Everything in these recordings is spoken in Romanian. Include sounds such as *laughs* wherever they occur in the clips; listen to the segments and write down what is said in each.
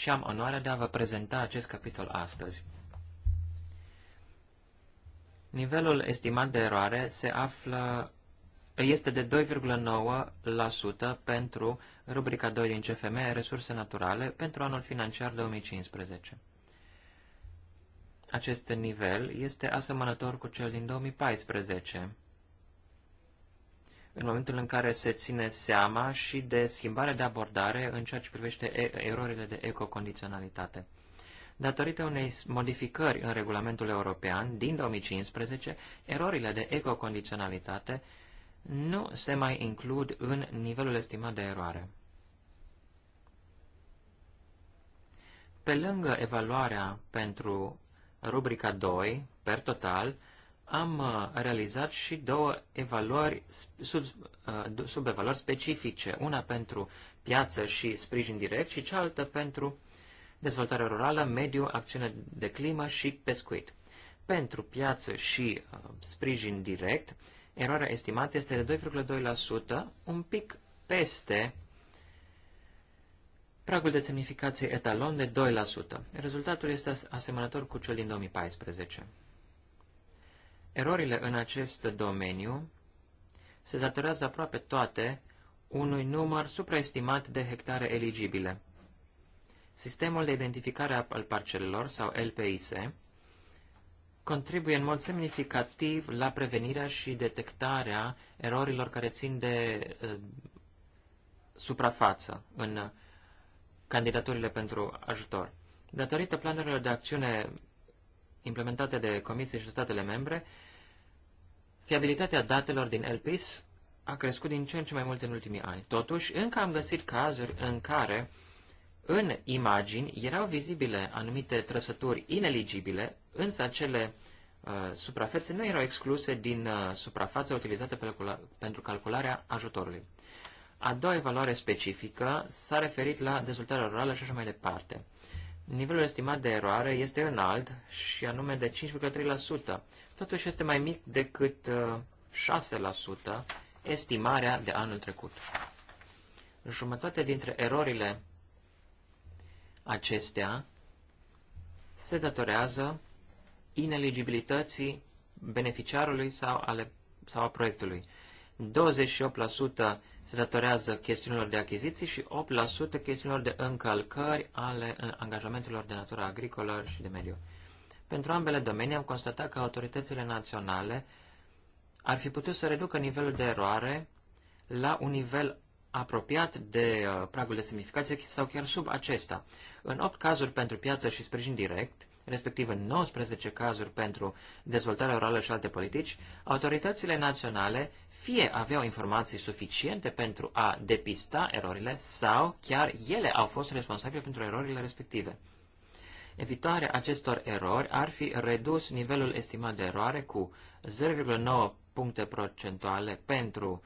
și am onoarea de a vă prezenta acest capitol astăzi. Nivelul estimat de eroare se află este de 2,9% pentru rubrica 2 din CFM Resurse Naturale pentru anul financiar 2015. Acest nivel este asemănător cu cel din 2014, în momentul în care se ține seama și de schimbarea de abordare în ceea ce privește erorile de ecocondiționalitate. Datorită unei modificări în regulamentul european din 2015, erorile de ecocondiționalitate nu se mai includ în nivelul estimat de eroare. Pe lângă evaluarea pentru rubrica 2, per total, am uh, realizat și două evaluări, sub, uh, subevaluări specifice, una pentru piață și sprijin direct și cealaltă pentru dezvoltare rurală, mediu, acțiune de climă și pescuit. Pentru piață și uh, sprijin direct, eroarea estimată este de 2,2%, un pic peste pragul de semnificație etalon de 2%. Rezultatul este asemănător cu cel din 2014. Erorile în acest domeniu se datorează aproape toate unui număr supraestimat de hectare eligibile. Sistemul de identificare al parcelelor, sau LPIS, contribuie în mod semnificativ la prevenirea și detectarea erorilor care țin de uh, suprafață în candidaturile pentru ajutor. Datorită planurilor de acțiune implementate de Comisie și statele membre, fiabilitatea datelor din LPIS a crescut din ce în ce mai mult în ultimii ani. Totuși, încă am găsit cazuri în care în imagini erau vizibile anumite trăsături ineligibile, însă acele uh, suprafețe nu erau excluse din uh, suprafața utilizată pe pentru calcularea ajutorului. A doua evaluare specifică s-a referit la dezvoltarea rurală și așa mai departe. Nivelul estimat de eroare este înalt și anume de 5,3%. Totuși este mai mic decât 6% uh, estimarea de anul trecut. Jumătate dintre erorile acestea se datorează ineligibilității beneficiarului sau, ale, sau a proiectului. 28% se datorează chestiunilor de achiziții și 8% chestiunilor de încălcări ale uh, angajamentelor de natură agricolă și de mediu. Pentru ambele domenii am constatat că autoritățile naționale ar fi putut să reducă nivelul de eroare la un nivel apropiat de uh, pragul de semnificație sau chiar sub acesta. În 8 cazuri pentru piață și sprijin direct, respectiv în 19 cazuri pentru dezvoltarea orală și alte politici, autoritățile naționale fie aveau informații suficiente pentru a depista erorile sau chiar ele au fost responsabile pentru erorile respective. Evitarea acestor erori ar fi redus nivelul estimat de eroare cu 0,9 puncte procentuale pentru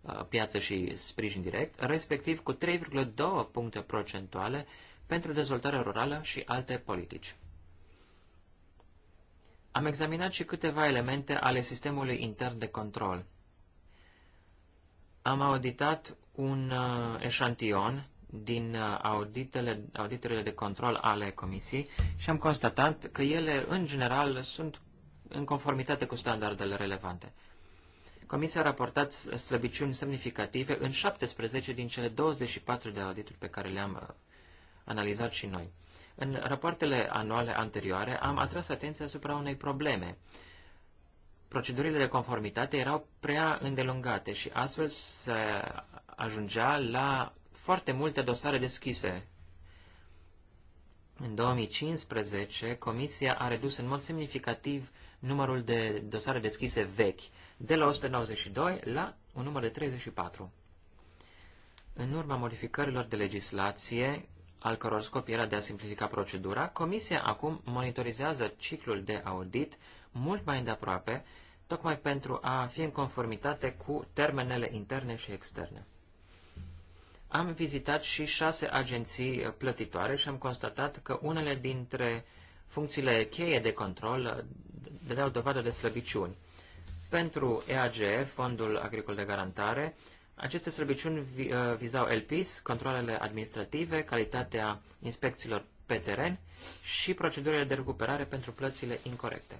uh, piață și sprijin direct, respectiv cu 3,2 puncte procentuale pentru dezvoltare rurală și alte politici. Am examinat și câteva elemente ale sistemului intern de control. Am auditat un uh, eșantion din uh, auditele, auditele de control ale comisiei și am constatat că ele, în general, sunt în conformitate cu standardele relevante. Comisia a raportat slăbiciuni semnificative în 17 din cele 24 de audituri pe care le-am uh, analizat și noi. În rapoartele anuale anterioare am atras atenția asupra unei probleme. Procedurile de conformitate erau prea îndelungate și astfel se ajungea la foarte multe dosare deschise. În 2015, Comisia a redus în mod semnificativ numărul de dosare deschise vechi, de la 192 la un număr de 34. În urma modificărilor de legislație, al căror scop era de a simplifica procedura, Comisia acum monitorizează ciclul de audit mult mai îndeaproape, tocmai pentru a fi în conformitate cu termenele interne și externe. Am vizitat și șase agenții plătitoare și am constatat că unele dintre funcțiile cheie de control dădeau dovadă de slăbiciuni. Pentru EAGF, Fondul Agricol de Garantare, aceste slăbiciuni uh, vizau LPIS, controlele administrative, calitatea inspecțiilor pe teren și procedurile de recuperare pentru plățile incorrecte.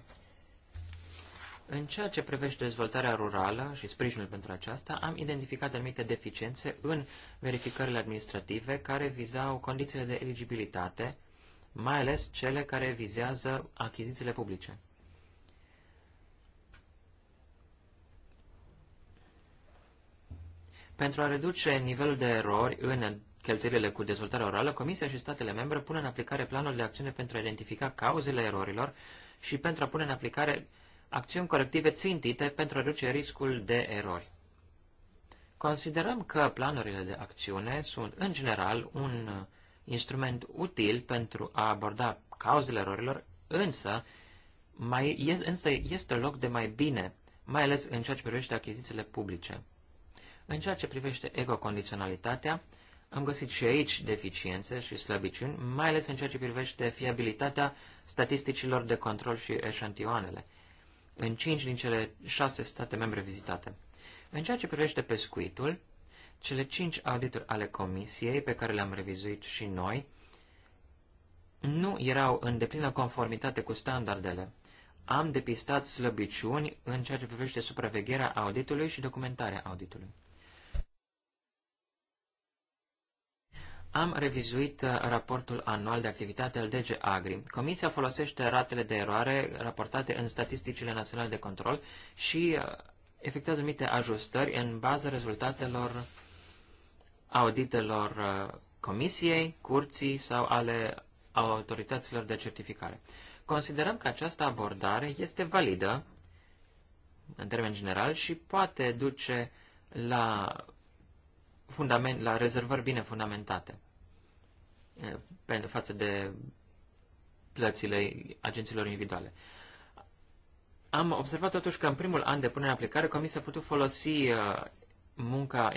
În ceea ce privește dezvoltarea rurală și sprijinul pentru aceasta, am identificat anumite deficiențe în verificările administrative care vizau condițiile de eligibilitate, mai ales cele care vizează achizițiile publice. Pentru a reduce nivelul de erori în cheltuielile cu dezvoltare orală, Comisia și statele membre pun în aplicare planul de acțiune pentru a identifica cauzele erorilor și pentru a pune în aplicare acțiuni corective țintite pentru a reduce riscul de erori. Considerăm că planurile de acțiune sunt, în general, un instrument util pentru a aborda cauzele erorilor, însă, mai, însă este loc de mai bine, mai ales în ceea ce privește achizițiile publice. În ceea ce privește ecocondiționalitatea, am găsit și aici deficiențe și slăbiciuni, mai ales în ceea ce privește fiabilitatea statisticilor de control și eșantioanele, în cinci din cele șase state membre vizitate. În ceea ce privește pescuitul, cele cinci audituri ale comisiei pe care le-am revizuit și noi nu erau în deplină conformitate cu standardele. Am depistat slăbiciuni în ceea ce privește supravegherea auditului și documentarea auditului. Am revizuit uh, raportul anual de activitate al DG Agri. Comisia folosește ratele de eroare raportate în statisticile naționale de control și uh, efectuează anumite ajustări în baza rezultatelor auditelor uh, comisiei, curții sau ale autorităților de certificare. Considerăm că această abordare este validă în termen general și poate duce la fundament, la rezervări bine fundamentate pentru față de plățile agențiilor individuale. Am observat totuși că în primul an de punere în aplicare Comisia a putut folosi munca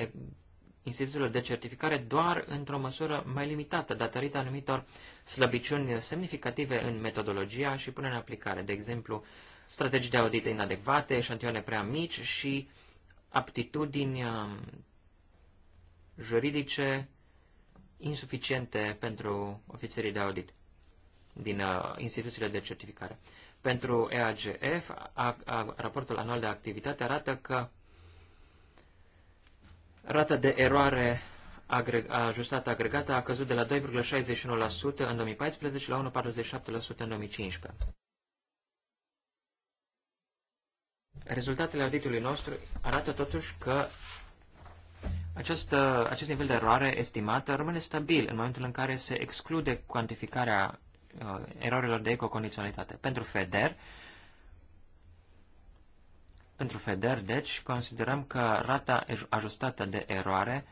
instituțiilor de certificare doar într-o măsură mai limitată, datorită anumitor slăbiciuni semnificative în metodologia și punerea în aplicare, de exemplu, strategii de audit inadecvate, șantioane prea mici și aptitudini juridice insuficiente pentru ofițerii de audit din uh, instituțiile de certificare. Pentru EAGF, a, a, raportul anual de activitate arată că rata de eroare agreg ajustată agregată a căzut de la 2,61% în 2014 la 1,47% în 2015. Rezultatele auditului nostru arată totuși că acest, uh, acest nivel de eroare estimată rămâne stabil în momentul în care se exclude cuantificarea uh, erorilor de ecocondiționalitate. Pentru FEDER, pentru FEDER, deci, considerăm că rata ajustată de eroare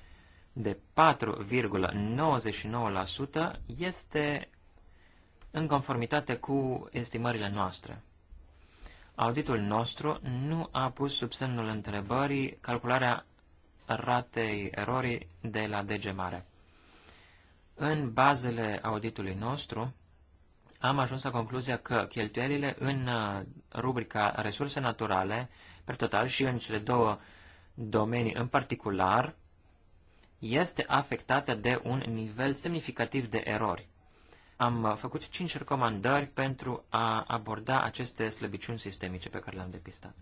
de 4,99% este în conformitate cu estimările noastre. Auditul nostru nu a pus sub semnul întrebării calcularea ratei erorii de la degemare. Mare. În bazele auditului nostru, am ajuns la concluzia că cheltuielile în uh, rubrica resurse naturale, pe total și în cele două domenii în particular, este afectată de un nivel semnificativ de erori. Am uh, făcut cinci recomandări pentru a aborda aceste slăbiciuni sistemice pe care le-am depistat.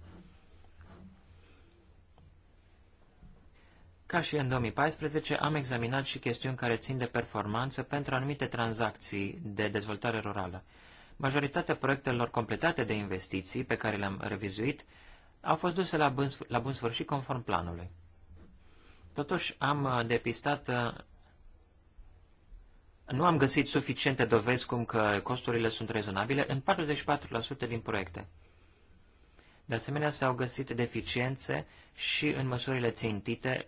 Ca și în 2014, am examinat și chestiuni care țin de performanță pentru anumite tranzacții de dezvoltare rurală. Majoritatea proiectelor completate de investiții pe care le-am revizuit au fost duse la bun, la bun sfârșit conform planului. Totuși, am uh, depistat uh, nu am găsit suficiente dovezi cum că costurile sunt rezonabile în 44% din proiecte. De asemenea, s-au găsit deficiențe și în măsurile țintite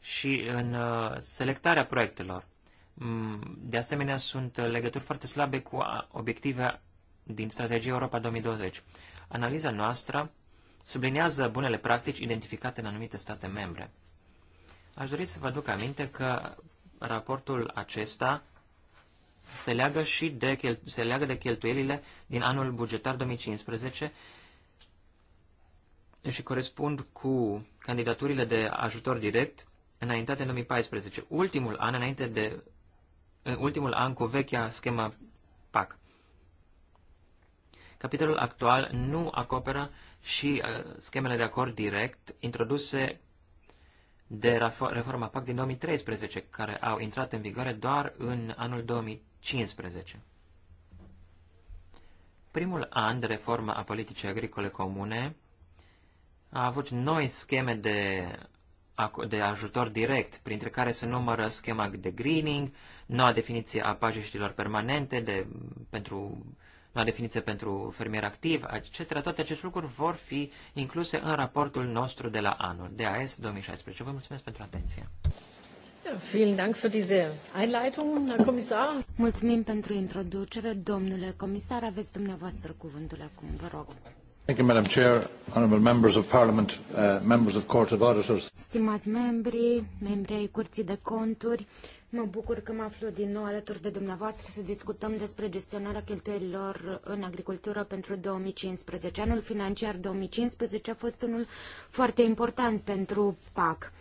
și în uh, selectarea proiectelor. Mm, de asemenea, sunt legături foarte slabe cu obiective din strategia Europa 2020. Analiza noastră sublinează bunele practici identificate în anumite state membre. Aș dori să vă aduc aminte că raportul acesta se leagă și de, se leagă de cheltuielile din anul bugetar 2015 și corespund cu candidaturile de ajutor direct înaintate în 2014, ultimul an înainte de ultimul an cu vechea schemă PAC. Capitolul actual nu acoperă și uh, schemele de acord direct introduse de reforma PAC din 2013, care au intrat în vigoare doar în anul 2015. Primul an de reformă a politicii agricole comune a avut noi scheme de de ajutor direct, printre care se numără schema de greening, noua definiție a pajiștilor permanente de, pentru noua definiție pentru fermier activ, etc. Toate aceste lucruri vor fi incluse în raportul nostru de la anul, DAS 2016. Vă mulțumesc pentru atenție. Mulțumim pentru introducere, domnule comisar. Aveți dumneavoastră cuvântul acum, vă rog. Thank you, Madam Chair, honourable members of Parliament, uh, members of Court of Auditors. Stimați membri, membri ai Curții de Conturi, mă bucur că mă aflu din nou alături de dumneavoastră să discutăm despre gestionarea cheltuielilor în agricultură pentru 2015. Anul financiar 2015 a fost unul foarte important pentru PAC.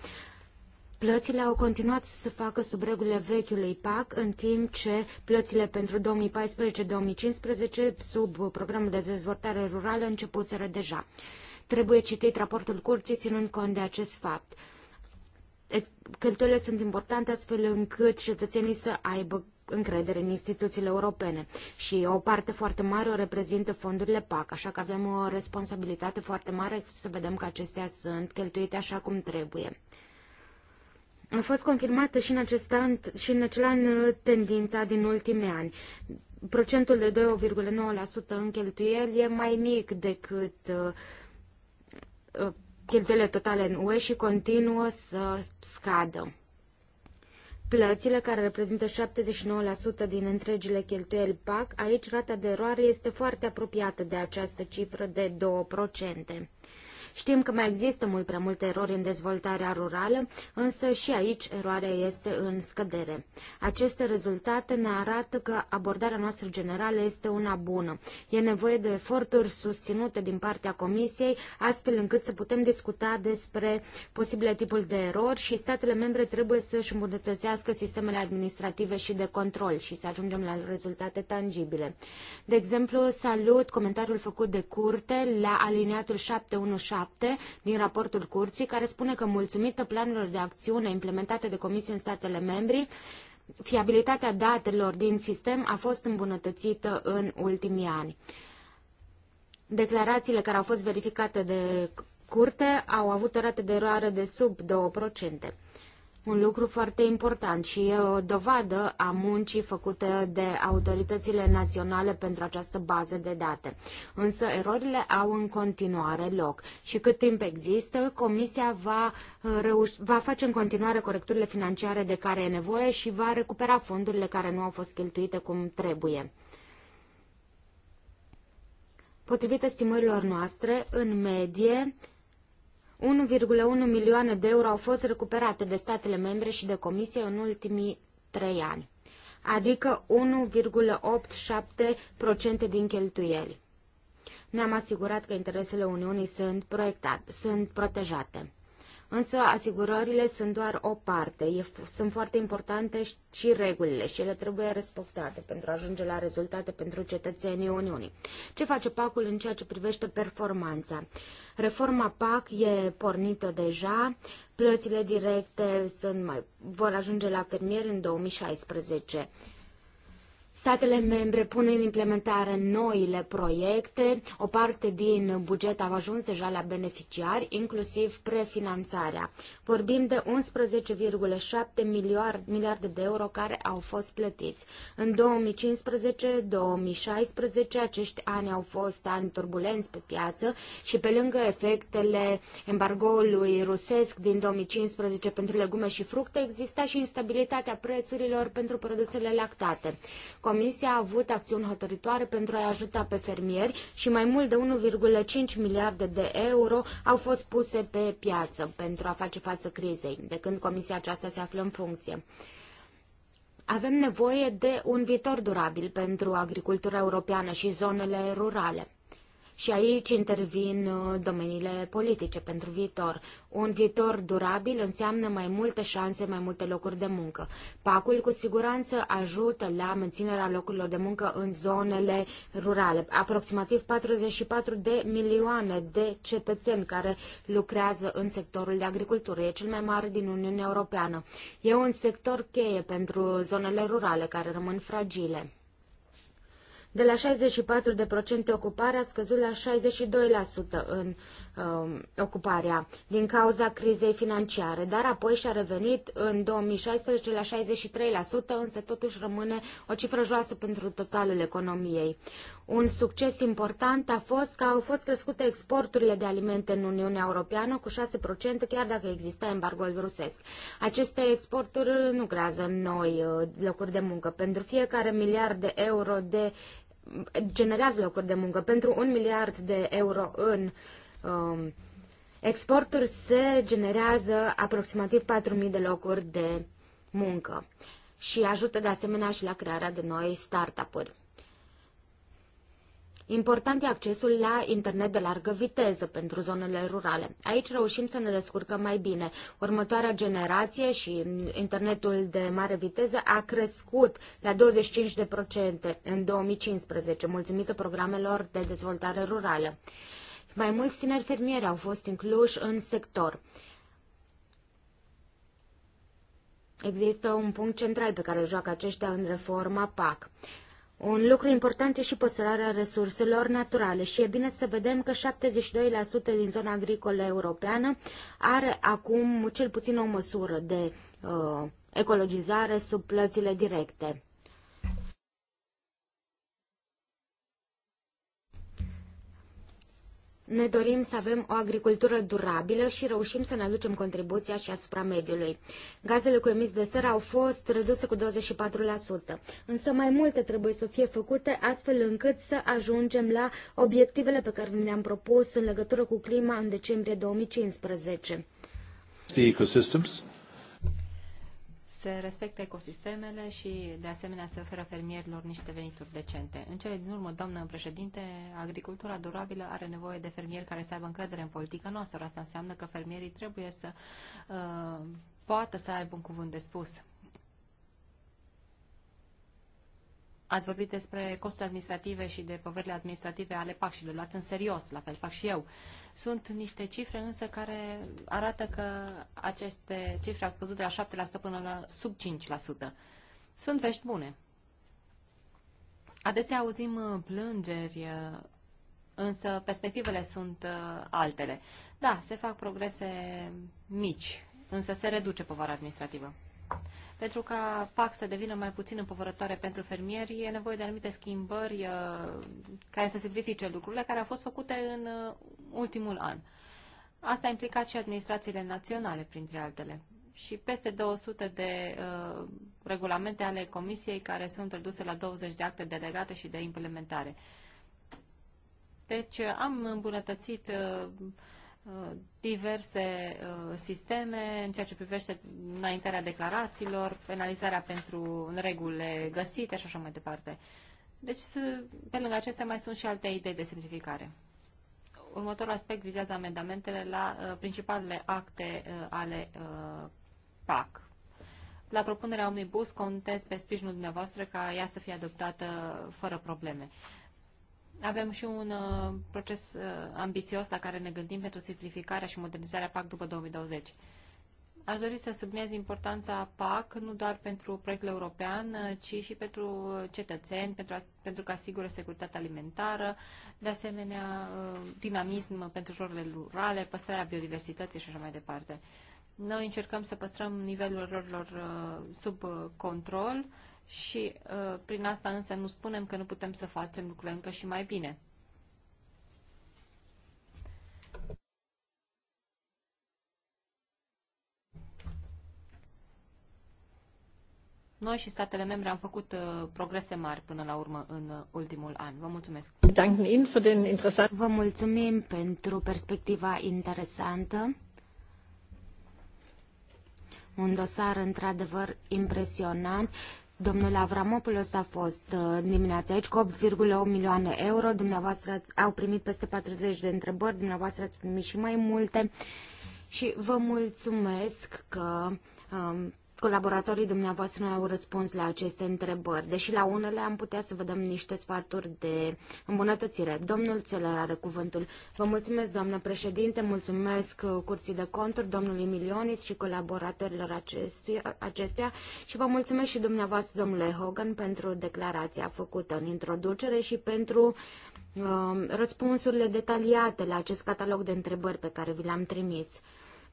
Plățile au continuat să se facă sub regulile vechiului PAC, în timp ce plățile pentru 2014-2015 sub programul de dezvoltare rurală începuseră deja. Trebuie citit raportul curții ținând cont de acest fapt. Cheltuielile sunt importante astfel încât cetățenii să aibă încredere în instituțiile europene și o parte foarte mare o reprezintă fondurile PAC, așa că avem o responsabilitate foarte mare să vedem că acestea sunt cheltuite așa cum trebuie. A fost confirmată și în, acest an, și în acel an uh, tendința din ultimii ani. Procentul de 2,9% în cheltuieli e mai mic decât uh, uh, cheltuielile totale în UE și continuă să scadă. Plățile, care reprezintă 79% din întregile cheltuieli PAC, aici rata de eroare este foarte apropiată de această cifră de 2%. Știm că mai există mult prea multe erori în dezvoltarea rurală, însă și aici eroarea este în scădere. Aceste rezultate ne arată că abordarea noastră generală este una bună. E nevoie de eforturi susținute din partea Comisiei, astfel încât să putem discuta despre posibile tipuri de erori și statele membre trebuie să-și îmbunătățească sistemele administrative și de control și să ajungem la rezultate tangibile. De exemplu, salut comentariul făcut de curte la aliniatul 717 7 din raportul curții, care spune că mulțumită planurilor de acțiune implementate de Comisie în statele membri, fiabilitatea datelor din sistem a fost îmbunătățită în ultimii ani. Declarațiile care au fost verificate de curte au avut o rată de eroare de sub 2% un lucru foarte important și e o dovadă a muncii făcute de autoritățile naționale pentru această bază de date. Însă erorile au în continuare loc și cât timp există, Comisia va, uh, va face în continuare corecturile financiare de care e nevoie și va recupera fondurile care nu au fost cheltuite cum trebuie. Potrivit estimărilor noastre, în medie, 1,1 milioane de euro au fost recuperate de statele membre și de comisie în ultimii trei ani, adică 1,87% din cheltuieli. Ne-am asigurat că interesele Uniunii sunt, proiectate, sunt protejate. Însă asigurările sunt doar o parte. E, sunt foarte importante și regulile și ele trebuie respectate pentru a ajunge la rezultate pentru cetățenii Uniunii. Ce face pacul în ceea ce privește performanța? Reforma PAC e pornită deja, plățile directe sunt mai, vor ajunge la fermieri în 2016. Statele membre pun în implementare noile proiecte, o parte din buget a ajuns deja la beneficiari, inclusiv prefinanțarea. Vorbim de 11,7 miliarde de euro care au fost plătiți. În 2015-2016 acești ani au fost ani turbulenți pe piață și pe lângă efectele embargoului rusesc din 2015 pentru legume și fructe exista și instabilitatea prețurilor pentru produsele lactate. Comisia a avut acțiuni hotărătoare pentru a-i ajuta pe fermieri și mai mult de 1,5 miliarde de euro au fost puse pe piață pentru a face față crizei, de când Comisia aceasta se află în funcție. Avem nevoie de un viitor durabil pentru agricultura europeană și zonele rurale. Și aici intervin uh, domeniile politice pentru viitor. Un viitor durabil înseamnă mai multe șanse, mai multe locuri de muncă. Pacul cu siguranță ajută la menținerea locurilor de muncă în zonele rurale. Aproximativ 44 de milioane de cetățeni care lucrează în sectorul de agricultură. E cel mai mare din Uniunea Europeană. E un sector cheie pentru zonele rurale care rămân fragile. De la 64% ocupare a scăzut la 62% în uh, ocuparea din cauza crizei financiare, dar apoi și-a revenit în 2016 la 63%, însă totuși rămâne o cifră joasă pentru totalul economiei. Un succes important a fost că au fost crescute exporturile de alimente în Uniunea Europeană cu 6%, chiar dacă exista embargoul rusesc. Aceste exporturi nu creează noi uh, locuri de muncă. Pentru fiecare miliard de euro de generează locuri de muncă. Pentru un miliard de euro în um, exporturi se generează aproximativ 4.000 de locuri de muncă și ajută de asemenea și la crearea de noi startup-uri. Important e accesul la internet de largă viteză pentru zonele rurale. Aici reușim să ne descurcăm mai bine. Următoarea generație și internetul de mare viteză a crescut la 25% în 2015, mulțumită programelor de dezvoltare rurală. Mai mulți tineri fermieri au fost incluși în sector. Există un punct central pe care îl joacă aceștia în reforma PAC. Un lucru important e și păstrarea resurselor naturale și e bine să vedem că 72% din zona agricolă europeană are acum cel puțin o măsură de uh, ecologizare sub plățile directe. ne dorim să avem o agricultură durabilă și reușim să ne aducem contribuția și asupra mediului. Gazele cu emis de seră au fost reduse cu 24%, însă mai multe trebuie să fie făcute astfel încât să ajungem la obiectivele pe care le-am propus în legătură cu clima în decembrie 2015. The ecosystems se respecte ecosistemele și, de asemenea, se oferă fermierilor niște venituri decente. În cele din urmă, doamnă președinte, agricultura durabilă are nevoie de fermieri care să aibă încredere în politica noastră. Asta înseamnă că fermierii trebuie să uh, poată să aibă un cuvânt de spus. Ați vorbit despre costurile administrative și de poverile administrative ale PAC și le luați în serios, la fel fac și eu. Sunt niște cifre însă care arată că aceste cifre au scăzut de la 7% până la sub 5%. Sunt vești bune. Adesea auzim uh, plângeri, uh, însă perspectivele sunt uh, altele. Da, se fac progrese mici, însă se reduce povara administrativă. Pentru ca PAC să devină mai puțin împovărătoare pentru fermieri, e nevoie de anumite schimbări uh, care să simplifice lucrurile, care au fost făcute în uh, ultimul an. Asta a implicat și administrațiile naționale, printre altele. Și peste 200 de uh, regulamente ale Comisiei care sunt reduse la 20 de acte delegate și de implementare. Deci uh, am îmbunătățit uh, Uh, diverse uh, sisteme în ceea ce privește înaintarea declarațiilor, penalizarea pentru regulile găsite și așa mai departe. Deci, pe lângă acestea, mai sunt și alte idei de simplificare. Următorul aspect vizează amendamentele la uh, principalele acte ale PAC. La propunerea Omnibus contez pe sprijinul dumneavoastră ca ea să fie adoptată fără probleme. Uh, avem și un uh, proces uh, ambițios la care ne gândim pentru simplificarea și modernizarea PAC după 2020. Aș dori să subliniez importanța PAC nu doar pentru proiectul european, uh, ci și pentru cetățeni, pentru, a, pentru că asigură securitatea alimentară, de asemenea uh, dinamism pentru rolurile rurale, păstrarea biodiversității și așa mai departe. Noi încercăm să păstrăm nivelul rolurilor uh, sub control și uh, prin asta însă nu spunem că nu putem să facem lucrurile încă și mai bine. Noi și statele membre am făcut uh, progrese mari până la urmă în uh, ultimul an. Vă mulțumesc! Vă mulțumim pentru perspectiva interesantă. Un dosar într-adevăr impresionant Domnul Avramopoulos a fost uh, dimineața aici cu 8,8 milioane euro. Dumneavoastră ați, au primit peste 40 de întrebări, dumneavoastră ați primit și mai multe. Și vă mulțumesc că um, Colaboratorii dumneavoastră au răspuns la aceste întrebări, deși la unele am putea să vă dăm niște sfaturi de îmbunătățire. Domnul Țeler are cuvântul. Vă mulțumesc, doamnă președinte, mulțumesc uh, Curții de Conturi, domnului Milionis și colaboratorilor acestuia, și vă mulțumesc și dumneavoastră, domnule Hogan, pentru declarația făcută în introducere și pentru uh, răspunsurile detaliate la acest catalog de întrebări pe care vi l-am trimis.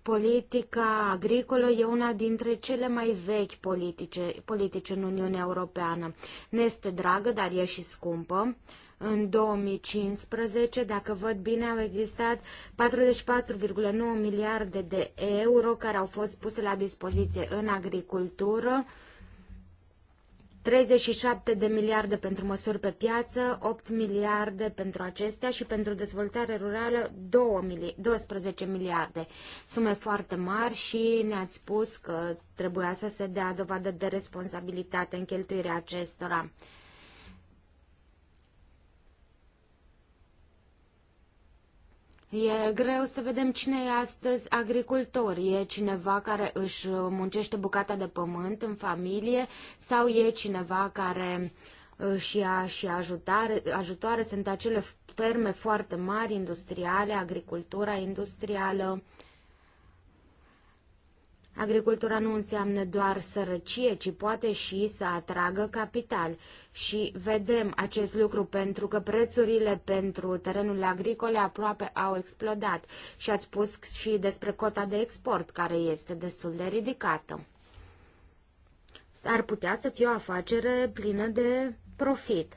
Politica agricolă e una dintre cele mai vechi politice, politici în Uniunea Europeană. Ne este dragă, dar e și scumpă. În 2015, dacă văd bine, au existat 44,9 miliarde de euro care au fost puse la dispoziție în agricultură 37 de miliarde pentru măsuri pe piață, 8 miliarde pentru acestea și pentru dezvoltare rurală 12 miliarde. Sume foarte mari și ne-ați spus că trebuia să se dea dovadă de responsabilitate în cheltuirea acestora. E greu să vedem cine e astăzi agricultor. E cineva care își muncește bucata de pământ în familie sau e cineva care și, a, și ajutare, ajutoare sunt acele ferme foarte mari, industriale, agricultura industrială. Agricultura nu înseamnă doar sărăcie, ci poate și să atragă capital. Și vedem acest lucru pentru că prețurile pentru terenul agricole aproape au explodat. Și ați spus și despre cota de export, care este destul de ridicată. Ar putea să fie o afacere plină de profit.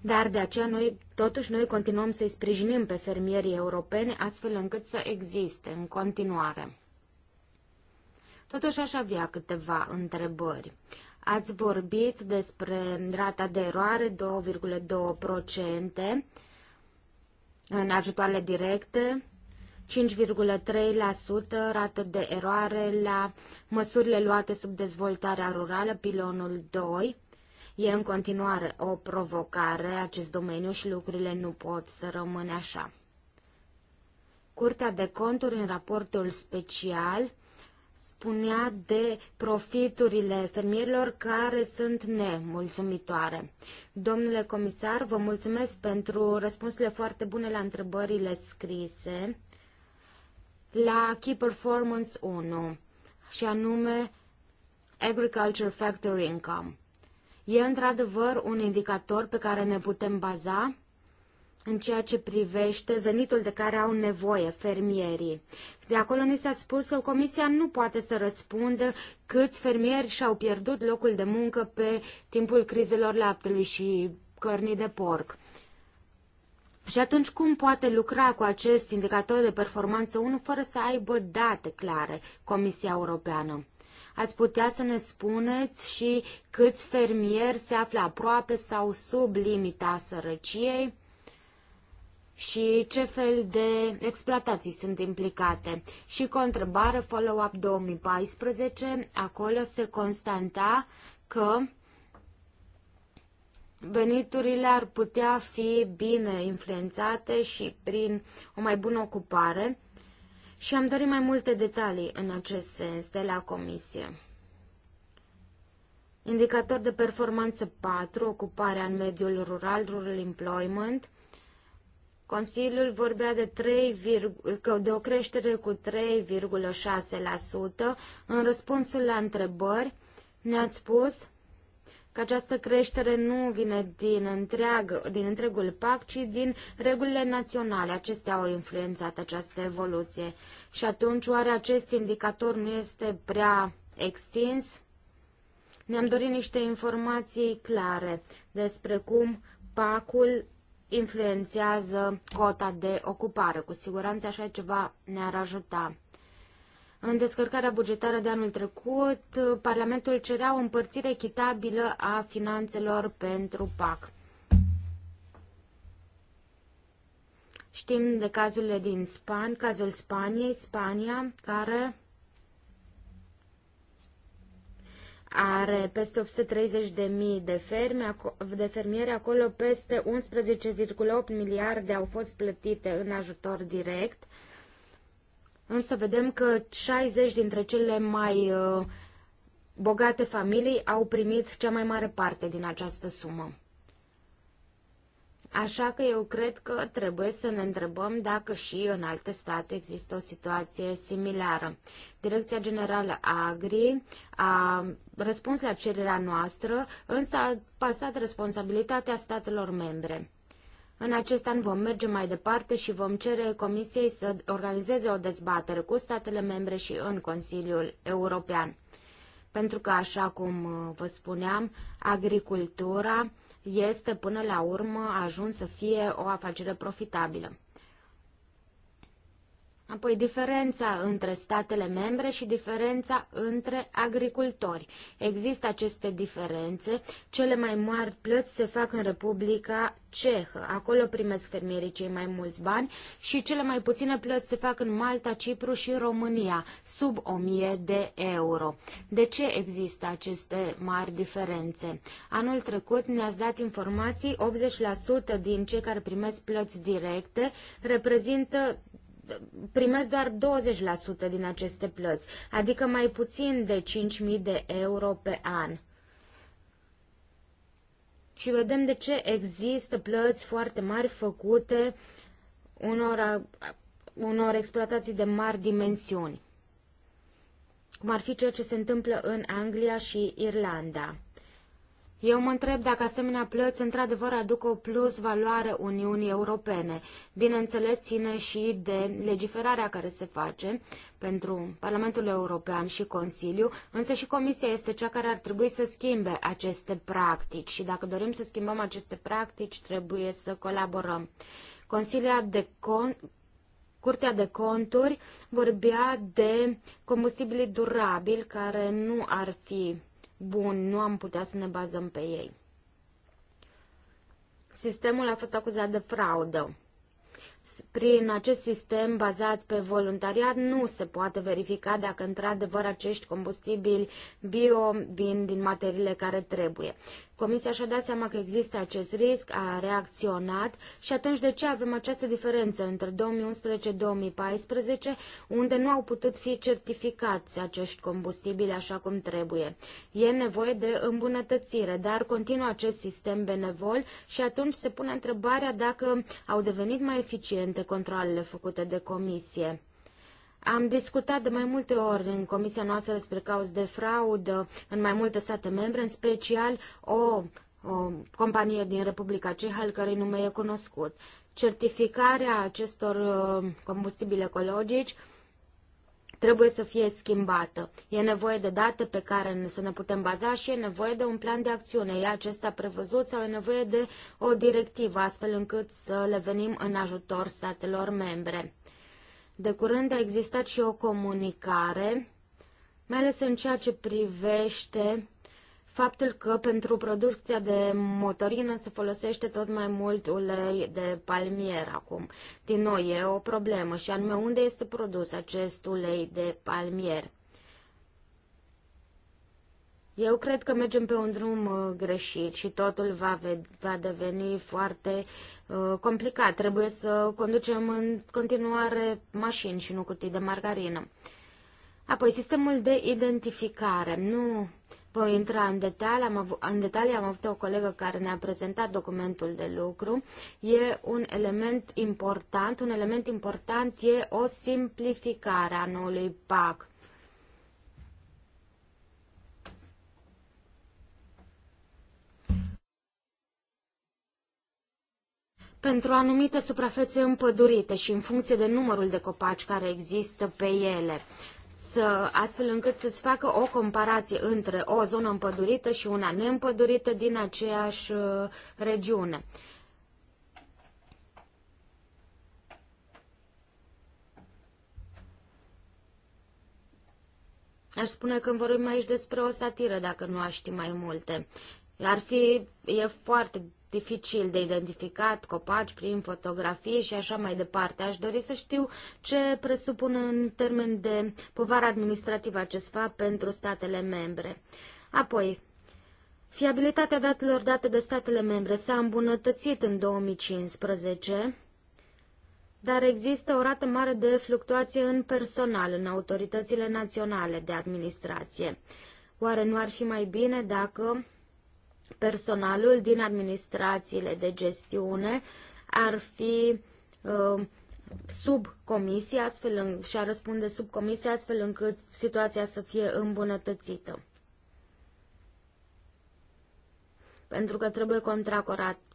Dar de aceea noi, totuși, noi continuăm să-i sprijinim pe fermierii europeni astfel încât să existe în continuare. Totuși aș avea câteva întrebări. Ați vorbit despre rata de eroare 2,2% în ajutoarele directe, 5,3% rată de eroare la măsurile luate sub dezvoltarea rurală, pilonul 2. E în continuare o provocare acest domeniu și lucrurile nu pot să rămână așa. Curtea de conturi în raportul special spunea de profiturile fermierilor care sunt nemulțumitoare. Domnule comisar, vă mulțumesc pentru răspunsurile foarte bune la întrebările scrise la Key Performance 1 și anume Agriculture Factor Income. E într-adevăr un indicator pe care ne putem baza în ceea ce privește venitul de care au nevoie fermierii. De acolo ni s-a spus că Comisia nu poate să răspundă câți fermieri și-au pierdut locul de muncă pe timpul crizelor laptelui și cărnii de porc. Și atunci cum poate lucra cu acest indicator de performanță 1 fără să aibă date clare Comisia Europeană? Ați putea să ne spuneți și câți fermieri se află aproape sau sub limita sărăciei? și ce fel de exploatații sunt implicate. Și cu o întrebare, follow-up 2014, acolo se constata că veniturile ar putea fi bine influențate și prin o mai bună ocupare și am dorit mai multe detalii în acest sens de la Comisie. Indicator de performanță 4, ocuparea în mediul rural, rural employment, Consiliul vorbea de, 3, de o creștere cu 3,6%. În răspunsul la întrebări ne-ați spus că această creștere nu vine din, întreagă, din întregul PAC, ci din regulile naționale. Acestea au influențat această evoluție. Și atunci, oare acest indicator nu este prea extins? Ne-am dorit niște informații clare despre cum PAC-ul influențează cota de ocupare. Cu siguranță așa ceva ne-ar ajuta. În descărcarea bugetară de anul trecut, Parlamentul cerea o împărțire echitabilă a finanțelor pentru PAC. Știm de cazurile din Span, cazul Spaniei, Spania, care are peste 830.000 de, ferme, de fermieri, acolo peste 11,8 miliarde au fost plătite în ajutor direct. Însă vedem că 60 dintre cele mai uh, bogate familii au primit cea mai mare parte din această sumă. Așa că eu cred că trebuie să ne întrebăm dacă și în alte state există o situație similară. Direcția Generală Agri a răspuns la cererea noastră, însă a pasat responsabilitatea statelor membre. În acest an vom merge mai departe și vom cere Comisiei să organizeze o dezbatere cu statele membre și în Consiliul European. Pentru că, așa cum vă spuneam, agricultura este până la urmă ajuns să fie o afacere profitabilă. Apoi diferența între statele membre și diferența între agricultori. Există aceste diferențe. Cele mai mari plăți se fac în Republica Cehă. Acolo primesc fermierii cei mai mulți bani și cele mai puține plăți se fac în Malta, Cipru și România, sub 1000 de euro. De ce există aceste mari diferențe? Anul trecut ne-ați dat informații, 80% din cei care primesc plăți directe reprezintă primesc doar 20% din aceste plăți, adică mai puțin de 5.000 de euro pe an. Și vedem de ce există plăți foarte mari făcute unor, unor exploatații de mari dimensiuni, cum ar fi ceea ce se întâmplă în Anglia și Irlanda. Eu mă întreb dacă asemenea plăți într-adevăr aduc o plus valoare Uniunii Europene. Bineînțeles, ține și de legiferarea care se face pentru Parlamentul European și Consiliu, însă și Comisia este cea care ar trebui să schimbe aceste practici și dacă dorim să schimbăm aceste practici, trebuie să colaborăm. Consilia de Con Curtea de Conturi vorbea de combustibili durabili care nu ar fi buni, nu am putea să ne bazăm pe ei. Sistemul a fost acuzat de fraudă. Prin acest sistem bazat pe voluntariat nu se poate verifica dacă într-adevăr acești combustibili bio vin din materiile care trebuie. Comisia și-a dat seama că există acest risc, a reacționat și atunci de ce avem această diferență între 2011-2014 unde nu au putut fi certificați acești combustibili așa cum trebuie. E nevoie de îmbunătățire, dar continuă acest sistem benevol și atunci se pune întrebarea dacă au devenit mai eficiente controlele făcute de comisie. Am discutat de mai multe ori în comisia noastră despre cauze de fraudă în mai multe state membre, în special o, o companie din Republica Ceha, al cărei nume e cunoscut. Certificarea acestor uh, combustibili ecologici trebuie să fie schimbată. E nevoie de date pe care să ne putem baza și e nevoie de un plan de acțiune. E acesta prevăzut sau e nevoie de o directivă, astfel încât să le venim în ajutor statelor membre. De curând a existat și o comunicare, mai ales în ceea ce privește faptul că pentru producția de motorină se folosește tot mai mult ulei de palmier acum. Din nou e o problemă și anume unde este produs acest ulei de palmier. Eu cred că mergem pe un drum uh, greșit și totul va, va deveni foarte Uh, complicat. Trebuie să conducem în continuare mașini și nu cutii de margarină. Apoi, sistemul de identificare. Nu voi intra în detalii, am avut, în detalii, am avut o colegă care ne-a prezentat documentul de lucru. E un element important, un element important e o simplificare a noului PAC. pentru anumite suprafețe împădurite și în funcție de numărul de copaci care există pe ele să, astfel încât să-ți facă o comparație între o zonă împădurită și una neîmpădurită din aceeași uh, regiune. Aș spune că vorbim aici despre o satiră, dacă nu aș ști mai multe. Ar fi, e foarte dificil de identificat, copaci prin fotografie și așa mai departe. Aș dori să știu ce presupune în termen de povară administrativă acest fapt pentru statele membre. Apoi, fiabilitatea datelor date de statele membre s-a îmbunătățit în 2015 dar există o rată mare de fluctuație în personal în autoritățile naționale de administrație. Oare nu ar fi mai bine dacă personalul din administrațiile de gestiune ar fi uh, sub comisie astfel în, și ar răspunde sub comisie astfel încât situația să fie îmbunătățită. Pentru că trebuie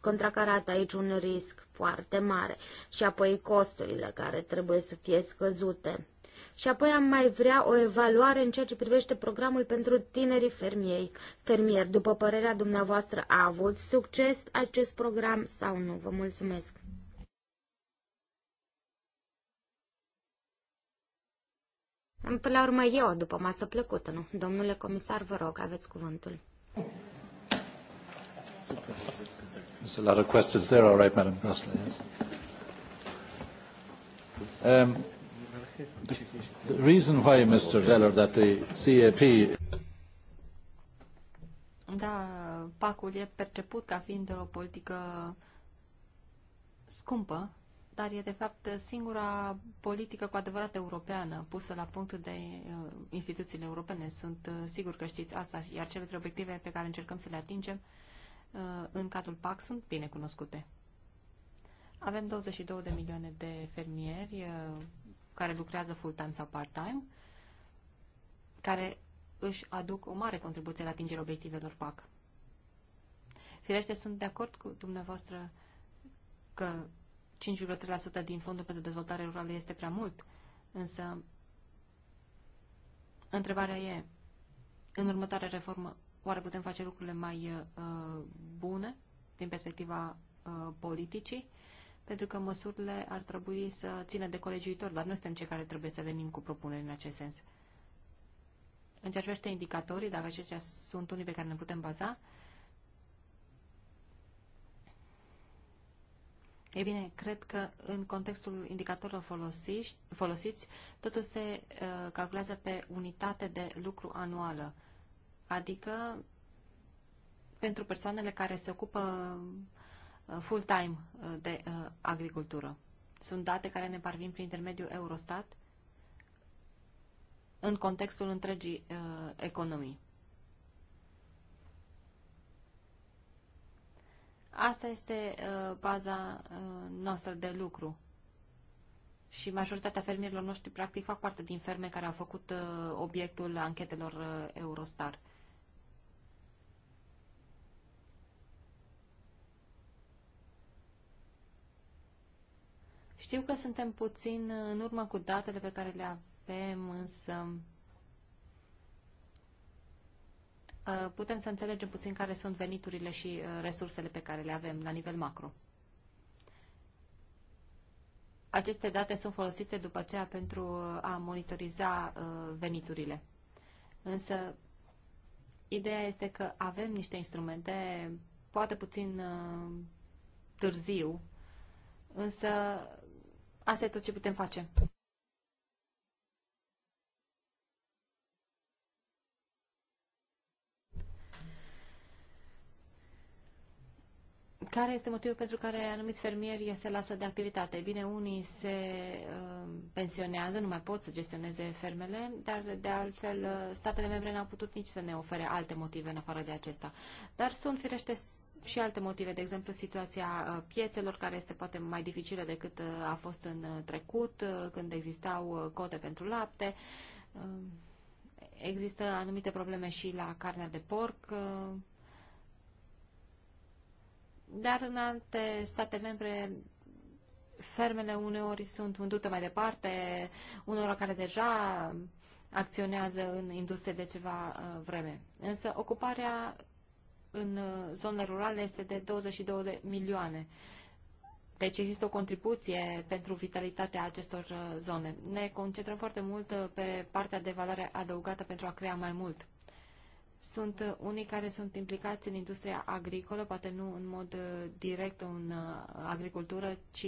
contracarat aici un risc foarte mare și apoi costurile care trebuie să fie scăzute. Și apoi am mai vrea o evaluare în ceea ce privește programul pentru tinerii fermieri. Fermier, după părerea dumneavoastră, a avut succes acest program sau nu? Vă mulțumesc! Până la urmă eu, după masă plăcută, nu? Domnule comisar, vă rog, aveți cuvântul. There's a lot of questions there, all right, Madam Yes. Um, The reason why, Mr. Zeller, that the CAP... Da, pacul e perceput ca fiind o politică scumpă, dar e de fapt singura politică cu adevărat europeană pusă la punct de uh, instituțiile europene. Sunt uh, sigur că știți asta, iar cele trei obiective pe care încercăm să le atingem uh, în cadrul PAC sunt bine cunoscute. Avem 22 de milioane de fermieri care lucrează full-time sau part-time, care își aduc o mare contribuție la atingerea obiectivelor PAC. Firește, sunt de acord cu dumneavoastră că 5,3% din fondul pentru dezvoltare rurală este prea mult, însă întrebarea e, în următoarea reformă, oare putem face lucrurile mai uh, bune din perspectiva uh, politicii? pentru că măsurile ar trebui să țină de colegiuitor, dar nu suntem cei care trebuie să venim cu propuneri în acest sens. În ceea ce privește indicatorii, dacă aceștia sunt unii pe care ne putem baza, E bine, cred că în contextul indicatorilor folosiți, folosiți, totul se uh, calculează pe unitate de lucru anuală. Adică, pentru persoanele care se ocupă uh, full-time uh, de uh, agricultură. Sunt date care ne parvin prin intermediul Eurostat în contextul întregii uh, economii. Asta este uh, baza uh, noastră de lucru. Și majoritatea fermierilor noștri, practic, fac parte din ferme care au făcut uh, obiectul anchetelor uh, Eurostar. Știu că suntem puțin uh, în urmă cu datele pe care le avem, însă uh, putem să înțelegem puțin care sunt veniturile și uh, resursele pe care le avem la nivel macro. Aceste date sunt folosite după aceea pentru a monitoriza veniturile. Însă, ideea este că avem niște instrumente, poate puțin târziu, însă Asta e tot ce putem face. Care este motivul pentru care anumiți fermieri se lasă de activitate? Bine, unii se uh, pensionează, nu mai pot să gestioneze fermele, dar de altfel uh, statele membre n-au putut nici să ne ofere alte motive în afară de acesta. Dar sunt firește și alte motive, de exemplu situația uh, piețelor, care este poate mai dificilă decât uh, a fost în uh, trecut, când existau cote pentru lapte. Există anumite probleme și la carnea de porc, dar în alte state membre fermele uneori sunt vândute mai departe, unora care deja acționează în industrie de ceva vreme. Însă ocuparea în uh, zone rurale este de 22 de milioane. Deci există o contribuție pentru vitalitatea acestor uh, zone. Ne concentrăm foarte mult uh, pe partea de valoare adăugată pentru a crea mai mult. Sunt unii care sunt implicați în industria agricolă, poate nu în mod direct în agricultură, ci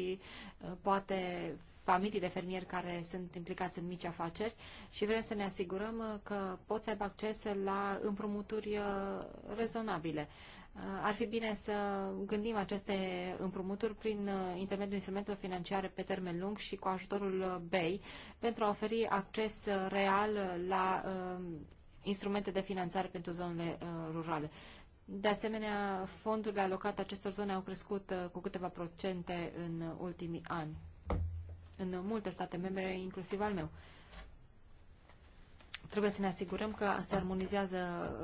poate familii de fermieri care sunt implicați în mici afaceri și vrem să ne asigurăm uh, că pot să aibă acces la împrumuturi uh, rezonabile. Uh, ar fi bine să gândim aceste împrumuturi prin intermediul instrumentelor financiare pe termen lung și cu ajutorul BEI pentru a oferi acces real la instrumente de finanțare pentru zonele rurale. De asemenea, fondurile alocate acestor zone au crescut cu câteva procente în ultimii ani în multe state membre, inclusiv al meu. Trebuie să ne asigurăm că se armonizează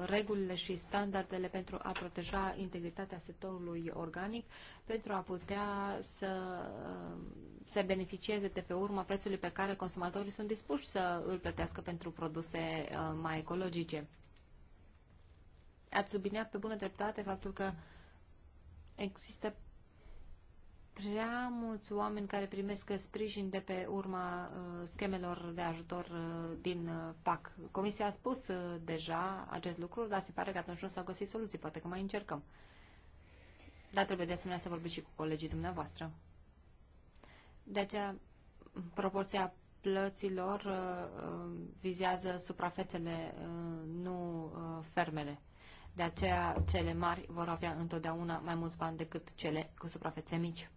regulile și standardele pentru a proteja integritatea sectorului organic, pentru a putea să uh, se beneficieze de pe urma prețului pe care consumatorii sunt dispuși să îl plătească pentru produse uh, mai ecologice. Ați subliniat pe bună dreptate faptul că există prea mulți oameni care primesc sprijin de pe urma uh, schemelor de ajutor uh, din uh, PAC. Comisia a spus deja acest lucru, dar se pare că atunci nu s-au găsit soluții. Poate că mai încercăm. Dar trebuie de asemenea să vorbiți și cu colegii dumneavoastră. De aceea, proporția plăților vizează suprafețele, nu fermele. De aceea, cele mari vor avea întotdeauna mai mulți bani decât cele cu suprafețe mici.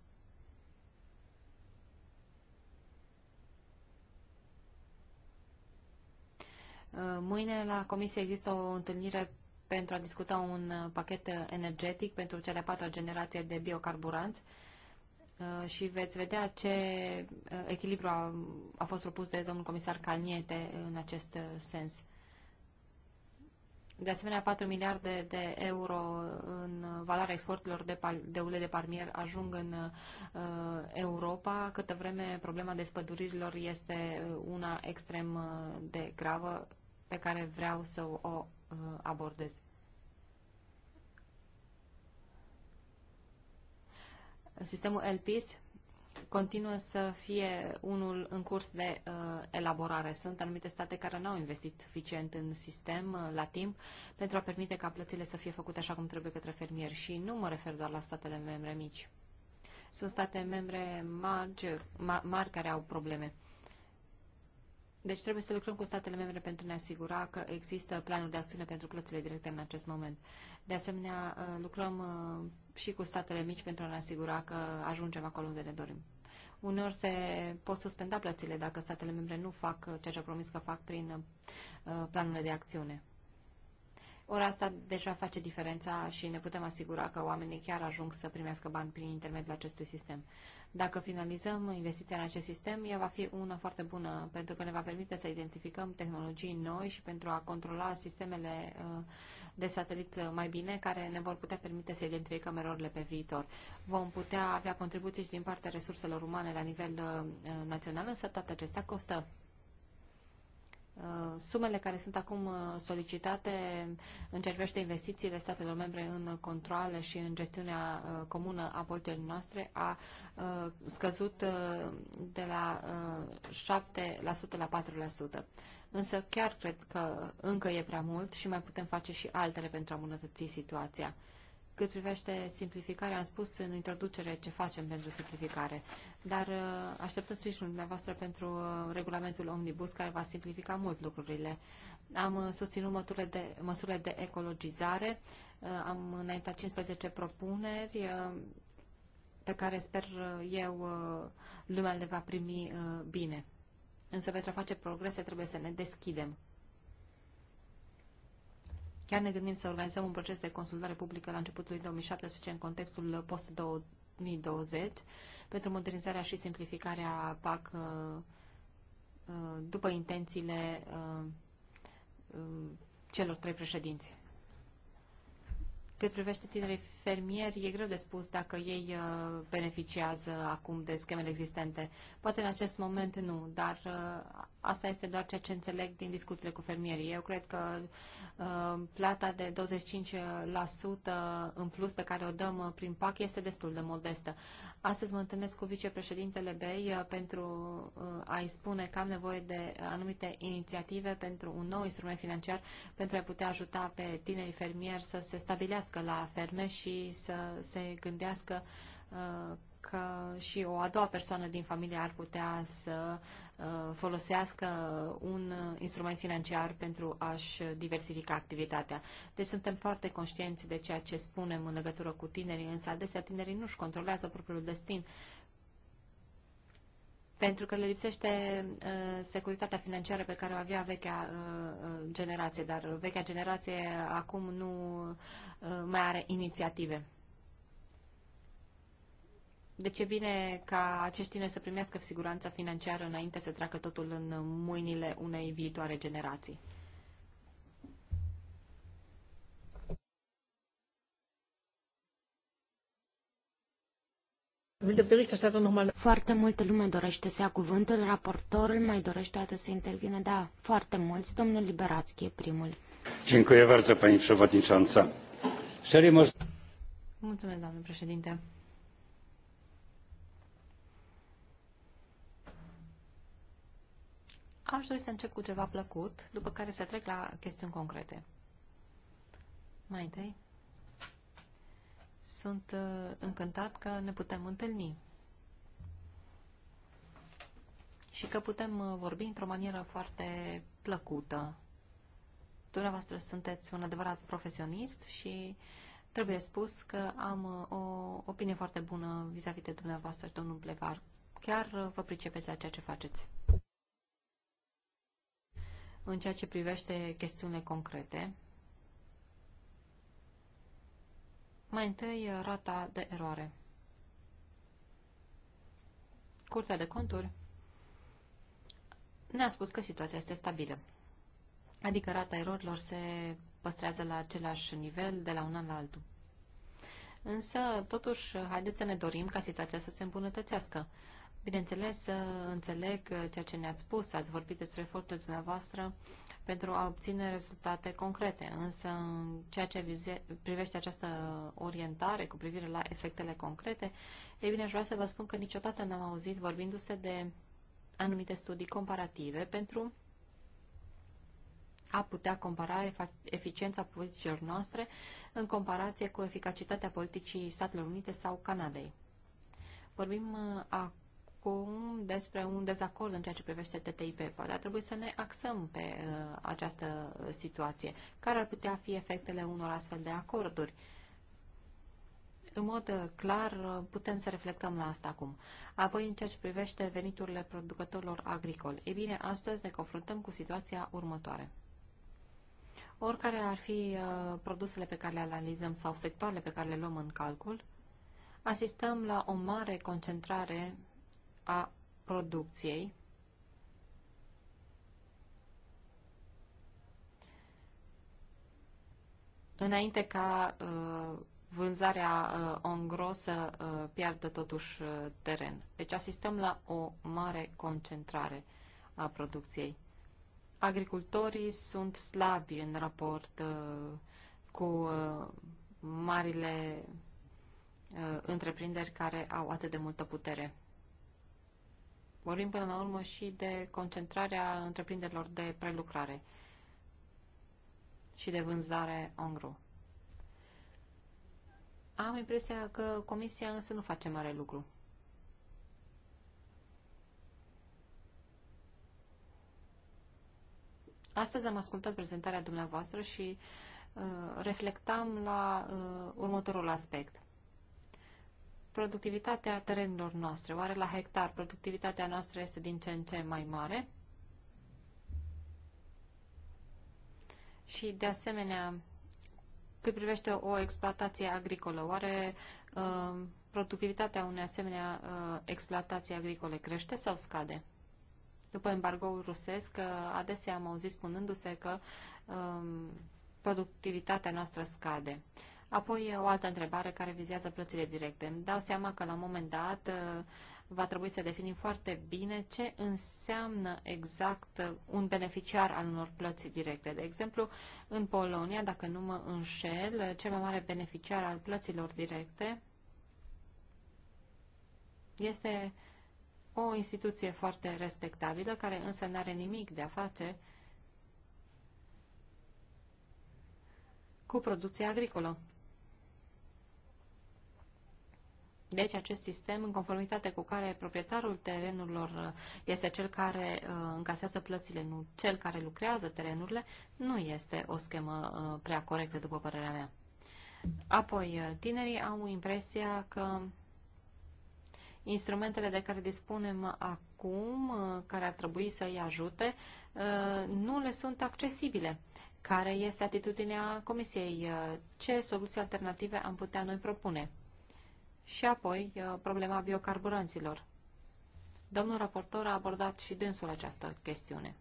Mâine la comisie există o întâlnire pentru a discuta un uh, pachet energetic pentru cea patru a patra generație de biocarburanți uh, și veți vedea ce uh, echilibru a, a fost propus de domnul comisar Calniete în acest sens. De asemenea, 4 miliarde de euro în valoarea exporturilor de, pal- de ulei de palmier ajung în uh, Europa, câtă vreme problema despăduririlor este una extrem de gravă pe care vreau să o uh, abordez. Sistemul LPIS continuă să fie unul în curs de uh, elaborare. Sunt anumite state care nu au investit suficient în sistem uh, la timp pentru a permite ca plățile să fie făcute așa cum trebuie către fermieri și nu mă refer doar la statele membre mici. Sunt state membre mari, mari care au probleme. Deci trebuie să lucrăm cu statele membre pentru a ne asigura că există planul de acțiune pentru plățile directe în acest moment. De asemenea, uh, lucrăm uh, și cu statele mici pentru a ne asigura că ajungem acolo unde ne dorim. Uneori se pot suspenda plățile dacă statele membre nu fac uh, ceea ce au promis că fac prin planurile de acțiune. Ori asta deja face diferența și ne putem asigura că oamenii chiar ajung să primească bani prin intermediul acestui sistem. Dacă finalizăm investiția în acest sistem, ea va fi una foarte bună pentru că ne va permite să identificăm tehnologii noi și pentru a controla sistemele uh, de satelit uh, mai bine, care ne vor putea permite să identificăm erorile pe viitor. Vom putea avea contribuții și din partea resurselor umane la nivel uh, național, însă toate acestea costă. Uh, sumele care sunt acum uh, solicitate în ce privește investițiile statelor membre în controle și în gestiunea uh, comună a politicilor noastre a scăzut de la 7% la 4%. Însă chiar cred că încă e prea mult și mai putem face și altele pentru a îmbunătăți situația. Cât privește simplificarea, am spus în introducere ce facem pentru simplificare, dar uh, așteptăm sprijinul dumneavoastră pentru uh, regulamentul Omnibus, care va simplifica mult lucrurile. Am uh, susținut măsurile de, măsurile de ecologizare, am înaintat 15 propuneri pe care sper eu lumea le va primi bine. Însă pentru a face progrese trebuie să ne deschidem Chiar ne gândim să organizăm un proces de consultare publică la începutul lui 2017 în contextul post-2020 pentru modernizarea și simplificarea PAC uh, uh, după intențiile uh, um, celor trei președinți. Cât privește tinerii fermieri, e greu de spus dacă ei uh, beneficiază acum de schemele existente. Poate în acest moment nu, dar uh, asta este doar ceea ce înțeleg din discuțiile cu fermierii. Eu cred că uh, plata de 25% în plus pe care o dăm prin PAC este destul de modestă. Astăzi mă întâlnesc cu vicepreședintele BEI pentru a-i spune că am nevoie de anumite inițiative pentru un nou instrument financiar pentru a putea ajuta pe tinerii fermieri să se stabilească gândească la ferme și să se gândească uh, că și o a doua persoană din familie ar putea să uh, folosească un uh, instrument financiar pentru a-și diversifica activitatea. Deci suntem foarte conștienți de ceea ce spunem în legătură cu tinerii, însă adesea tinerii nu-și controlează propriul destin pentru că le lipsește uh, securitatea financiară pe care o avea vechea uh, uh, generație, dar vechea generație acum nu uh, mai are inițiative. Deci e bine ca acești tine să primească siguranța financiară înainte să treacă totul în mâinile unei viitoare generații. Foarte multă lume dorește să ia cuvântul, raportorul mai dorește atât să intervine, da, foarte mulți. Domnul Liberațchi e primul. Dziękuję bardzo, pani przewodnicząca. Mulțumesc, doamnă președinte. Aș dori să încep cu ceva plăcut, după care să trec la chestiuni concrete. Mai întâi, sunt uh, încântat că ne putem întâlni și că putem uh, vorbi într-o manieră foarte plăcută. Dumneavoastră sunteți un adevărat profesionist și trebuie spus că am uh, o opinie foarte bună vis-a-vis -vis de dumneavoastră și domnul Plevar. Chiar vă pricepeți la ceea ce faceți. În ceea ce privește chestiunile concrete, Mai întâi, rata de eroare. Curtea de conturi ne-a spus că situația este stabilă. Adică rata erorilor se păstrează la același nivel de la un an la altul. Însă, totuși, haideți să ne dorim ca situația să se îmbunătățească. Bineînțeles, înțeleg ceea ce ne-ați spus, ați vorbit despre efortul dumneavoastră pentru a obține rezultate concrete. Însă, în ceea ce vize, privește această orientare cu privire la efectele concrete, ei bine, aș vrea să vă spun că niciodată n-am auzit vorbindu-se de anumite studii comparative pentru a putea compara eficiența politicilor noastre în comparație cu eficacitatea politicii Statelor Unite sau Canadei. Vorbim acum uh, acum despre un dezacord în ceea ce privește TTIP, dar trebuie să ne axăm pe uh, această situație. Care ar putea fi efectele unor astfel de acorduri? În mod uh, clar, uh, putem să reflectăm la asta acum. Apoi, în ceea ce privește veniturile producătorilor agricoli, e bine, astăzi ne confruntăm cu situația următoare. Oricare ar fi uh, produsele pe care le analizăm sau sectoarele pe care le luăm în calcul, asistăm la o mare concentrare a producției. Înainte ca uh, vânzarea în uh, gros să uh, piardă totuși teren. Deci asistăm la o mare concentrare a producției. Agricultorii sunt slabi în raport cu marile întreprinderi care au atât de multă putere. Vorbim până la urmă și de concentrarea întreprinderilor de prelucrare și de vânzare ongru. Am impresia că comisia însă nu face mare lucru. Astăzi am ascultat prezentarea dumneavoastră și uh, reflectam la uh, următorul aspect productivitatea terenurilor noastre? Oare la hectar productivitatea noastră este din ce în ce mai mare? Și, de asemenea, cât privește o exploatație agricolă, oare uh, productivitatea unei asemenea uh, exploatații agricole crește sau scade? După embargoul rusesc, uh, adesea am auzit spunându-se că um, productivitatea noastră scade. Uh, Apoi o altă întrebare care vizează plățile directe. Îmi dau seama că la un moment dat uh, va trebui să definim foarte bine ce înseamnă exact uh, un beneficiar al unor plăți directe. De exemplu, în Polonia, dacă nu mă înșel, uh, cel mai mare beneficiar al plăților directe este o instituție foarte respectabilă, care însă nu are nimic de a face cu producția agricolă. Deci acest sistem, în conformitate cu care proprietarul terenurilor este cel care uh, încasează plățile, nu cel care lucrează terenurile, nu este o schemă uh, prea corectă, după părerea mea. Apoi, uh, tinerii au impresia că instrumentele de care dispunem acum, care ar trebui să îi ajute, nu le sunt accesibile. Care este atitudinea Comisiei? Ce soluții alternative am putea noi propune? Și apoi uh, problema biocarburanților. Domnul raportor a abordat și dânsul această chestiune.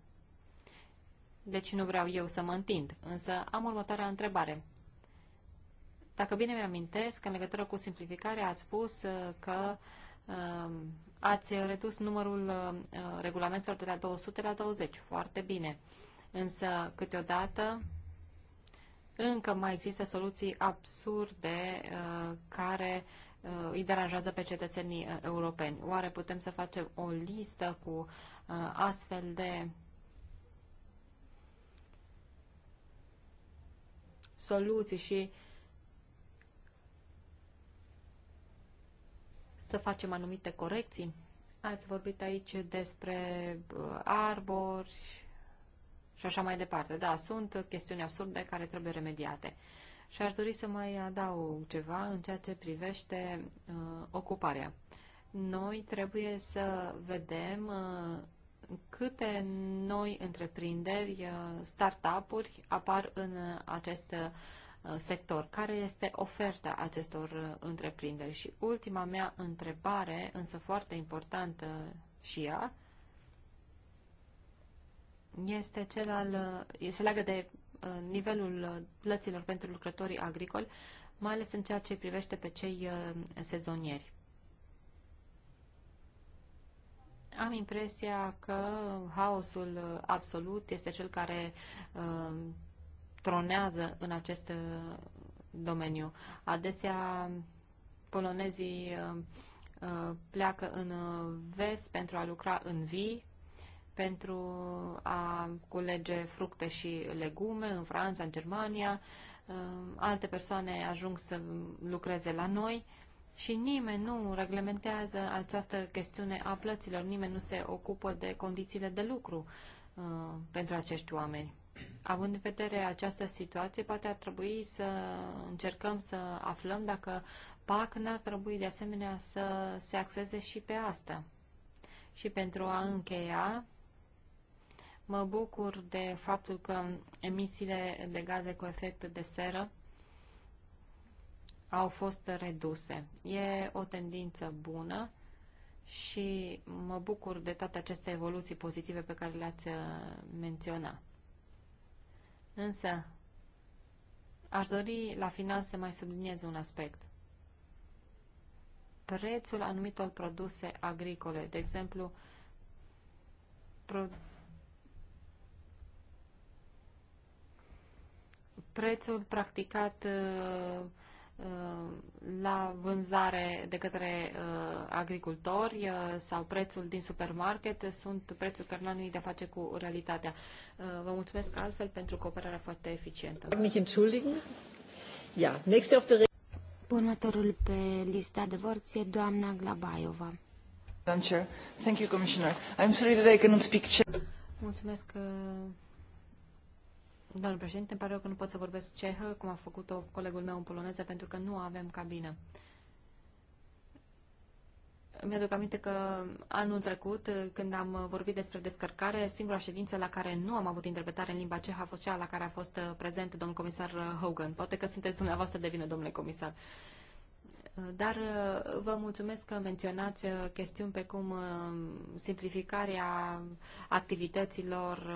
Deci nu vreau eu să mă întind, însă am următoarea întrebare. Dacă bine mi-amintesc, în legătură cu simplificarea, ați spus uh, că um, ați redus numărul uh, regulamentelor de la 200 la 20. Foarte bine. Însă, câteodată, încă mai există soluții absurde care Uh, îi deranjează pe cetățenii uh, europeni. Oare putem să facem o listă cu uh, astfel de soluții și să facem anumite corecții? Ați vorbit aici despre arbori și așa mai departe. Da, sunt chestiuni absurde care trebuie remediate. Și aș dori să mai adaug ceva în ceea ce privește uh, ocuparea. Noi trebuie să vedem uh, câte noi întreprinderi, uh, startup-uri apar în uh, acest uh, sector. Care este oferta acestor uh, întreprinderi? Și ultima mea întrebare, însă foarte importantă și ea, este cel al, uh, se leagă de Uh, nivelul uh, plăților pentru lucrătorii agricoli, mai ales în ceea ce privește pe cei uh, sezonieri. Am impresia că haosul absolut este cel care tronează în acest domeniu. Adesea polonezii pleacă în vest pentru a lucra în vii, pentru a culege fructe și legume în Franța, în Germania. Ehm, alte persoane ajung să lucreze la noi și nimeni nu reglementează această chestiune a plăților, nimeni nu se ocupă de condițiile de lucru ehm, pentru acești oameni. Având în vedere această situație, poate ar trebui să încercăm să aflăm dacă PAC n-ar trebui de asemenea să se axeze și pe asta. Și pentru a încheia, Mă bucur de faptul că emisiile de gaze cu efect de seră au fost reduse. E o tendință bună și mă bucur de toate aceste evoluții pozitive pe care le-ați uh, menționat. Însă, aș dori la final să mai subliniez un aspect. Prețul anumitor produse agricole, de exemplu, prețul practicat uh, uh, la vânzare de către uh, agricultori sau prețul din supermarket sunt prețuri care nu au nimic de a face cu realitatea. Vă mulțumesc altfel pentru cooperarea foarte eficientă. Următorul pe lista de vorți e doamna Glabaiova. Thank you, Commissioner. I'm sorry that I cannot speak Czech. Mulțumesc, Domnule președinte, îmi pare rău că nu pot să vorbesc cehă, cum a făcut-o colegul meu în poloneză, pentru că nu avem cabină. Mi-aduc aminte că anul trecut, când am vorbit despre descărcare, singura ședință la care nu am avut interpretare în limba cehă a fost cea la care a fost prezent domnul comisar Hogan. Poate că sunteți dumneavoastră de vină, domnule comisar. Uh, dar uh, vă mulțumesc că menționați uh, chestiuni precum uh, simplificarea activităților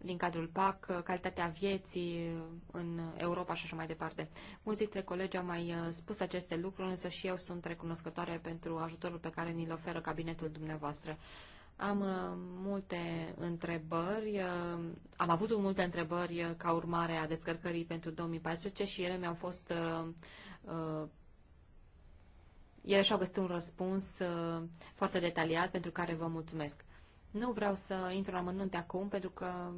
din cadrul PAC, calitatea vieții în Europa și așa mai departe. Mulți dintre colegi au mai spus aceste lucruri, însă și eu sunt recunoscătoare pentru ajutorul pe care ni-l oferă cabinetul dumneavoastră. Am multe întrebări, am avut multe întrebări ca urmare a descărcării pentru 2014 și ele mi-au fost ele și-au găsit un răspuns uh, foarte detaliat pentru care vă mulțumesc. Nu vreau să intru la mănânte acum pentru că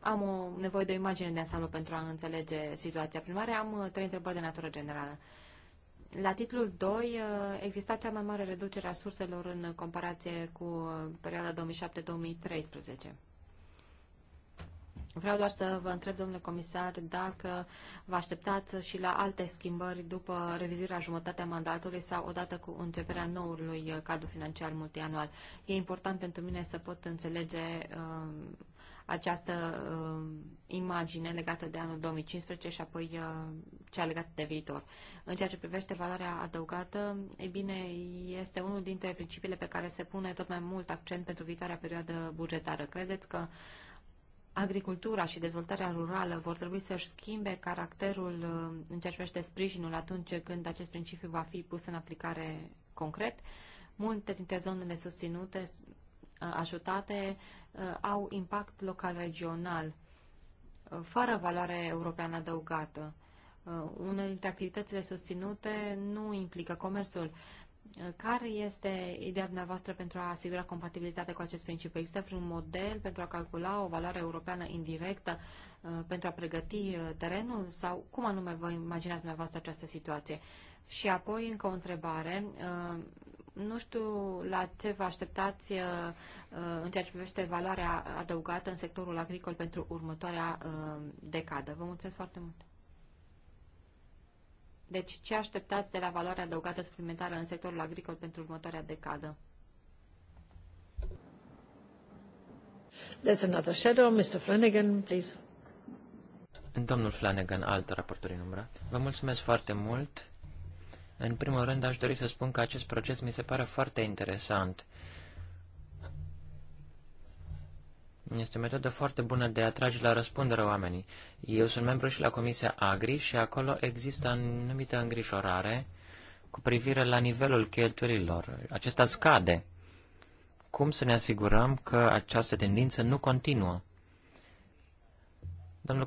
am o nevoie de o imagine de ansamblu pentru a înțelege situația primară. Am uh, trei întrebări de natură generală. La titlul 2 uh, exista cea mai mare reducere a surselor în comparație cu perioada 2007-2013. Vreau doar să vă întreb, domnule comisar, dacă vă așteptați și la alte schimbări după revizuirea jumătatea mandatului sau odată cu începerea noului uh, cadru financiar multianual. E important pentru mine să pot înțelege um, această um, imagine legată de anul 2015 și apoi uh, cea legată de viitor. În ceea ce privește valoarea adăugată, e bine, este unul dintre principiile pe care se pune tot mai mult accent pentru viitoarea perioadă bugetară. Credeți că agricultura și dezvoltarea rurală vor trebui să-și schimbe caracterul uh, în ceea ce privește sprijinul atunci când acest principiu va fi pus în aplicare concret. Multe dintre zonele susținute, uh, ajutate, uh, au impact local-regional, fără valoare europeană adăugată. Unele dintre activitățile susținute nu implică comerțul. Care este ideea dumneavoastră pentru a asigura compatibilitatea cu acest principiu? Există vreun model pentru a calcula o valoare europeană indirectă uh, pentru a pregăti uh, terenul? Sau cum anume vă imaginați dumneavoastră această situație? Și apoi, încă o întrebare. Uh, nu știu la ce vă așteptați în ceea ce privește valoarea adăugată în sectorul agricol pentru următoarea decadă. Vă mulțumesc foarte mult! Deci, ce așteptați de la valoarea adăugată suplimentară în sectorul agricol pentru următoarea decadă? There's another shadow. Mr. Flanagan, please. Domnul Flanagan, alt raportor în umbră. Vă mulțumesc foarte mult. În primul rând, aș dori să spun că acest proces mi se pare foarte interesant. Este o metodă foarte bună de a trage la răspundere oamenii. Eu sunt membru și la Comisia Agri și acolo există anumită îngrijorare cu privire la nivelul cheltuielilor. Acesta scade. Cum să ne asigurăm că această tendință nu continuă? Domnul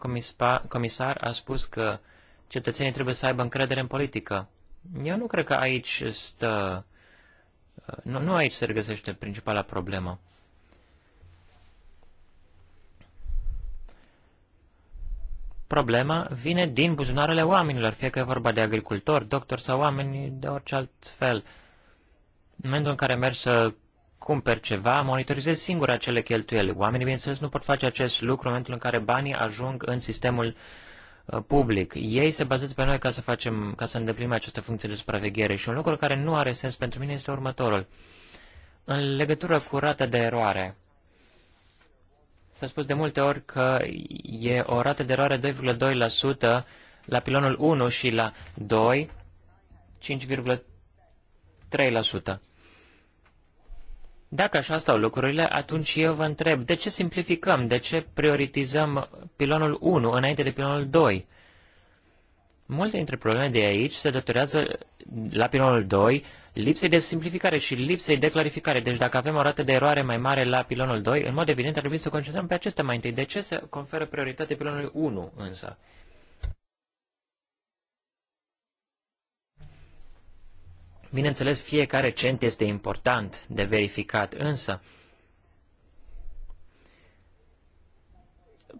comisar a spus că cetățenii trebuie să aibă încredere în politică. Eu nu cred că aici stă... Nu, nu aici se regăsește principala problemă. problema vine din buzunarele oamenilor, fie că e vorba de agricultori, doctori sau oameni de orice alt fel. În momentul în care mergi să cumperi ceva, monitorizezi singur acele cheltuieli. Oamenii, bineînțeles, nu pot face acest lucru în momentul în care banii ajung în sistemul uh, public. Ei se bazează pe noi ca să facem, ca să îndeplinim această funcție de supraveghere și un lucru care nu are sens pentru mine este următorul. În legătură cu rata de eroare, S-a spus de multe ori că e o rată de eroare 2,2% la pilonul 1 și la 2, 5,3%. Dacă așa stau lucrurile, atunci eu vă întreb, de ce simplificăm, de ce prioritizăm pilonul 1 înainte de pilonul 2? Multe dintre problemele de aici se datorează la pilonul 2 lipsei de simplificare și lipsei de clarificare. Deci dacă avem o rată de eroare mai mare la pilonul 2, în mod evident ar trebui să concentrăm pe acesta mai întâi. De ce se conferă prioritate pilonului 1 însă? Bineînțeles, fiecare cent este important de verificat, însă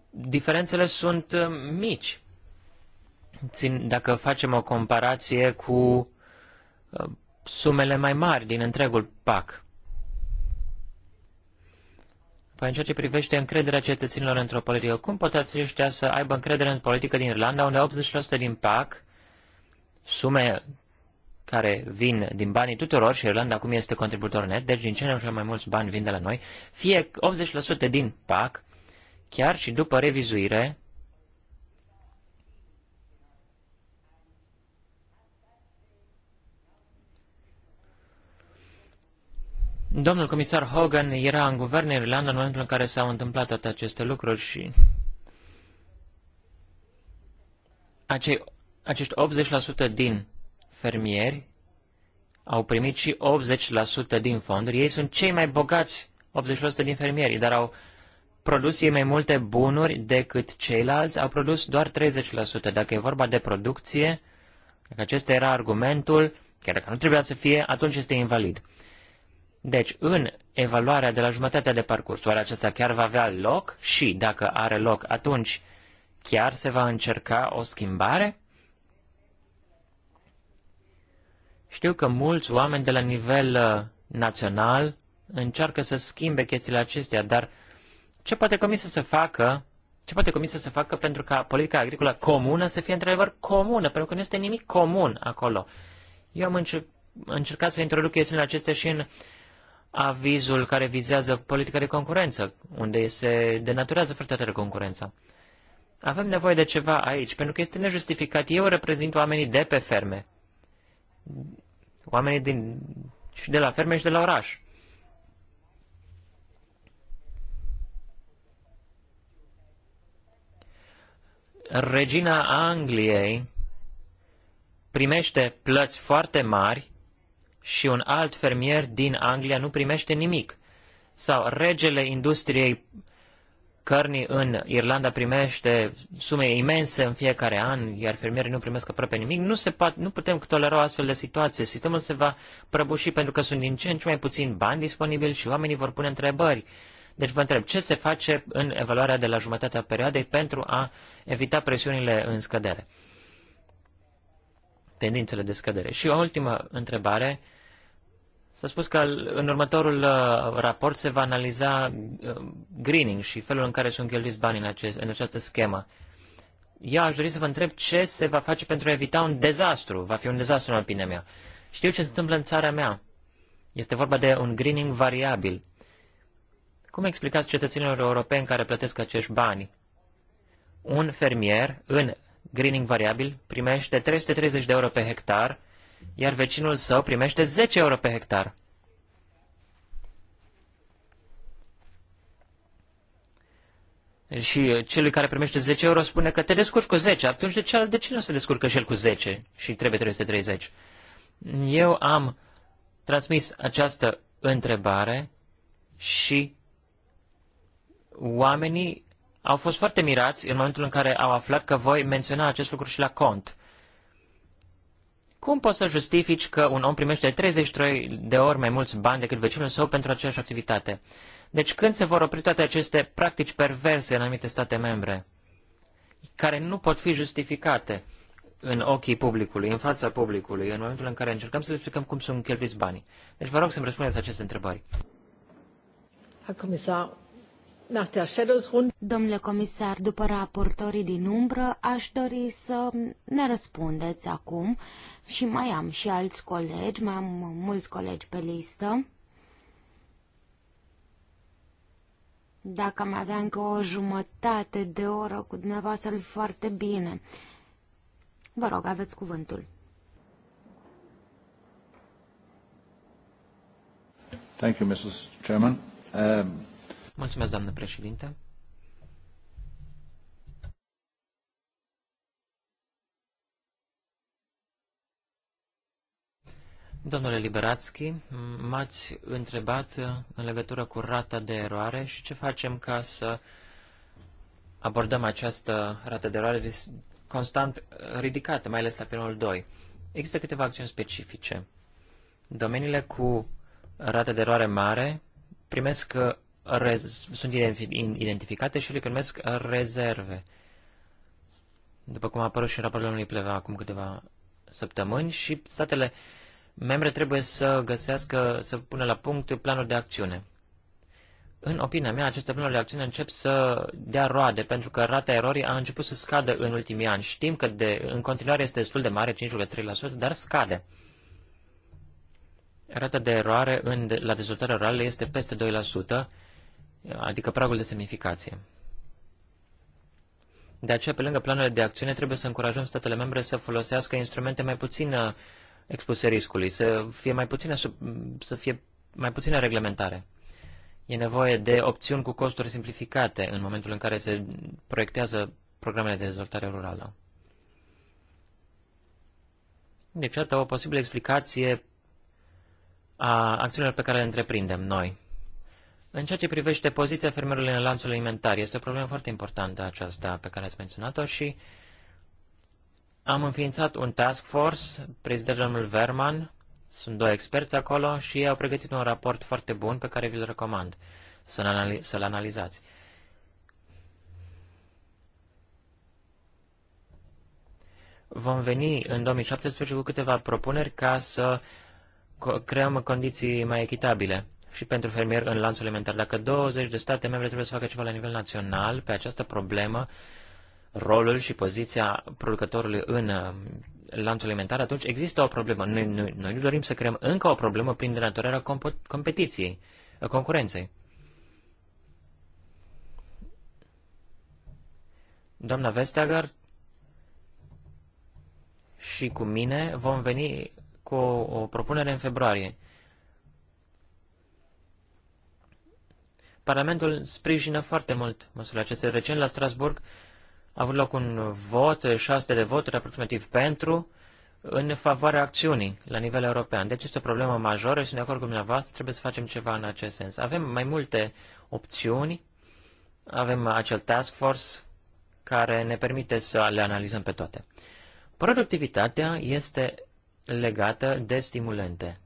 diferențele sunt mici țin, dacă facem o comparație cu uh, sumele mai mari din întregul PAC. Păi în ceea ce privește încrederea cetățenilor într-o politică, cum pot aceștia să aibă încredere în politică din Irlanda, unde 80% din PAC, sume care vin din banii tuturor și Irlanda acum este contributor net, deci din ce mai mulți bani vin de la noi, fie 80% din PAC, chiar și după revizuire, Domnul comisar Hogan era în guvern în Irlanda în momentul în care s-au întâmplat toate aceste lucruri și acei, acești 80% din fermieri au primit și 80% din fonduri. Ei sunt cei mai bogați 80% din fermieri, dar au produs ei mai multe bunuri decât ceilalți, au produs doar 30%. Dacă e vorba de producție, dacă acesta era argumentul, chiar dacă nu trebuia să fie, atunci este invalid. Deci, în evaluarea de la jumătatea de parcurs, oare acesta chiar va avea loc și, dacă are loc, atunci chiar se va încerca o schimbare? Știu că mulți oameni de la nivel uh, național încearcă să schimbe chestiile acestea, dar ce poate comisia să facă ce poate comisia să facă pentru ca politica agricolă comună să fie într-adevăr comună, pentru că nu este nimic comun acolo. Eu am încercat să introduc chestiunile acestea și în avizul care vizează politica de concurență, unde se denaturează foarte tare concurența. Avem nevoie de ceva aici, pentru că este nejustificat. Eu reprezint oamenii de pe ferme, oamenii din, și de la ferme și de la oraș. Regina Angliei primește plăți foarte mari și un alt fermier din Anglia nu primește nimic. Sau regele industriei cărnii în Irlanda primește sume imense în fiecare an, iar fermierii nu primesc aproape nimic, nu, se poate, nu putem tolera o astfel de situație. Sistemul se va prăbuși pentru că sunt din ce în ce mai puțin bani disponibili și oamenii vor pune întrebări. Deci vă întreb, ce se face în evaluarea de la jumătatea perioadei pentru a evita presiunile în scădere? Tendințele de scădere. Și o ultimă întrebare S-a spus că în următorul uh, raport se va analiza uh, greening și felul în care sunt cheltuiți banii în, acest, în această schemă. Eu aș dori să vă întreb ce se va face pentru a evita un dezastru. Va fi un dezastru în opinia mea. Știu ce se întâmplă în țara mea. Este vorba de un greening variabil. Cum explicați cetățenilor europeni care plătesc acești bani? Un fermier în greening variabil primește 330 de euro pe hectar iar vecinul său primește 10 euro pe hectar. Și celui care primește 10 euro spune că te descurci cu 10, atunci de ce, de ce nu se descurcă și el cu 10 și trebuie 330? Eu am transmis această întrebare și oamenii au fost foarte mirați în momentul în care au aflat că voi menționa acest lucru și la cont. Cum poți să justifici că un om primește 33 de ori mai mulți bani decât vecinul său pentru aceeași activitate? Deci când se vor opri toate aceste practici perverse în anumite state membre, care nu pot fi justificate în ochii publicului, în fața publicului, în momentul în care încercăm să explicăm cum sunt cheltuiți banii? Deci vă rog să-mi răspundeți aceste întrebări. Herr Kommissar, Domnule comisar, după raportorii din umbră, aș dori să ne răspundeți acum și mai am și alți colegi, mai am mulți colegi pe listă. Dacă am avea încă o jumătate de oră cu dumneavoastră, ar fi foarte bine. Vă rog, aveți cuvântul. Thank you, Mrs. Chairman. Um, Mulțumesc, doamnă președinte. Domnule Liberatski, m-ați întrebat în legătură cu rata de eroare și ce facem ca să abordăm această rată de eroare constant ridicată, mai ales la pilonul 2. Există câteva acțiuni specifice. Domeniile cu rată de eroare mare primesc sunt identificate și le primesc rezerve. După cum a apărut și în raportul lui Pleva acum câteva săptămâni și statele membre trebuie să găsească, să pună la punct planul de acțiune. În opinia mea, aceste planuri de acțiune încep să dea roade, pentru că rata erorii a început să scadă în ultimii ani. Știm că de, în continuare este destul de mare, 5,3%, dar scade. Rata de eroare în, la dezvoltare rurală este peste 2%, adică pragul de semnificație. De aceea, pe lângă planurile de acțiune, trebuie să încurajăm statele membre să folosească instrumente mai puțin uh, expuse riscului, să fie mai puțină, să fie mai puțină reglementare. E nevoie de opțiuni cu costuri simplificate în momentul în care se proiectează programele de dezvoltare rurală. Deci, iată o posibilă explicație a acțiunilor pe care le întreprindem noi. În ceea ce privește poziția fermerului în lanțul alimentar, este o problemă foarte importantă aceasta pe care ați menționat-o și am înființat un task force, prezidat domnul Verman, sunt doi experți acolo și ei au pregătit un raport foarte bun pe care vi-l recomand să-l, anali- să analizați. Vom veni în 2017 cu câteva propuneri ca să creăm condiții mai echitabile și pentru fermier în lanțul alimentar. Dacă 20 de state membre trebuie să facă ceva la nivel național pe această problemă, rolul și poziția producătorului în uh, lanțul alimentar, atunci există o problemă. Noi, noi, noi nu dorim să creăm încă o problemă prin denaturarea competiției, uh, concurenței. Doamna Vestager și cu mine vom veni cu o, o propunere în februarie. Parlamentul sprijină foarte mult măsurile acestea. Recent la Strasburg a avut loc un vot, șase de voturi aproximativ pentru, în favoarea acțiunii la nivel european. Deci este o problemă majoră și sunt de acord cu dumneavoastră, trebuie să facem ceva în acest sens. Avem mai multe opțiuni, avem acel task force care ne permite să le analizăm pe toate. Productivitatea este legată de stimulente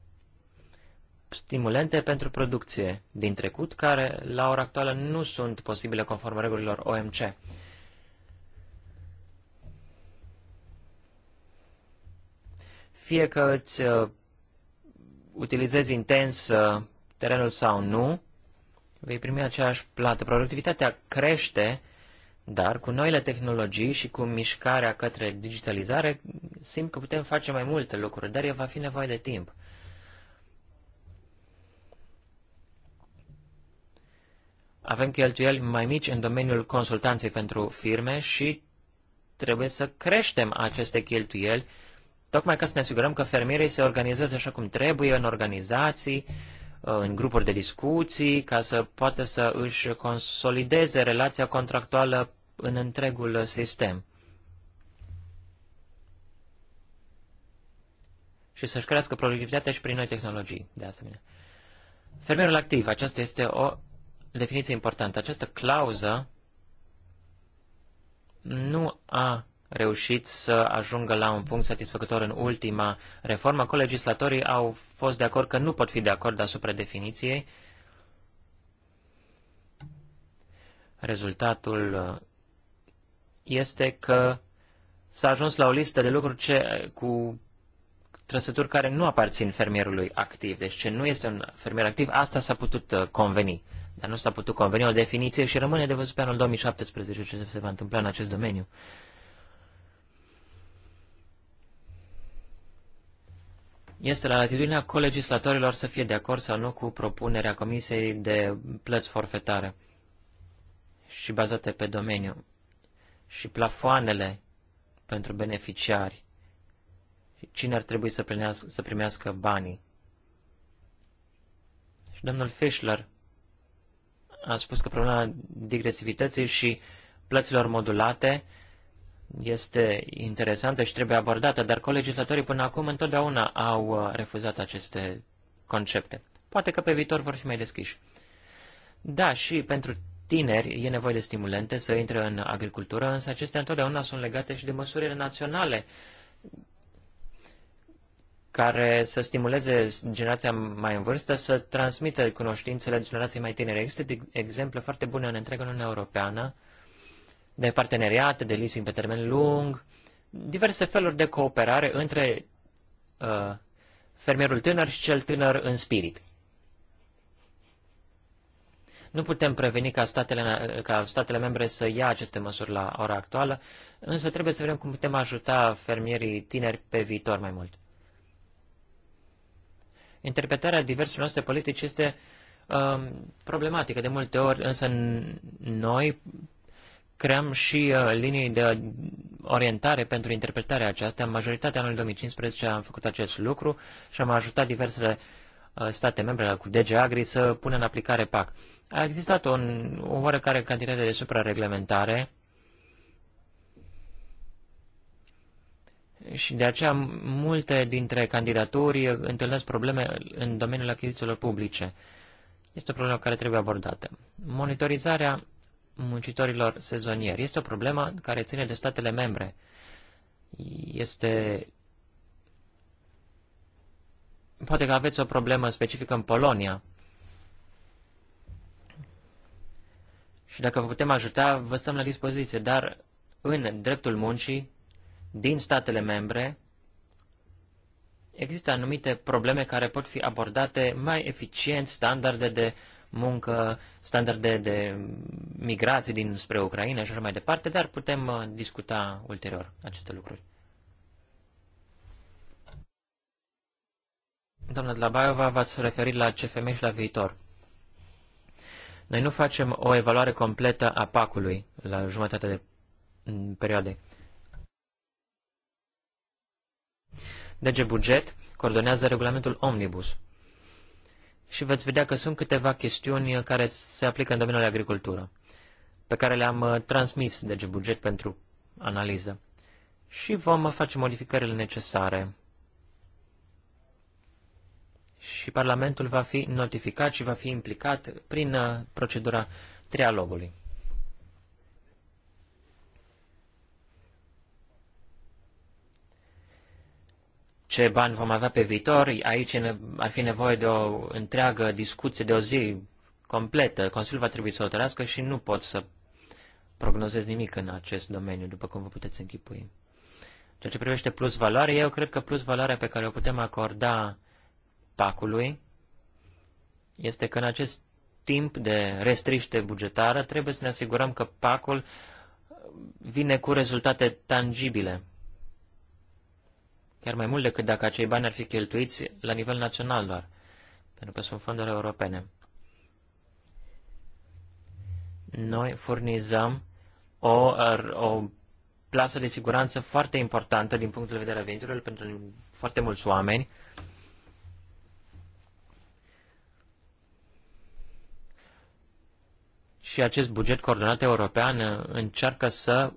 stimulente pentru producție din trecut, care la ora actuală nu sunt posibile conform regulilor OMC. Fie că îți uh, utilizezi intens uh, terenul sau nu, vei primi aceeași plată. Productivitatea crește, dar cu noile tehnologii și cu mișcarea către digitalizare, simt că putem face mai multe lucruri, dar va fi nevoie de timp. avem cheltuieli mai mici în domeniul consultanței pentru firme și trebuie să creștem aceste cheltuieli, tocmai ca să ne asigurăm că fermierii se organizează așa cum trebuie, în organizații, uh, în grupuri de discuții, ca să poată să își consolideze relația contractuală în întregul sistem. Și să-și crească productivitatea și prin noi tehnologii, de asemenea. Fermierul activ, aceasta este o definiție importantă. Această clauză nu a reușit să ajungă la un punct satisfăcător în ultima reformă. Colegislatorii au fost de acord că nu pot fi de acord asupra definiției. Rezultatul este că s-a ajuns la o listă de lucruri ce, cu trăsături care nu aparțin fermierului activ. Deci ce nu este un fermier activ, asta s-a putut uh, conveni dar nu s-a putut conveni o definiție și rămâne de văzut pe anul 2017 ce se va întâmpla în acest domeniu. Este la latitudinea colegislatorilor să fie de acord sau nu cu propunerea Comisiei de plăți forfetare și bazate pe domeniu și plafoanele pentru beneficiari. Cine ar trebui să primească, să primească banii? Și domnul Fischler ați spus că problema digresivității și plăților modulate este interesantă și trebuie abordată, dar colegislatorii până acum întotdeauna au uh, refuzat aceste concepte. Poate că pe viitor vor fi mai deschiși. Da, și pentru tineri e nevoie de stimulente să intre în agricultură, însă acestea întotdeauna sunt legate și de măsurile naționale care să stimuleze generația mai în vârstă să transmită cunoștințele generației mai tinere. Există exemple foarte bune în întreaga Uniunea Europeană de parteneriate, de leasing pe termen lung, diverse feluri de cooperare între uh, fermierul tânăr și cel tânăr în spirit. Nu putem preveni ca statele, ca statele membre să ia aceste măsuri la ora actuală, însă trebuie să vedem cum putem ajuta fermierii tineri pe viitor mai mult interpretarea diverselor noastre politici este um, problematică. De multe ori, însă, noi creăm și uh, linii de orientare pentru interpretarea aceasta. În majoritatea anului 2015 am făcut acest lucru și am ajutat diversele uh, state membre cu DG Agri să pună în aplicare PAC. A existat o, o oarecare cantitate de suprareglementare și de aceea multe dintre candidaturi întâlnesc probleme în domeniul achizițiilor publice. Este o problemă care trebuie abordată. Monitorizarea muncitorilor sezonieri este o problemă care ține de statele membre. Este... Poate că aveți o problemă specifică în Polonia. Și dacă vă putem ajuta, vă stăm la dispoziție, dar în dreptul muncii din statele membre, există anumite probleme care pot fi abordate mai eficient, standarde de muncă, standarde de migrație din spre Ucraina și așa mai departe, dar putem uh, discuta ulterior aceste lucruri. Doamna Dlabaiova, v-ați referit la CFM și la viitor. Noi nu facem o evaluare completă a pacului la jumătate de mm, perioade. DG Buget coordonează regulamentul Omnibus. Și veți vedea că sunt câteva chestiuni care se aplică în domeniul agricultură, pe care le-am uh, transmis DG Buget pentru analiză. Și vom face modificările necesare. Și Parlamentul va fi notificat și va fi implicat prin uh, procedura trialogului. ce bani vom avea pe viitor, aici ar fi nevoie de o întreagă discuție de o zi completă. Consiliul va trebui să o tărească și nu pot să prognozez nimic în acest domeniu, după cum vă puteți închipui. Ceea ce privește plus valoare, eu cred că plus valoarea pe care o putem acorda pacului este că în acest timp de restriște bugetară trebuie să ne asigurăm că pacul vine cu rezultate tangibile chiar mai mult decât dacă acei bani ar fi cheltuiți la nivel național doar, pentru că sunt fonduri europene. Noi furnizăm o, o plasă de siguranță foarte importantă din punctul de vedere a veniturilor pentru foarte mulți oameni. Și acest buget coordonat european încearcă să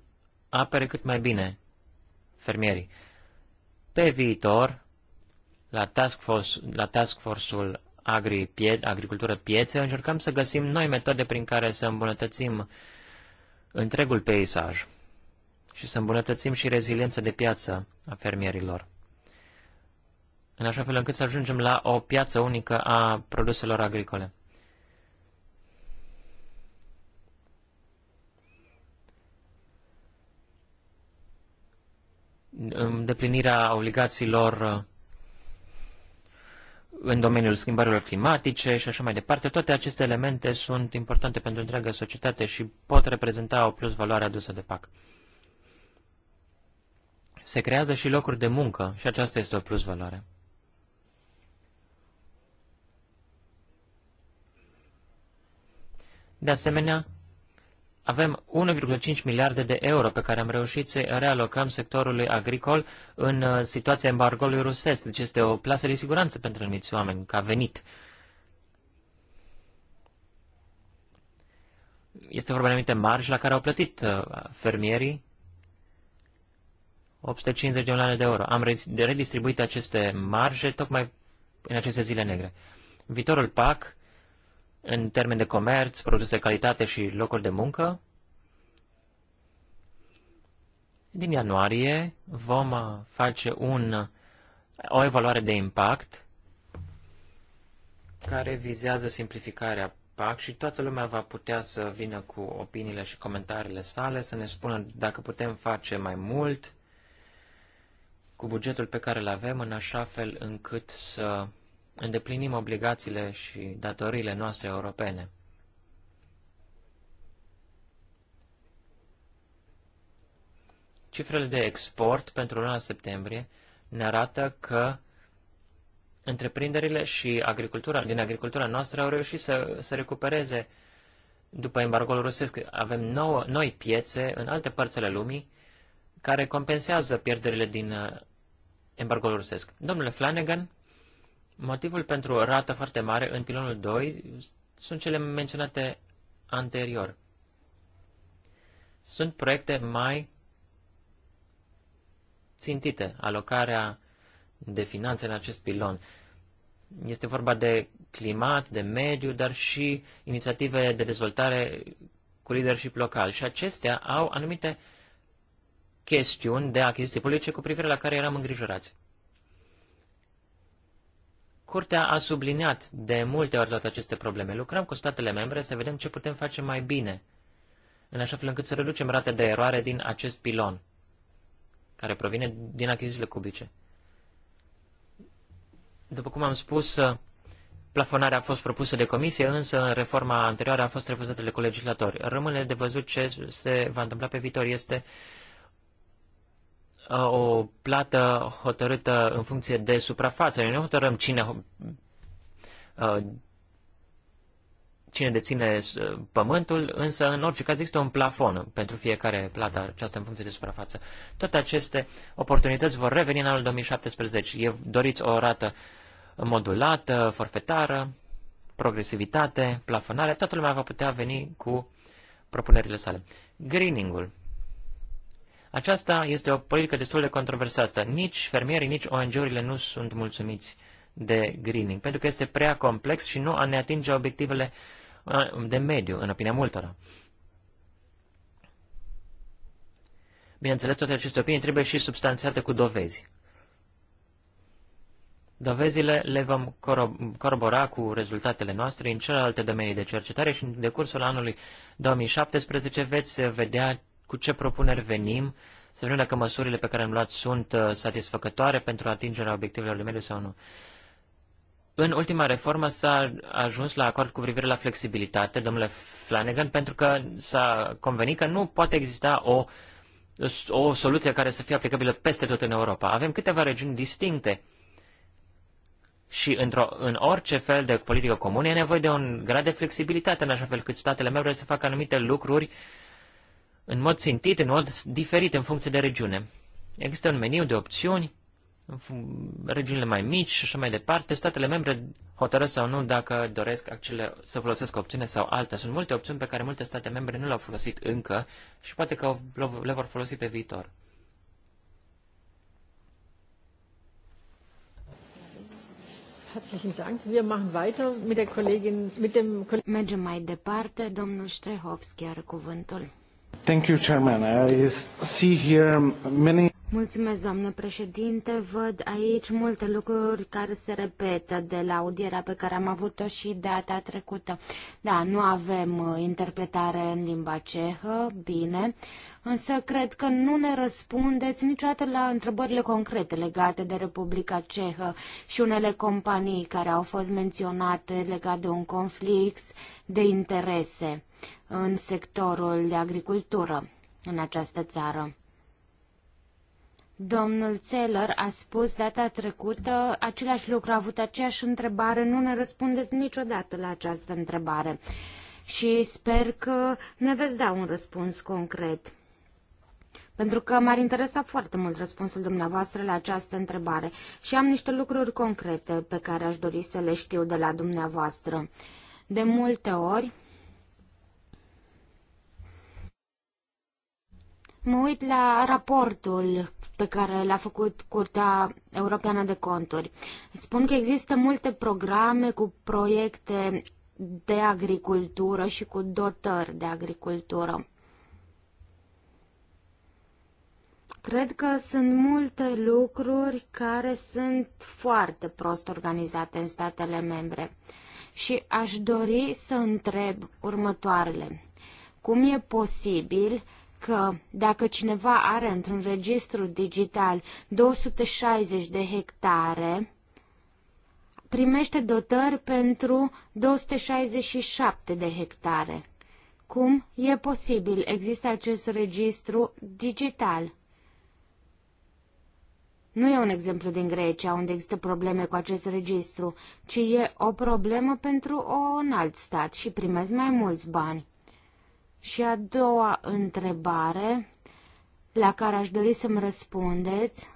apere cât mai bine fermierii. Pe viitor, la task, force, la task force-ul agri, pie, agricultură piețe, încercăm să găsim noi metode prin care să îmbunătățim întregul peisaj și să îmbunătățim și reziliența de piață a fermierilor. În așa fel încât să ajungem la o piață unică a produselor agricole. îndeplinirea obligațiilor uh, în domeniul schimbărilor climatice și așa mai departe. Toate aceste elemente sunt importante pentru întreaga societate și pot reprezenta o plus valoare adusă de PAC. Se creează și locuri de muncă și aceasta este o plus valoare. De asemenea, avem 1,5 miliarde de euro pe care am reușit să realocăm sectorului agricol în uh, situația embargoului rusesc. Deci este o plasă de siguranță pentru anumiți oameni că a venit. Este vorba de anumite margi la care au plătit uh, fermierii 850 de milioane de euro. Am redistribuit aceste marje tocmai în aceste zile negre. Viitorul PAC în termen de comerț, produse de calitate și locuri de muncă. Din ianuarie vom face un, o evaluare de impact care vizează simplificarea PAC și toată lumea va putea să vină cu opiniile și comentariile sale, să ne spună dacă putem face mai mult cu bugetul pe care îl avem, în așa fel încât să îndeplinim obligațiile și datoriile noastre europene. Cifrele de export pentru luna septembrie ne arată că întreprinderile și agricultura, din agricultura noastră au reușit să, să recupereze după embargoul rusesc. Avem nouă, noi piețe în alte părți ale lumii care compensează pierderile din uh, embargoul rusesc. Domnule Flanagan, Motivul pentru o rată foarte mare în pilonul 2 sunt cele menționate anterior. Sunt proiecte mai țintite, alocarea de finanțe în acest pilon. Este vorba de climat, de mediu, dar și inițiative de dezvoltare cu leadership local. Și acestea au anumite chestiuni de achiziții publice cu privire la care eram îngrijorați. Curtea a subliniat de multe ori toate aceste probleme. Lucrăm cu statele membre să vedem ce putem face mai bine, în așa fel încât să reducem rate de eroare din acest pilon, care provine din achizițiile cubice. După cum am spus, plafonarea a fost propusă de comisie, însă în reforma anterioară a fost refuzată de colegislatori. Rămâne de văzut ce se va întâmpla pe viitor. Este uh, Uh, o plată hotărâtă în funcție de suprafață. Noi nu hotărâm cine, uh, cine deține uh, pământul, însă în orice caz există un plafon pentru fiecare plată aceasta în funcție de suprafață. Toate aceste oportunități vor reveni în anul 2017. doriți o rată modulată, forfetară, progresivitate, plafonare, toată lumea va putea veni cu propunerile sale. Greening-ul. Aceasta este o politică destul de controversată. Nici fermierii, nici ONG-urile nu sunt mulțumiți de greening, pentru că este prea complex și nu ne atinge obiectivele de mediu, în opinia multora. Bineînțeles, toate aceste opinii trebuie și substanțiate cu dovezi. Dovezile le vom corobora cu rezultatele noastre în celelalte domenii de cercetare și în decursul anului 2017 veți vedea cu ce propuneri venim, să vedem dacă măsurile pe care le-am luat sunt uh, satisfăcătoare pentru atingerea obiectivelor de mediu sau nu. În ultima reformă s-a ajuns la acord cu privire la flexibilitate, domnule Flanagan, pentru că s-a convenit că nu poate exista o, o soluție care să fie aplicabilă peste tot în Europa. Avem câteva regiuni distincte și într-o, în orice fel de politică comună e nevoie de un grad de flexibilitate, în așa fel cât statele membre să facă anumite lucruri uh, în mod țintit, în mod diferit în funcție de regiune. Există un meniu de opțiuni, regiunile mai mici și așa mai departe. Statele membre hotărăsc sau nu dacă doresc acele, să folosesc opțiune sau alta. Sunt multe opțiuni pe care multe state membre nu le-au folosit încă și poate că le vor folosi pe viitor. Mergem mai departe, domnul Strehovski are cuvântul. Thank you, Chairman. I see here many... Mulțumesc, doamnă președinte. Văd aici multe lucruri care se repetă de la audierea pe care am avut-o și data trecută. Da, nu avem uh, interpretare în limba cehă, bine, însă cred că nu ne răspundeți niciodată la întrebările concrete legate de Republica Cehă și unele companii care au fost menționate legate de un conflict de interese în sectorul de agricultură în această țară. Domnul Zeller a spus data trecută același lucru, a avut aceeași întrebare, nu ne răspundeți niciodată la această întrebare și sper că ne veți da un răspuns concret. Pentru că m-ar interesa foarte mult răspunsul dumneavoastră la această întrebare și am niște lucruri concrete pe care aș dori să le știu de la dumneavoastră. De multe ori, Mă uit la raportul pe care l-a făcut Curtea Europeană de Conturi. Spun că există multe programe cu proiecte de agricultură și cu dotări de agricultură. Cred că sunt multe lucruri care sunt foarte prost organizate în statele membre și aș dori să întreb următoarele. Cum e posibil că dacă cineva are într-un registru digital 260 de hectare, primește dotări pentru 267 de hectare. Cum e posibil? Există acest registru digital. Nu e un exemplu din Grecia unde există probleme cu acest registru, ci e o problemă pentru un alt stat și primesc mai mulți bani. Și a doua întrebare la care aș dori să-mi răspundeți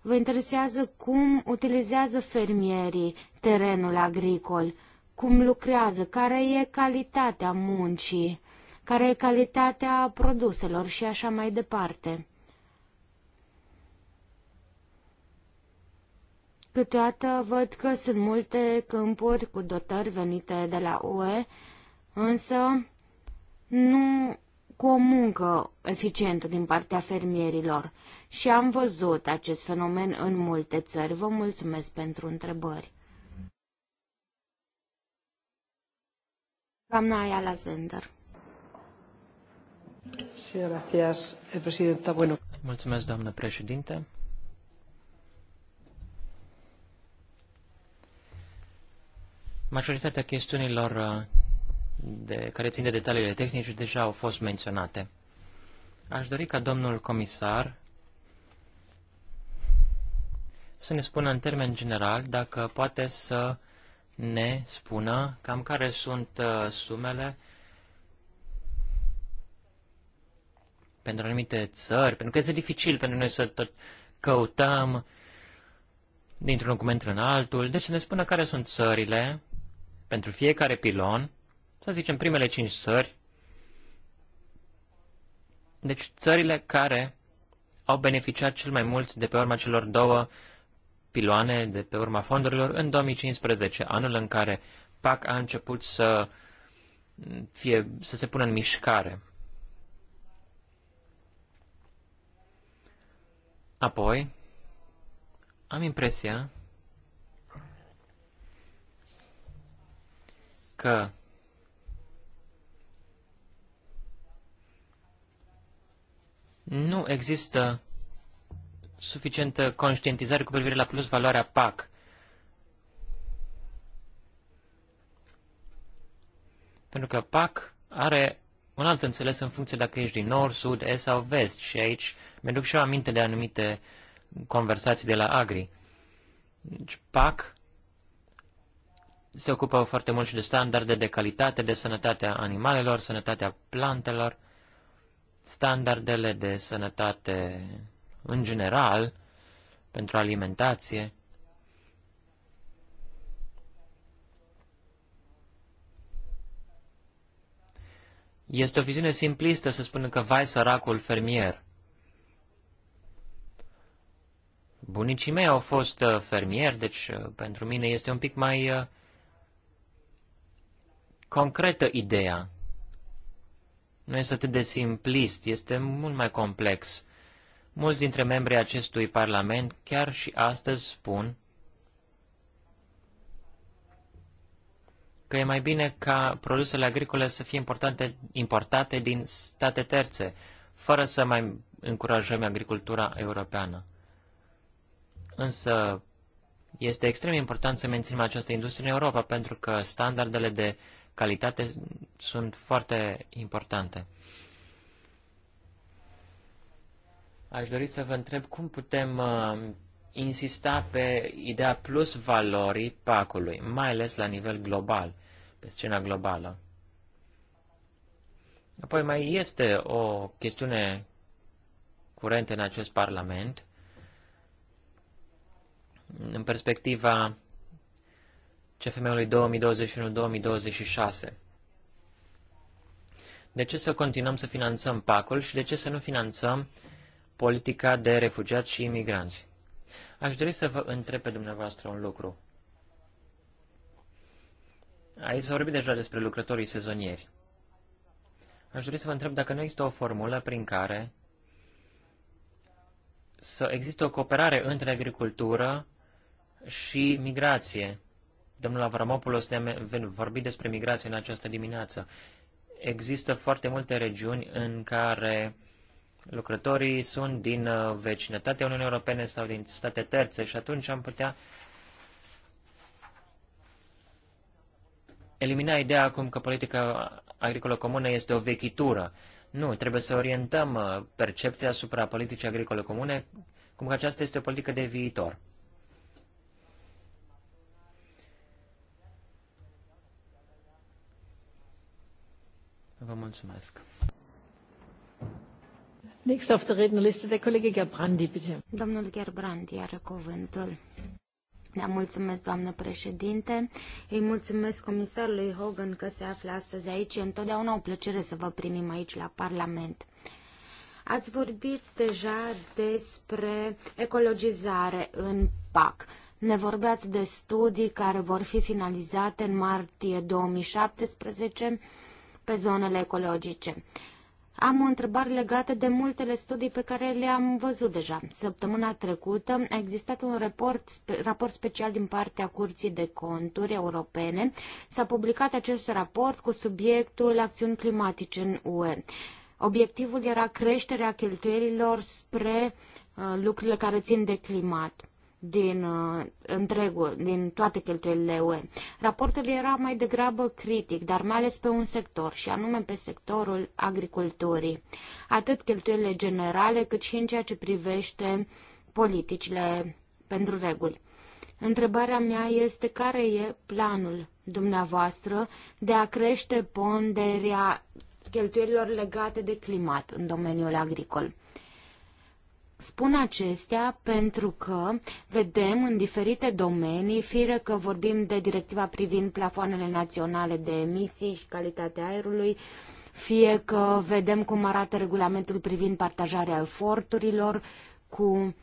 Vă interesează cum utilizează fermierii terenul agricol, cum lucrează, care e calitatea muncii, care e calitatea produselor și așa mai departe. Câteodată văd că sunt multe câmpuri cu dotări venite de la UE, însă nu cu o muncă eficientă din partea fermierilor. Și am văzut acest fenomen în multe țări. Vă mulțumesc pentru întrebări. Doamna la Zender. Eh, mulțumesc, doamnă președinte. Majoritatea chestiunilor uh, de, care țin de detaliile tehnice deja au fost menționate. Aș dori ca domnul comisar să ne spună în termen general dacă poate să ne spună cam care sunt uh, sumele pentru anumite țări, pentru că este dificil pentru noi să tot căutăm dintr-un document în altul, deci să ne spună care sunt țările pentru fiecare pilon, să zicem primele cinci țări, deci țările care au beneficiat cel mai mult de pe urma celor două piloane, de pe urma fondurilor, în 2015, anul în care PAC a început să, fie, să se pună în mișcare. Apoi, am impresia că nu există suficientă conștientizare cu privire la plus valoarea PAC. Pentru că PAC are un alt înțeles în funcție dacă ești din nord, sud, est sau vest și aici mi aduc și eu aminte de anumite conversații de la Agri. Deci PAC se ocupă foarte mult și de standarde de calitate, de sănătatea animalelor, sănătatea plantelor, standardele de sănătate în general pentru alimentație. Este o viziune simplistă să spună că vai săracul fermier. Bunicii mei au fost uh, fermieri, deci uh, pentru mine este un pic mai uh, concretă ideea. Nu este atât de simplist, este mult mai complex. Mulți dintre membrii acestui parlament chiar și astăzi spun că e mai bine ca produsele agricole să fie importante, importate din state terțe, fără să mai încurajăm agricultura europeană. Însă este extrem important să menținem această industrie în Europa, pentru că standardele de calitate sunt foarte importante. Aș dori să vă întreb cum putem uh, insista pe ideea plus valorii pacului, mai ales la nivel global, pe scena globală. Apoi mai este o chestiune curentă în acest Parlament, în perspectiva CFM-ului 2021-2026. De ce să continuăm să finanțăm PAC-ul și de ce să nu finanțăm politica de refugiați și imigranți? Aș dori să vă întreb pe dumneavoastră un lucru. Aici s-a vorbit deja despre lucrătorii sezonieri. Aș dori să vă întreb dacă nu există o formulă prin care să există o cooperare între agricultură și migrație. Domnul Avramopoulos ne-a vorbit despre migrație în această dimineață. Există foarte multe regiuni în care lucrătorii sunt din uh, vecinătatea Uniunii Europene sau din state terțe și atunci am putea elimina ideea acum că politica agricolă comună este o vechitură. Nu, trebuie să orientăm uh, percepția asupra politicii agricole comune cum că aceasta este o politică de viitor. Vă mulțumesc. Next the written list, der Kollege Gerbrandi, bitte. Domnul Gerbrandi are cuvântul. Da, mulțumesc, doamnă președinte. Îi mulțumesc comisarului Hogan că se află astăzi aici. E întotdeauna o plăcere să vă primim aici la Parlament. Ați vorbit deja despre ecologizare în PAC. Ne vorbeați de studii care vor fi finalizate în martie 2017 pe zonele ecologice. Am o întrebare legată de multele studii pe care le-am văzut deja. Săptămâna trecută a existat un raport, raport special din partea Curții de Conturi Europene. S-a publicat acest raport cu subiectul acțiuni climatice în UE. Obiectivul era creșterea cheltuierilor spre uh, lucrurile care țin de climat din, uh, întregul, din toate cheltuielile UE. Raportul era mai degrabă critic, dar mai ales pe un sector, și anume pe sectorul agriculturii. Atât cheltuielile generale, cât și în ceea ce privește politicile pentru reguli. Întrebarea mea este care e planul dumneavoastră de a crește ponderea cheltuielilor legate de climat în domeniul agricol. Spun acestea pentru că vedem în diferite domenii, fie că vorbim de directiva privind plafoanele naționale de emisii și calitatea aerului, fie că vedem cum arată regulamentul privind partajarea eforturilor cu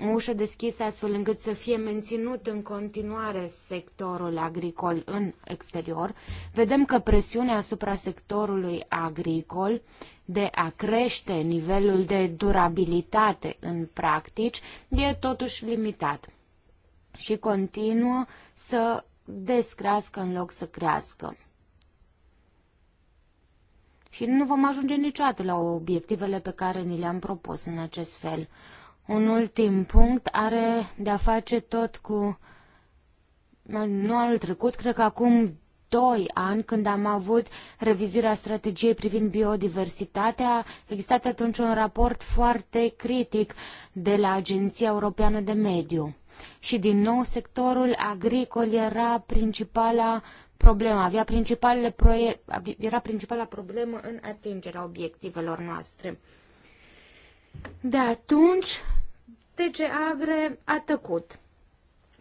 o ușă deschisă astfel încât să fie menținut în continuare sectorul agricol în exterior. Vedem că presiunea asupra sectorului agricol de a crește nivelul de durabilitate în practici e totuși limitat și continuă să descrească în loc să crească. Și nu vom ajunge niciodată la obiectivele pe care ni le-am propus în acest fel. Un ultim punct are de-a face tot cu... Nu anul trecut, cred că acum doi ani, când am avut revizuirea strategiei privind biodiversitatea, existat atunci un raport foarte critic de la Agenția Europeană de Mediu. Și din nou sectorul agricol era principala problemă, avea principalele proie- era principala problemă în atingerea obiectivelor noastre. De atunci, ce Agre a tăcut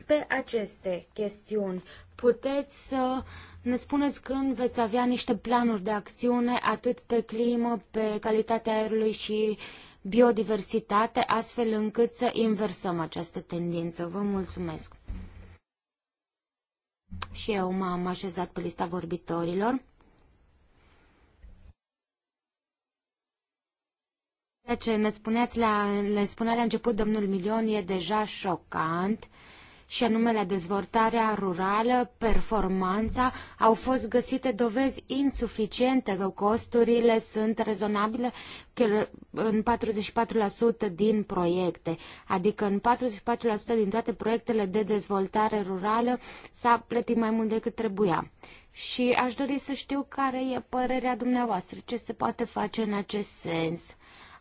pe aceste chestiuni. Puteți să ne spuneți când veți avea niște planuri de acțiune atât pe climă, pe calitatea aerului și biodiversitate, astfel încât să inversăm această tendință. Vă mulțumesc! Și eu m-am așezat pe lista vorbitorilor. Ceea ce ne spuneați la, le spunea la început domnul Milion e deja șocant și anume la dezvoltarea rurală, performanța, au fost găsite dovezi insuficiente că costurile sunt rezonabile în 44% din proiecte, adică în 44% din toate proiectele de dezvoltare rurală s-a plătit mai mult decât trebuia. Și aș dori să știu care e părerea dumneavoastră, ce se poate face în acest sens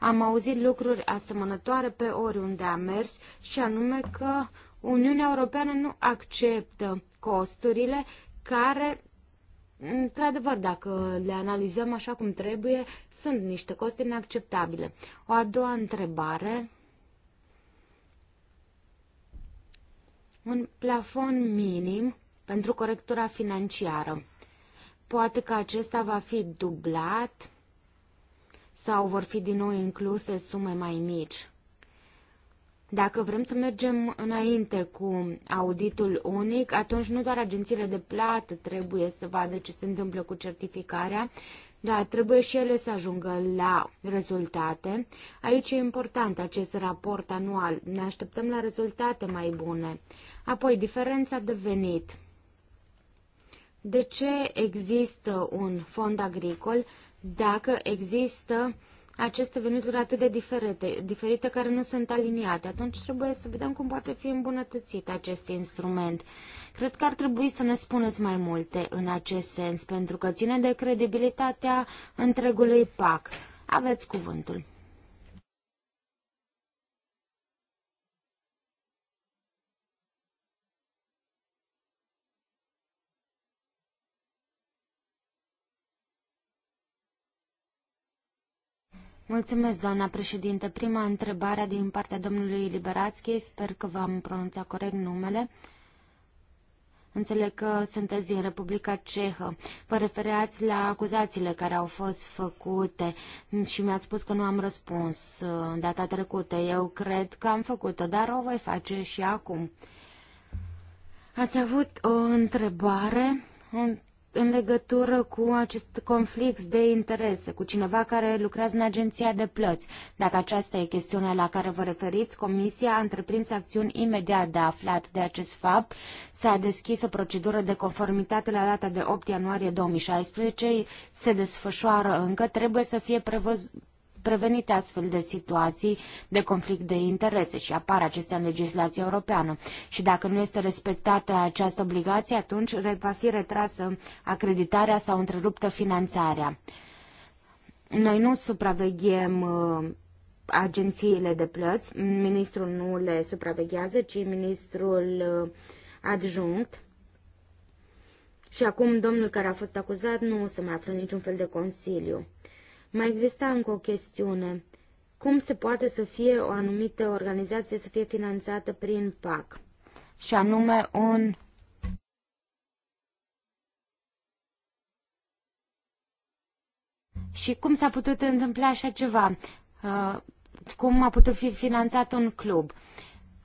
am auzit lucruri asemănătoare pe oriunde am mers și anume că Uniunea Europeană nu acceptă costurile care Într-adevăr, dacă le analizăm așa cum trebuie, sunt niște costuri inacceptabile. O a doua întrebare. Un plafon minim pentru corectura financiară. Poate că acesta va fi dublat sau vor fi din nou incluse sume mai mici. Dacă vrem să mergem înainte cu auditul unic, atunci nu doar agențiile de plată trebuie să vadă ce se întâmplă cu certificarea, dar trebuie și ele să ajungă la rezultate. Aici e important acest raport anual. Ne așteptăm la rezultate mai bune. Apoi, diferența de venit. De ce există un fond agricol? dacă există aceste venituri atât de diferite, diferite care nu sunt aliniate, atunci trebuie să vedem cum poate fi îmbunătățit acest instrument. Cred că ar trebui să ne spuneți mai multe în acest sens, pentru că ține de credibilitatea întregului PAC. Aveți cuvântul. Mulțumesc, doamna președinte. Prima întrebare din partea domnului Liberațchi, sper că v-am pronunțat corect numele. Înțeleg că sunteți din Republica Cehă. Vă refereați la acuzațiile care au fost făcute și mi-ați spus că nu am răspuns uh, data trecută. Eu cred că am făcut-o, dar o voi face și acum. Ați avut o întrebare în legătură cu acest conflict de interese, cu cineva care lucrează în agenția de plăți. Dacă aceasta e chestiunea la care vă referiți, Comisia a întreprins acțiuni imediat de aflat de acest fapt. S-a deschis o procedură de conformitate la data de 8 ianuarie 2016, se desfășoară încă, trebuie să fie prevăzut prevenite astfel de situații de conflict de interese și apar acestea în legislația europeană. Și dacă nu este respectată această obligație, atunci va fi retrasă acreditarea sau întreruptă finanțarea. Noi nu supraveghem uh, agențiile de plăți, ministrul nu le supraveghează, ci ministrul uh, adjunct. Și acum domnul care a fost acuzat nu o să mai află niciun fel de consiliu. Mai exista încă o chestiune. Cum se poate să fie o anumită organizație să fie finanțată prin PAC? Și anume un Și cum s-a putut întâmpla așa ceva? Uh, cum a putut fi finanțat un club? Uh,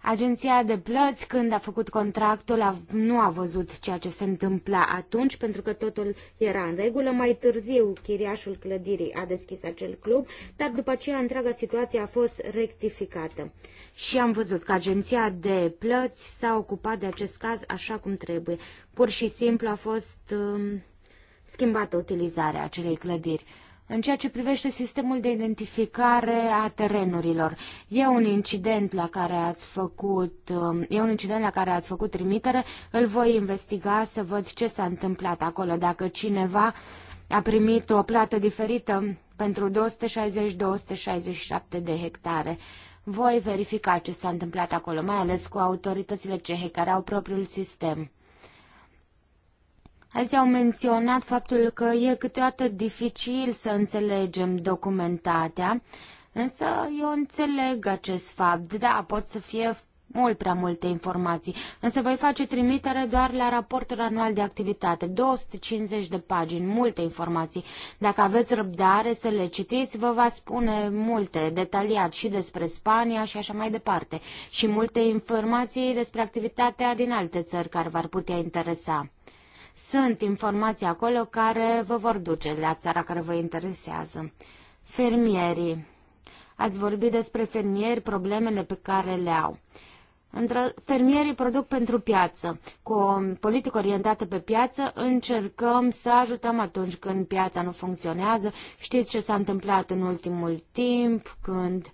Agenția de plăți, când a făcut contractul, a, nu a văzut ceea ce se întâmpla atunci, pentru că totul era în regulă. Mai târziu, chiriașul clădirii a deschis acel club, dar după aceea întreaga situație a fost rectificată. Și am văzut că agenția de plăți s-a ocupat de acest caz așa cum trebuie. Pur și simplu a fost uh, schimbată utilizarea acelei clădiri în ceea ce privește sistemul de identificare a terenurilor. E un incident la care ați făcut, um, e un incident la care ați făcut trimitere, îl voi investiga să văd ce s-a întâmplat acolo, dacă cineva a primit o plată diferită pentru 260-267 de hectare. Voi verifica ce s-a întâmplat acolo, mai ales cu autoritățile cehe care au propriul sistem. Alții au menționat faptul că e câteodată dificil să înțelegem documentatea, însă eu înțeleg acest fapt. Da, pot să fie mult prea multe informații, însă voi face trimitere doar la raportul anual de activitate, 250 de pagini, multe informații. Dacă aveți răbdare să le citiți, vă va spune multe, detaliat și despre Spania și așa mai departe, și multe informații despre activitatea din alte țări care v-ar putea interesa. Sunt informații acolo care vă vor duce la țara care vă interesează. Fermierii. Ați vorbit despre fermieri, problemele pe care le au. Între fermierii produc pentru piață. Cu o politică orientată pe piață încercăm să ajutăm atunci când piața nu funcționează. Știți ce s-a întâmplat în ultimul timp, când uh,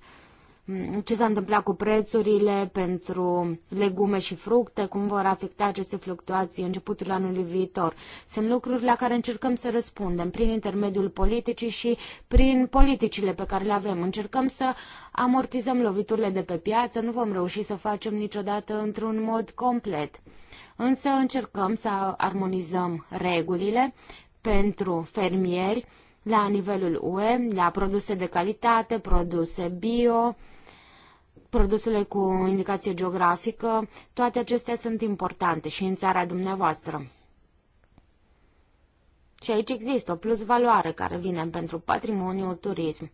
Mm, ce s-a întâmplat cu prețurile pentru legume și fructe, cum vor afecta aceste fluctuații începutul anului viitor. Sunt lucruri la care încercăm să răspundem prin intermediul politicii și prin politicile pe care le avem. Încercăm să amortizăm loviturile de pe piață, nu vom reuși să o facem niciodată într-un mod complet. Însă încercăm să armonizăm regulile pentru fermieri, la nivelul UE, la produse de calitate, produse bio, produsele cu indicație geografică, toate acestea sunt importante și în țara dumneavoastră. Și aici există o plus valoare care vine pentru patrimoniu, turism.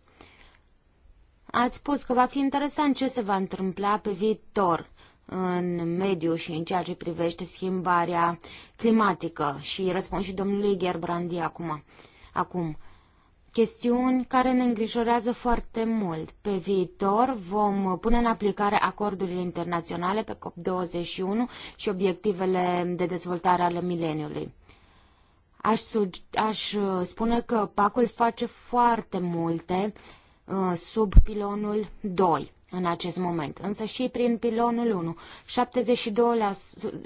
Ați spus că va fi interesant ce se va întâmpla pe viitor în mediu și în ceea ce privește schimbarea climatică și răspund și domnului Gerbrandi acum. acum chestiuni care ne îngrijorează foarte mult. Pe viitor vom pune în aplicare acordurile internaționale pe COP21 și obiectivele de dezvoltare ale mileniului. Aș, aș uh, spune că pacul face foarte multe uh, sub pilonul 2 în acest moment, însă și prin pilonul 1. 72%,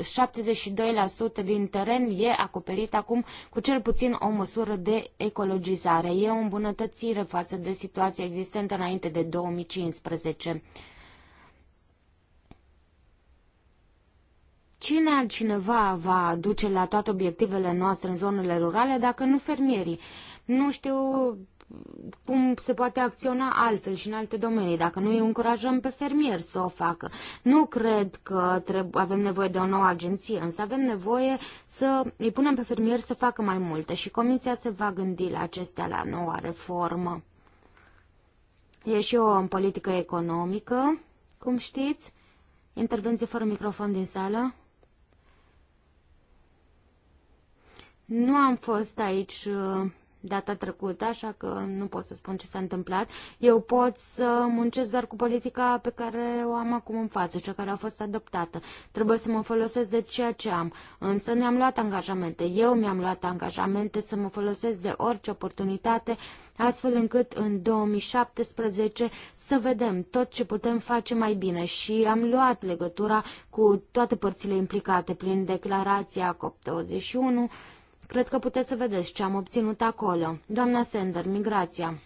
72% din teren e acoperit acum cu cel puțin o măsură de ecologizare. E o îmbunătățire față de situația existentă înainte de 2015. Cine altcineva va duce la toate obiectivele noastre în zonele rurale dacă nu fermierii? Nu știu cum se poate acționa altfel și în alte domenii, dacă nu îi încurajăm pe fermier să o facă. Nu cred că trebuie avem nevoie de o nouă agenție, însă avem nevoie să îi punem pe fermieri să facă mai multe și Comisia se va gândi la acestea, la noua reformă. E și o în politică economică, cum știți. Intervenție fără microfon din sală. Nu am fost aici uh, data trecută, așa că nu pot să spun ce s-a întâmplat. Eu pot să muncesc doar cu politica pe care o am acum în față, cea care a fost adoptată. Trebuie să mă folosesc de ceea ce am. Însă ne-am luat angajamente. Eu mi-am luat angajamente să mă folosesc de orice oportunitate, astfel încât în 2017 să vedem tot ce putem face mai bine și am luat legătura cu toate părțile implicate prin declarația COP21, Cred că puteți să vedeți ce am obținut acolo. Doamna Sender, migrația.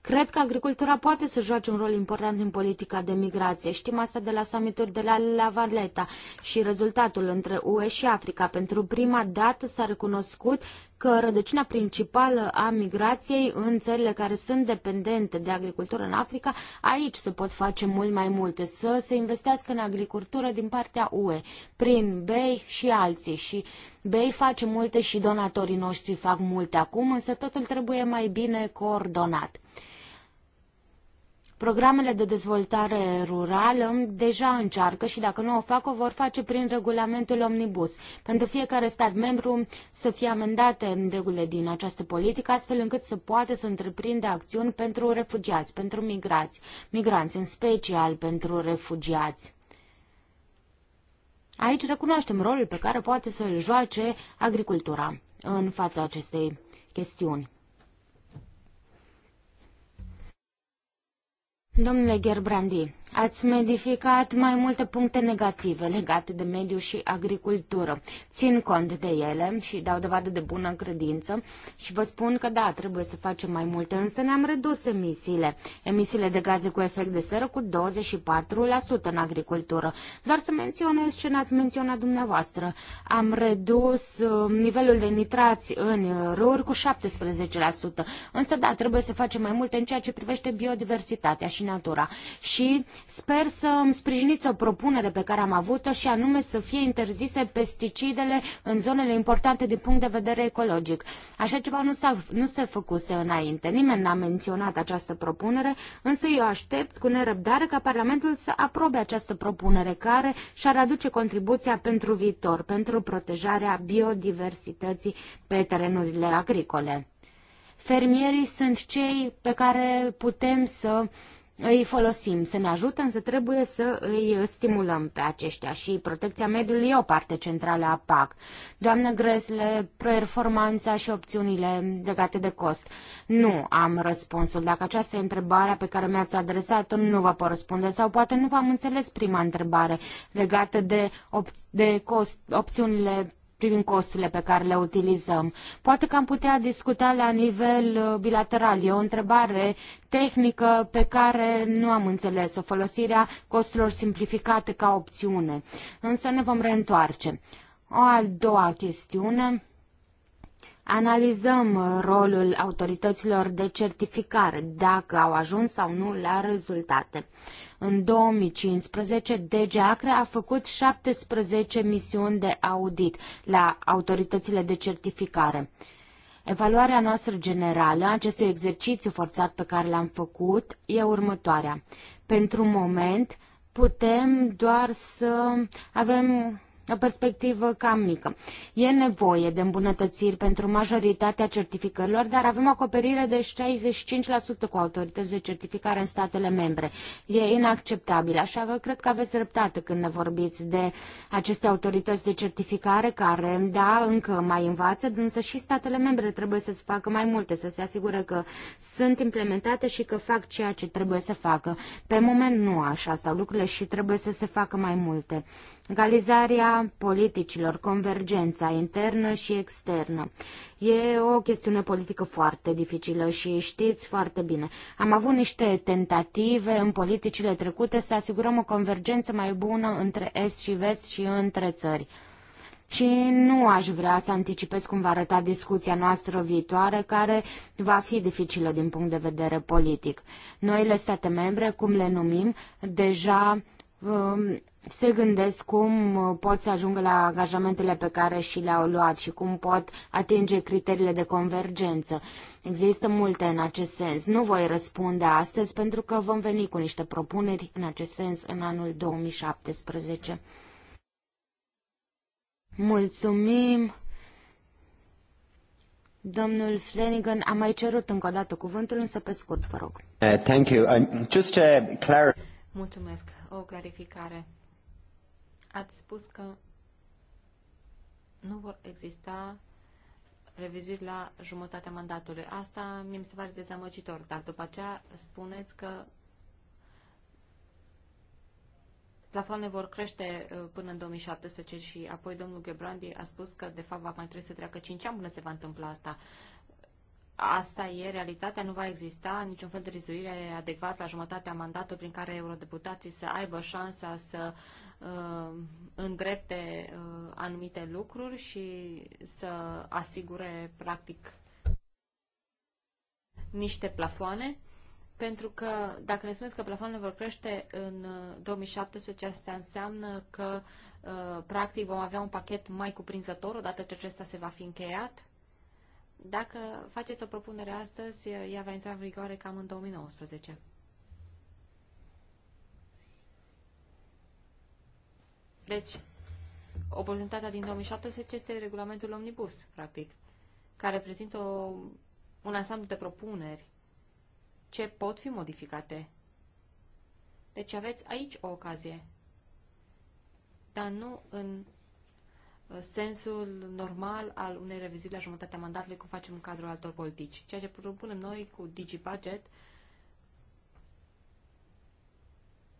Cred că agricultura poate să joace un rol important în politica de migrație. Știm asta de la summitul de la La Valeta și rezultatul între UE și Africa. Pentru prima dată s-a recunoscut că rădăcina principală a migrației în țările care sunt dependente de agricultură în Africa, aici se pot face mult mai multe, să se investească în agricultură din partea UE, prin BEI și alții. Și BEI face multe și donatorii noștri fac multe acum, însă totul trebuie mai bine coordonat. Programele de dezvoltare rurală deja încearcă și dacă nu o fac, o vor face prin regulamentul omnibus. Pentru fiecare stat membru să fie amendate în regulile din această politică, astfel încât să poată să întreprinde acțiuni pentru refugiați, pentru migrați, migranți, în special pentru refugiați. Aici recunoaștem rolul pe care poate să-l joace agricultura în fața acestei chestiuni. Domnule Gerbrandi, Ați modificat mai multe puncte negative legate de mediu și agricultură. Țin cont de ele și dau dovadă de bună credință și vă spun că da, trebuie să facem mai multe, însă ne-am redus emisiile. Emisiile de gaze cu efect de seră cu 24% în agricultură. Doar să menționez ce n-ați menționat dumneavoastră. Am redus uh, nivelul de nitrați în uh, râuri cu 17%. Însă da, trebuie să facem mai multe în ceea ce privește biodiversitatea și natura. Și Sper să îmi sprijiniți o propunere pe care am avut-o și anume să fie interzise pesticidele în zonele importante din punct de vedere ecologic. Așa ceva nu, s-a, nu se făcuse înainte. Nimeni n-a menționat această propunere, însă eu aștept cu nerăbdare ca Parlamentul să aprobe această propunere care și-ar aduce contribuția pentru viitor, pentru protejarea biodiversității pe terenurile agricole. Fermierii sunt cei pe care putem să îi folosim, să ne ajutăm, să trebuie să îi stimulăm pe aceștia și protecția mediului e o parte centrală a PAC. Doamnă Gresle, performanța și opțiunile legate de cost. Nu am răspunsul. Dacă această întrebare pe care mi-ați adresat-o nu vă pot răspunde sau poate nu v-am înțeles prima întrebare legată de, op- de cost, opțiunile privind costurile pe care le utilizăm. Poate că am putea discuta la nivel uh, bilateral. E o întrebare tehnică pe care nu am înțeles-o, folosirea costurilor simplificate ca opțiune. Însă ne vom reîntoarce. O a doua chestiune. Analizăm uh, rolul autorităților de certificare, dacă au ajuns sau nu la rezultate. În 2015, DG Acre a făcut 17 misiuni de audit la autoritățile de certificare. Evaluarea noastră generală a acestui exercițiu forțat pe care l-am făcut e următoarea. Pentru moment, putem doar să avem o perspectivă cam mică. E nevoie de îmbunătățiri pentru majoritatea certificărilor, dar avem acoperire de 65% cu autorități de certificare în statele membre. E inacceptabil, așa că cred că aveți dreptate când ne vorbiți de aceste autorități de certificare care, da, încă mai învață, însă și statele membre trebuie să se facă mai multe, să se asigure că sunt implementate și că fac ceea ce trebuie să facă. Pe moment nu așa sau lucrurile și trebuie să se facă mai multe. Egalizarea politicilor, convergența internă și externă. E o chestiune politică foarte dificilă și știți foarte bine. Am avut niște tentative în politicile trecute să asigurăm o convergență mai bună între Est și Vest și între țări. Și nu aș vrea să anticipez cum va arăta discuția noastră viitoare, care va fi dificilă din punct de vedere politic. Noile state membre, cum le numim, deja Um, se gândesc cum pot să ajungă la angajamentele pe care și le-au luat și cum pot atinge criteriile de convergență. Există multe în acest sens. Nu voi răspunde astăzi pentru că vom veni cu niște propuneri în acest sens în anul 2017. Mulțumim! Domnul Flanagan, am mai cerut încă o dată cuvântul, însă pe scurt, vă rog. Uh, thank you. I'm um, just to clarify... Mulțumesc o clarificare. Ați spus că nu vor exista reviziri la jumătatea mandatului. Asta mi se pare dezamăgitor, dar după aceea spuneți că plafoane vor crește uh, până în 2017 și apoi domnul Gebrandi a spus că de fapt va mai trebui să treacă 5 ani până se va întâmpla asta asta e realitatea, nu va exista niciun fel de rizuire adecvată la jumătatea mandatului prin care eurodeputații să aibă șansa să uh, îndrepte uh, anumite lucruri și să asigure, practic, niște plafoane. Pentru că, dacă ne spuneți că plafoanele vor crește în 2017, uh, asta înseamnă că, uh, practic, vom avea un pachet mai cuprinzător odată ce acesta se va fi încheiat dacă faceți o propunere astăzi, ea va intra în vigoare cam în 2019. Deci, oportunitatea din 2017 este regulamentul Omnibus, practic, care prezintă o, un ansamblu de propuneri ce pot fi modificate. Deci aveți aici o ocazie, dar nu în sensul normal al unei revizuiri la jumătatea mandatului, cum facem în cadrul altor politici. Ceea ce propunem noi cu DigiBudget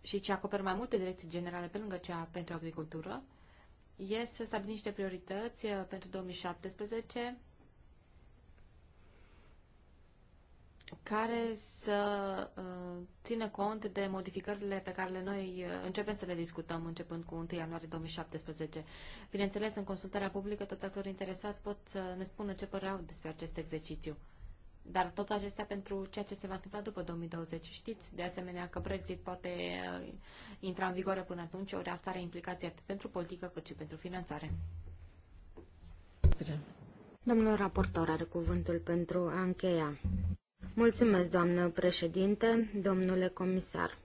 și ce acoperă mai multe direcții generale pe lângă cea pentru agricultură, este să stabilim niște priorități uh, pentru 2017 care să uh, țină cont de modificările pe care le noi uh, începem să le discutăm începând cu 1 ianuarie 2017. Bineînțeles, în consultarea publică, toți actorii interesați pot să ne spună ce părere au despre acest exercițiu. Dar tot acestea pentru ceea ce se va întâmpla după 2020. Știți, de asemenea, că Brexit poate uh, intra în vigoare până atunci, ori asta are implicații atât pentru politică cât și pentru finanțare. Domnul raportor are cuvântul pentru a încheia. Mulțumesc, doamnă președinte, domnule comisar.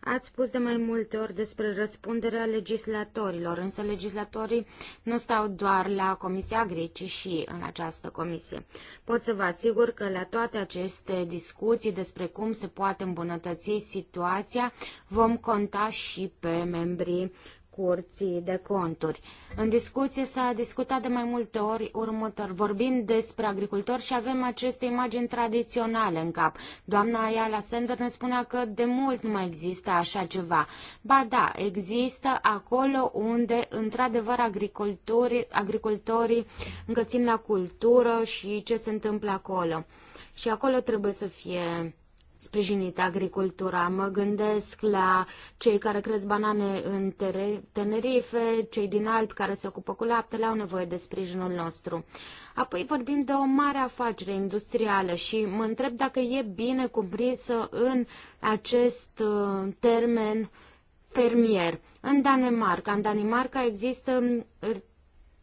Ați spus de mai multe ori despre răspunderea legislatorilor, însă legislatorii nu stau doar la Comisia Agri, ci și în această comisie. Pot să vă asigur că la toate aceste discuții despre cum se poate îmbunătăți situația, vom conta și pe membrii curții de conturi. În discuție s-a discutat de mai multe ori următor, vorbind despre agricultori și avem aceste imagini tradiționale în cap. Doamna Ayala Sender ne spunea că de mult nu mai există așa ceva. Ba da, există acolo unde, într-adevăr, agricultorii, agricultorii încă țin la cultură și ce se întâmplă acolo. Și acolo trebuie să fie sprijinit agricultura. Mă gândesc la cei care cresc banane în Tenerife, cei din Alp care se ocupă cu laptele, au nevoie de sprijinul nostru. Apoi vorbim de o mare afacere industrială și mă întreb dacă e bine cuprinsă în acest uh, termen fermier. În Danemarca, în Danemarca există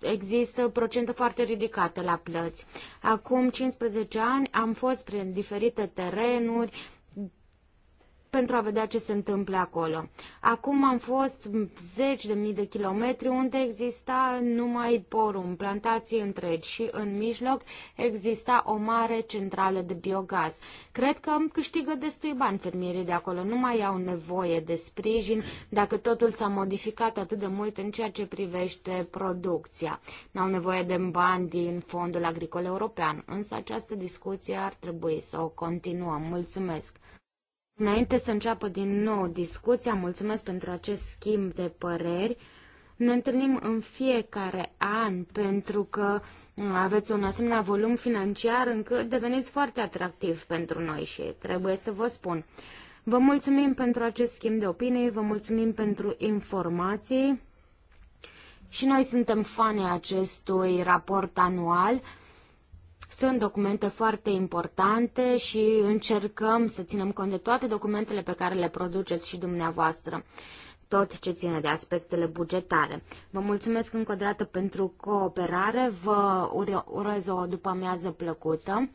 există procente foarte ridicate la plăți. Acum 15 ani am fost prin diferite terenuri, pentru a vedea ce se întâmplă acolo. Acum am fost zeci de mii de kilometri unde exista numai porum, plantații întregi și în mijloc exista o mare centrală de biogaz. Cred că câștigă destui bani fermierii de acolo, nu mai au nevoie de sprijin dacă totul s-a modificat atât de mult în ceea ce privește producția. N-au nevoie de bani din Fondul Agricol European, însă această discuție ar trebui să o continuăm. Mulțumesc! Înainte să înceapă din nou discuția, mulțumesc pentru acest schimb de păreri. Ne întâlnim în fiecare an pentru că uh, aveți un asemenea volum financiar încât deveniți foarte atractiv pentru noi și trebuie să vă spun. Vă mulțumim pentru acest schimb de opinii, vă mulțumim pentru informații și noi suntem fani acestui raport anual sunt documente foarte importante și încercăm să ținem cont de toate documentele pe care le produceți și dumneavoastră tot ce ține de aspectele bugetare. Vă mulțumesc încă o dată pentru cooperare, vă urez o după amiază plăcută.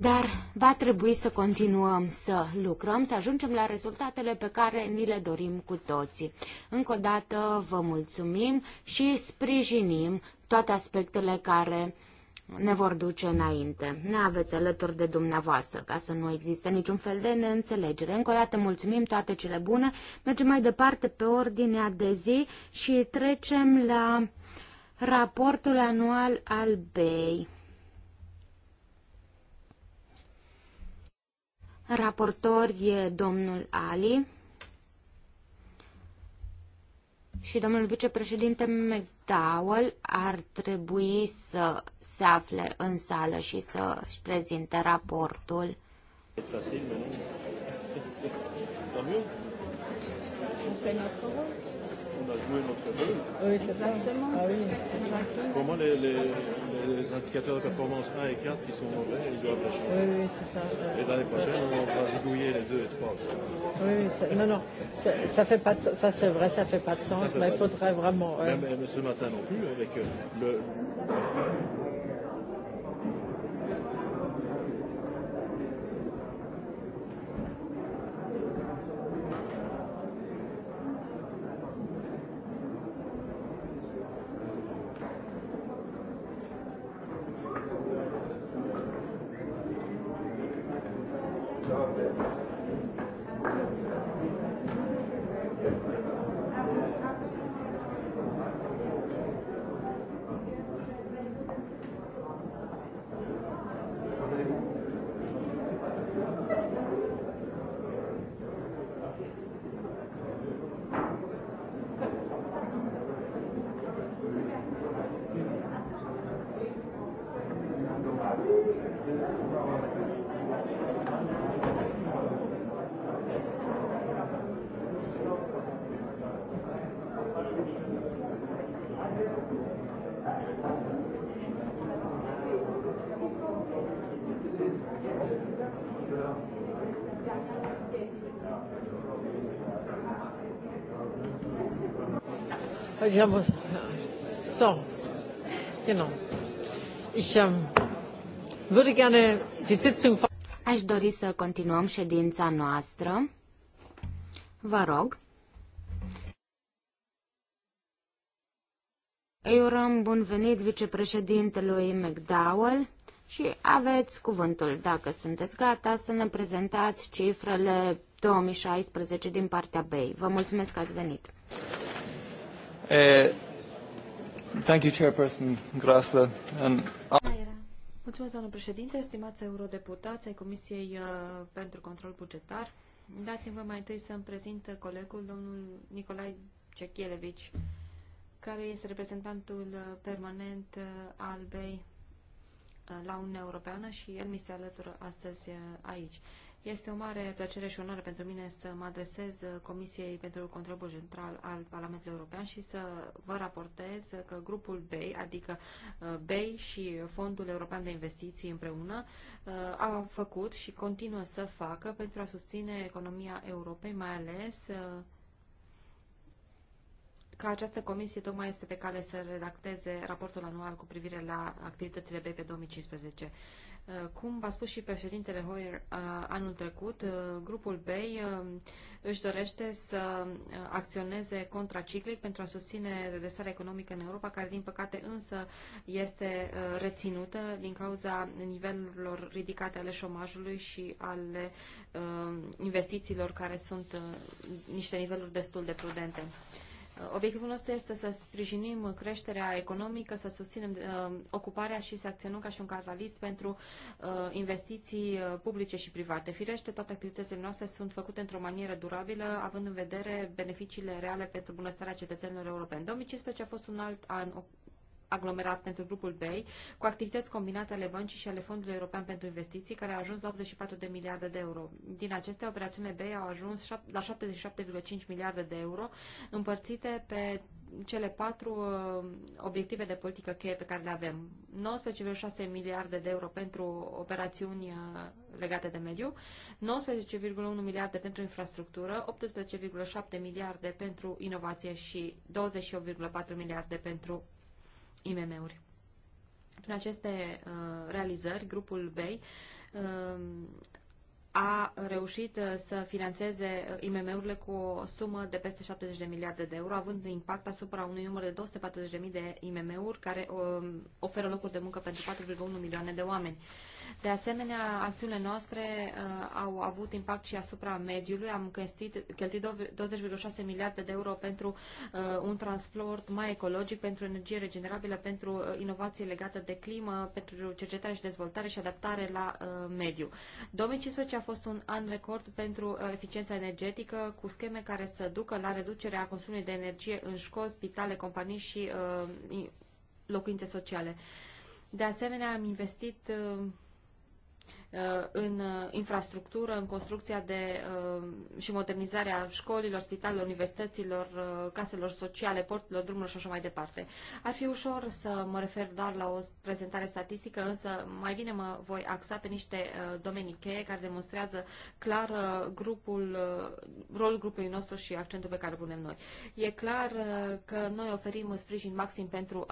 Dar va trebui să continuăm să lucrăm, să ajungem la rezultatele pe care ni le dorim cu toții. Încă o dată vă mulțumim și sprijinim toate aspectele care ne vor duce înainte. Ne aveți alături de dumneavoastră, ca să nu existe niciun fel de neînțelegere. Încă o dată mulțumim toate cele bune. Mergem mai departe pe ordinea de zi și trecem la raportul anual al BEI. Raportor e domnul Ali și domnul vicepreședinte McDowell ar trebui să se afle în sală și să își prezinte raportul monde a joué notre rôle. Oui, exactement. Ah, oui. Exactement. Pour moi, les, les, les indicateurs de performance 1 et 4 qui sont mauvais, ils doivent la changer. Oui, oui, c'est ça. Et l'année prochaine, on va zigouiller les 2 et 3. Oui, oui non, non, ça, fait pas de, ça c'est vrai, ça fait pas de sens, mais il faudrait vraiment. Ouais. Même, même ce matin non plus, avec euh, le. ich habe so genau. Ich ähm, würde gerne die Sitzung Aș dori să continuăm ședința noastră. Vă rog. Îi urăm bun venit vicepreședintelui McDowell și aveți cuvântul, dacă sunteți gata, să ne prezentați cifrele 2016 din partea BEI. Vă mulțumesc că ați venit! Uh, thank you, Chairperson Grasle. Mulțumesc, domnul președinte, stimați eurodeputați ai Comisiei uh, pentru Control Bugetar. Dați-mi mai întâi să-mi prezint colegul, domnul Nicolae Cechielevici, care este reprezentantul uh, permanent al BEI la Uniunea Europeană și el mi se alătură astăzi aici. Este o mare plăcere și onoare pentru mine să mă adresez Comisiei pentru Controlul Central al Parlamentului European și să vă raportez că grupul BEI, adică uh, BEI și Fondul European de Investiții împreună, uh, a făcut și continuă să facă pentru a susține economia Europei, mai ales uh, că această comisie tocmai este pe cale să redacteze raportul anual cu privire la activitățile BEI pe 2015. Uh, cum v-a spus și președintele Hoyer uh, anul trecut, uh, grupul BEI își dorește să acționeze contraciclic pentru a susține redresarea economică în Europa, care din păcate însă este reținută din cauza nivelurilor ridicate ale șomajului și ale investițiilor care sunt niște niveluri destul de prudente. Obiectivul nostru este să sprijinim creșterea economică, să susținem uh, ocuparea și să acționăm ca și un catalist pentru uh, investiții uh, publice și private. Firește, toate activitățile noastre sunt făcute într-o manieră durabilă, având în vedere beneficiile reale pentru bunăstarea cetățenilor europeni. 2015 a fost un alt an aglomerat pentru grupul BEI, cu activități combinate ale băncii și ale Fondului European pentru Investiții, care a ajuns la 84 de miliarde de euro. Din aceste operațiune BEI au ajuns la 77,5 miliarde de euro, împărțite pe cele patru uh, obiective de politică cheie pe care le avem. 19,6 miliarde de euro pentru operațiuni uh, legate de mediu, 19,1 miliarde pentru infrastructură, 18,7 miliarde pentru inovație și 28,4 miliarde pentru IMM-uri. Prin aceste uh, realizări, grupul BEI uh, a reușit uh, să financeze uh, IMM-urile cu o sumă de peste 70 de miliarde de euro, având impact asupra unui număr de 240.000 de IMM-uri care uh, oferă locuri de muncă pentru 4,1 milioane de oameni. De asemenea, acțiunile noastre au avut impact și asupra mediului. Am cheltuit, cheltuit 20,6 miliarde de euro pentru un transport mai ecologic, pentru energie regenerabilă, pentru inovație legată de climă, pentru cercetare și dezvoltare și adaptare la mediu. 2015 a fost un an record pentru uh, eficiența energetică, cu scheme care să ducă la reducerea consumului de energie în școli, spitale, companii și uh, locuințe sociale. De asemenea, am investit uh, Uh, în uh, infrastructură, în construcția de, uh, și modernizarea școlilor, spitalelor, universităților, caselor sociale, porturilor, drumurilor și așa mai departe. Ar fi ușor să mă refer doar la o prezentare statistică, însă mai bine mă voi axa pe niște domenii cheie care demonstrează clar grupul, rolul grupului nostru și accentul pe care îl punem noi. E clar că noi oferim sprijin maxim pentru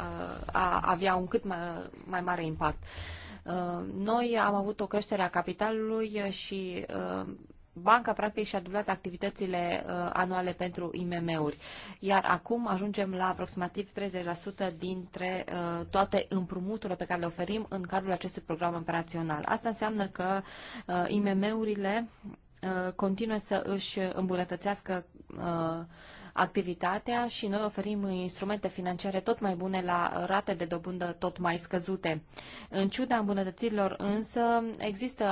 a avea un cât mai mare impact. Noi am avut o creștere creșterea capitalului și uh, banca practic și-a dublat activitățile uh, anuale pentru IMM-uri. Iar acum ajungem la aproximativ 30% dintre uh, toate împrumuturile pe care le oferim în cadrul acestui program operațional. Asta înseamnă că IMM-urile continuă să își îmbunătățească uh, activitatea și noi oferim instrumente financiare tot mai bune la rate de dobândă tot mai scăzute. În ciuda îmbunătățirilor însă există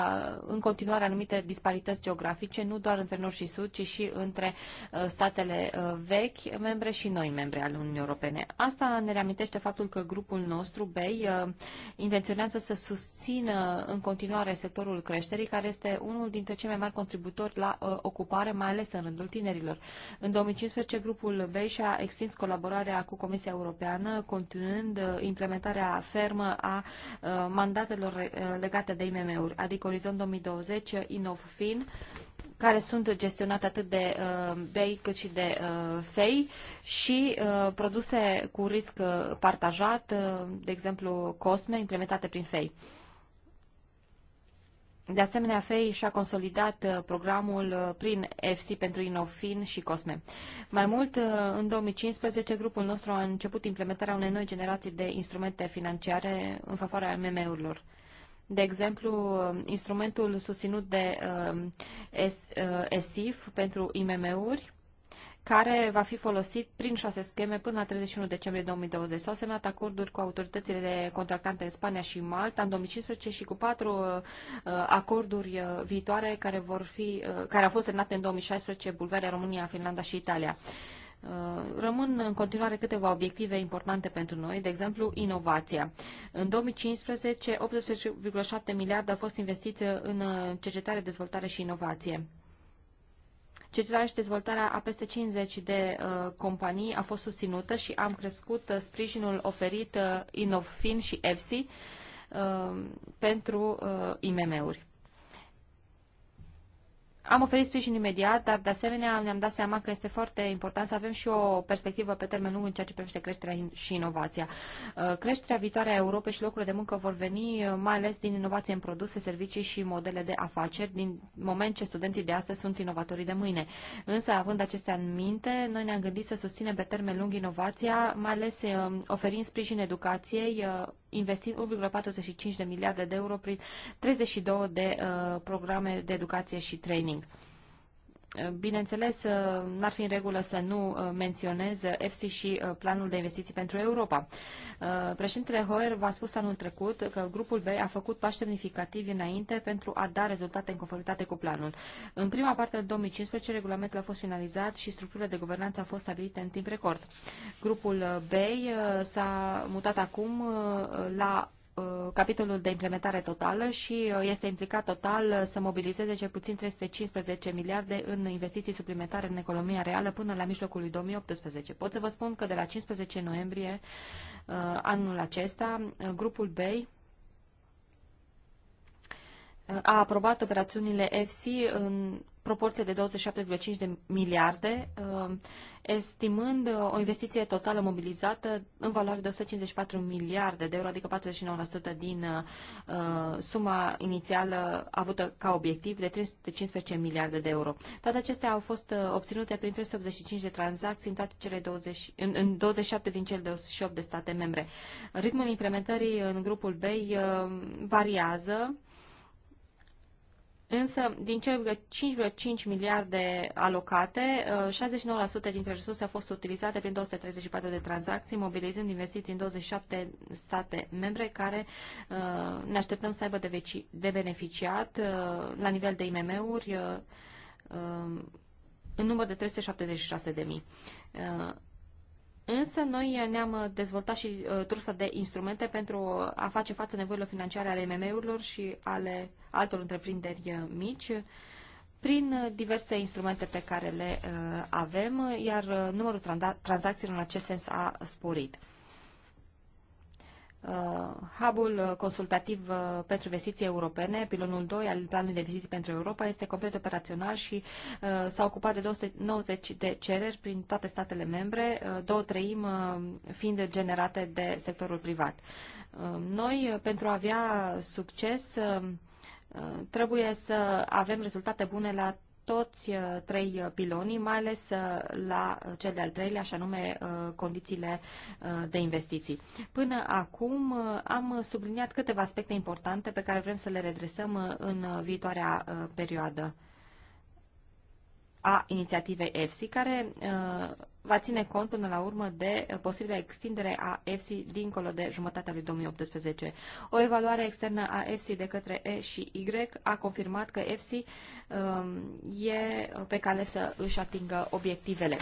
în continuare anumite disparități geografice, nu doar între nord și sud, ci și între uh, statele uh, vechi membre și noi membre ale Uniunii Europene. Asta ne reamintește faptul că grupul nostru, BEI, uh, intenționează să susțină în continuare sectorul creșterii, care este unul dintre cei mai mari contributori la ocupare, mai ales în rândul tinerilor. În 2015 ce grupul BEI și-a extins colaborarea cu Comisia Europeană, continuând uh, implementarea fermă a uh, mandatelor uh, legate de IMM-uri, adică Orizont 2020, InnovFin, care sunt gestionate atât de uh, BEI cât și de uh, FEI și uh, produse cu risc partajat, de exemplu COSME, implementate prin FEI. De asemenea, FEI și-a consolidat uh, programul uh, prin FC pentru Inofin și COSME. Mai mult, uh, în 2015, grupul nostru a început implementarea unei noi generații de instrumente financiare în favoarea MM-urilor. De exemplu, instrumentul susținut de ESIF pentru IMM-uri, care va fi folosit prin șase scheme până la 31 decembrie 2020. S-au semnat acorduri cu autoritățile de contractante în Spania și Malta în 2015 și cu patru uh, acorduri uh, viitoare care, vor fi, uh, care au fost semnate în 2016 Bulgaria, România, Finlanda și Italia. Rămân în continuare câteva obiective importante pentru noi, de exemplu, inovația. În 2015, 18,7 miliarde au fost investiți în cercetare, dezvoltare și inovație. Cercetarea și dezvoltarea a peste 50 de uh, companii a fost susținută și am crescut uh, sprijinul oferit uh, Innovfin și EFSI uh, pentru uh, IMM-uri. Am oferit sprijin imediat, dar de asemenea ne-am dat seama că este foarte important să avem și o perspectivă pe termen lung în ceea ce privește creșterea și inovația. Uh, creșterea viitoare a Europei și locurile de muncă vor veni uh, mai ales din inovație în produse, servicii și modele de afaceri, din moment ce studenții de astăzi sunt inovatorii de mâine. Însă, având acestea în minte, noi ne-am gândit să susținem pe termen lung inovația, mai ales uh, oferind sprijin educației investind 1,45 de miliarde de euro prin 32 de uh, programe de educație și training. Bineînțeles, uh, n-ar fi în regulă să nu uh, menționez EFSI și uh, planul de investiții pentru Europa. Președintele Hoer v-a spus anul trecut că grupul B a făcut pași semnificativi înainte pentru a da rezultate în conformitate cu planul. În prima parte al 2015, regulamentul a fost finalizat și structurile de guvernanță au fost stabilite în timp record. Grupul B s-a mutat acum la Uh, capitolul de implementare totală și uh, este implicat total uh, să mobilizeze cel puțin 315 miliarde în investiții suplimentare în economia reală până la mijlocul lui 2018. Pot să vă spun că de la 15 noiembrie anul acesta, grupul BEI a aprobat operațiunile FC în proporție de 27,5 de miliarde, uh, estimând uh, o investiție totală mobilizată în valoare de 154 miliarde de euro, adică 49% din uh, suma inițială avută ca obiectiv de 315 miliarde de euro. Toate acestea au fost obținute prin 385 de tranzacții în, toate cele 20, în, în 27 din cele 28 de state membre. Ritmul implementării în grupul B variază Însă, din cele 5,5 miliarde alocate, 69% uh, dintre resurse au fost utilizate prin 234 de tranzacții, mobilizând investiții în 27 state membre care uh, ne așteptăm să aibă de, de beneficiat uh, la nivel de IMM-uri um, în număr de 376.000. Însă noi ne-am uh, dezvoltat și uh, trusa de instrumente pentru a face față nevoilor financiare ale MM-urilor și ale altor întreprinderi uh, mici prin diverse instrumente pe care le avem, iar numărul tranzacțiilor în acest sens a sporit. Uh, hubul consultativ uh, pentru investiții europene, pilonul 2 al planului de investiții pentru Europa, este complet operațional și uh, s-a ocupat de 290 de cereri prin toate statele membre, uh, două treimi uh, fiind generate de sectorul privat. Uh, noi, pentru a avea succes, trebuie să avem rezultate bune la toți uh, trei uh, pilonii, mai ales uh, la cel de-al treilea, așa nume condițiile de investiții. Până acum am subliniat câteva aspecte importante pe care vrem să le redresăm în viitoarea perioadă a inițiativei EFSI, care uh, va ține cont până la urmă de uh, posibilă extindere a EFSI dincolo de jumătatea lui 2018. O evaluare externă a EFSI de către E și Y a confirmat că EFSI um, e pe cale să își atingă obiectivele.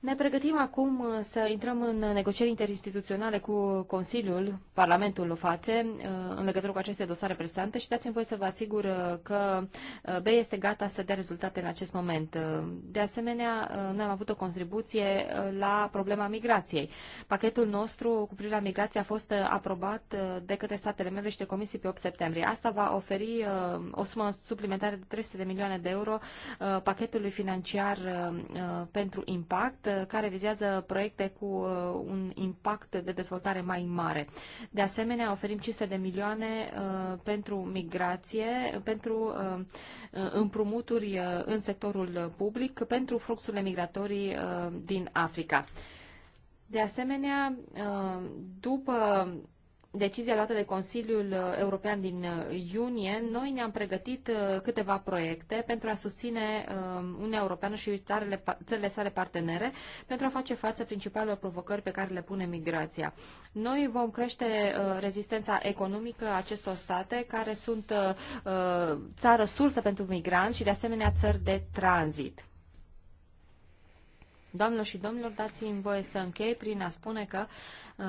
Ne pregătim acum uh, să intrăm în negocieri interinstituționale cu Consiliul, Parlamentul o face, uh, în legătură cu aceste dosare presante și dați-mi voi să vă asigur uh, că B este gata să dea rezultate în acest moment. De asemenea, noi am avut o contribuție la problema migrației. Pachetul nostru cu privire la migrație a fost aprobat de către statele membre și de comisii pe 8 septembrie. Asta va oferi o sumă suplimentară de 300 de milioane de euro pachetului financiar pentru impact Uh, care vizează proiecte cu uh, un impact de dezvoltare mai mare. De asemenea, oferim 500 de milioane uh, pentru migrație, pentru împrumuturi în sectorul public, pentru fluxurile migratorii din Africa. De asemenea, după decizia luată de Consiliul uh, European din uh, iunie, noi ne-am pregătit uh, câteva proiecte pentru a susține Uniunea Europeană și țările țările sale partenere pentru a face față principalelor provocări pe care le pune migrația. Noi vom crește rezistența economică a acestor state care sunt țară sursă pentru migranți și de asemenea țări de tranzit. Doamnelor și domnilor, dați-mi voie să închei prin a spune că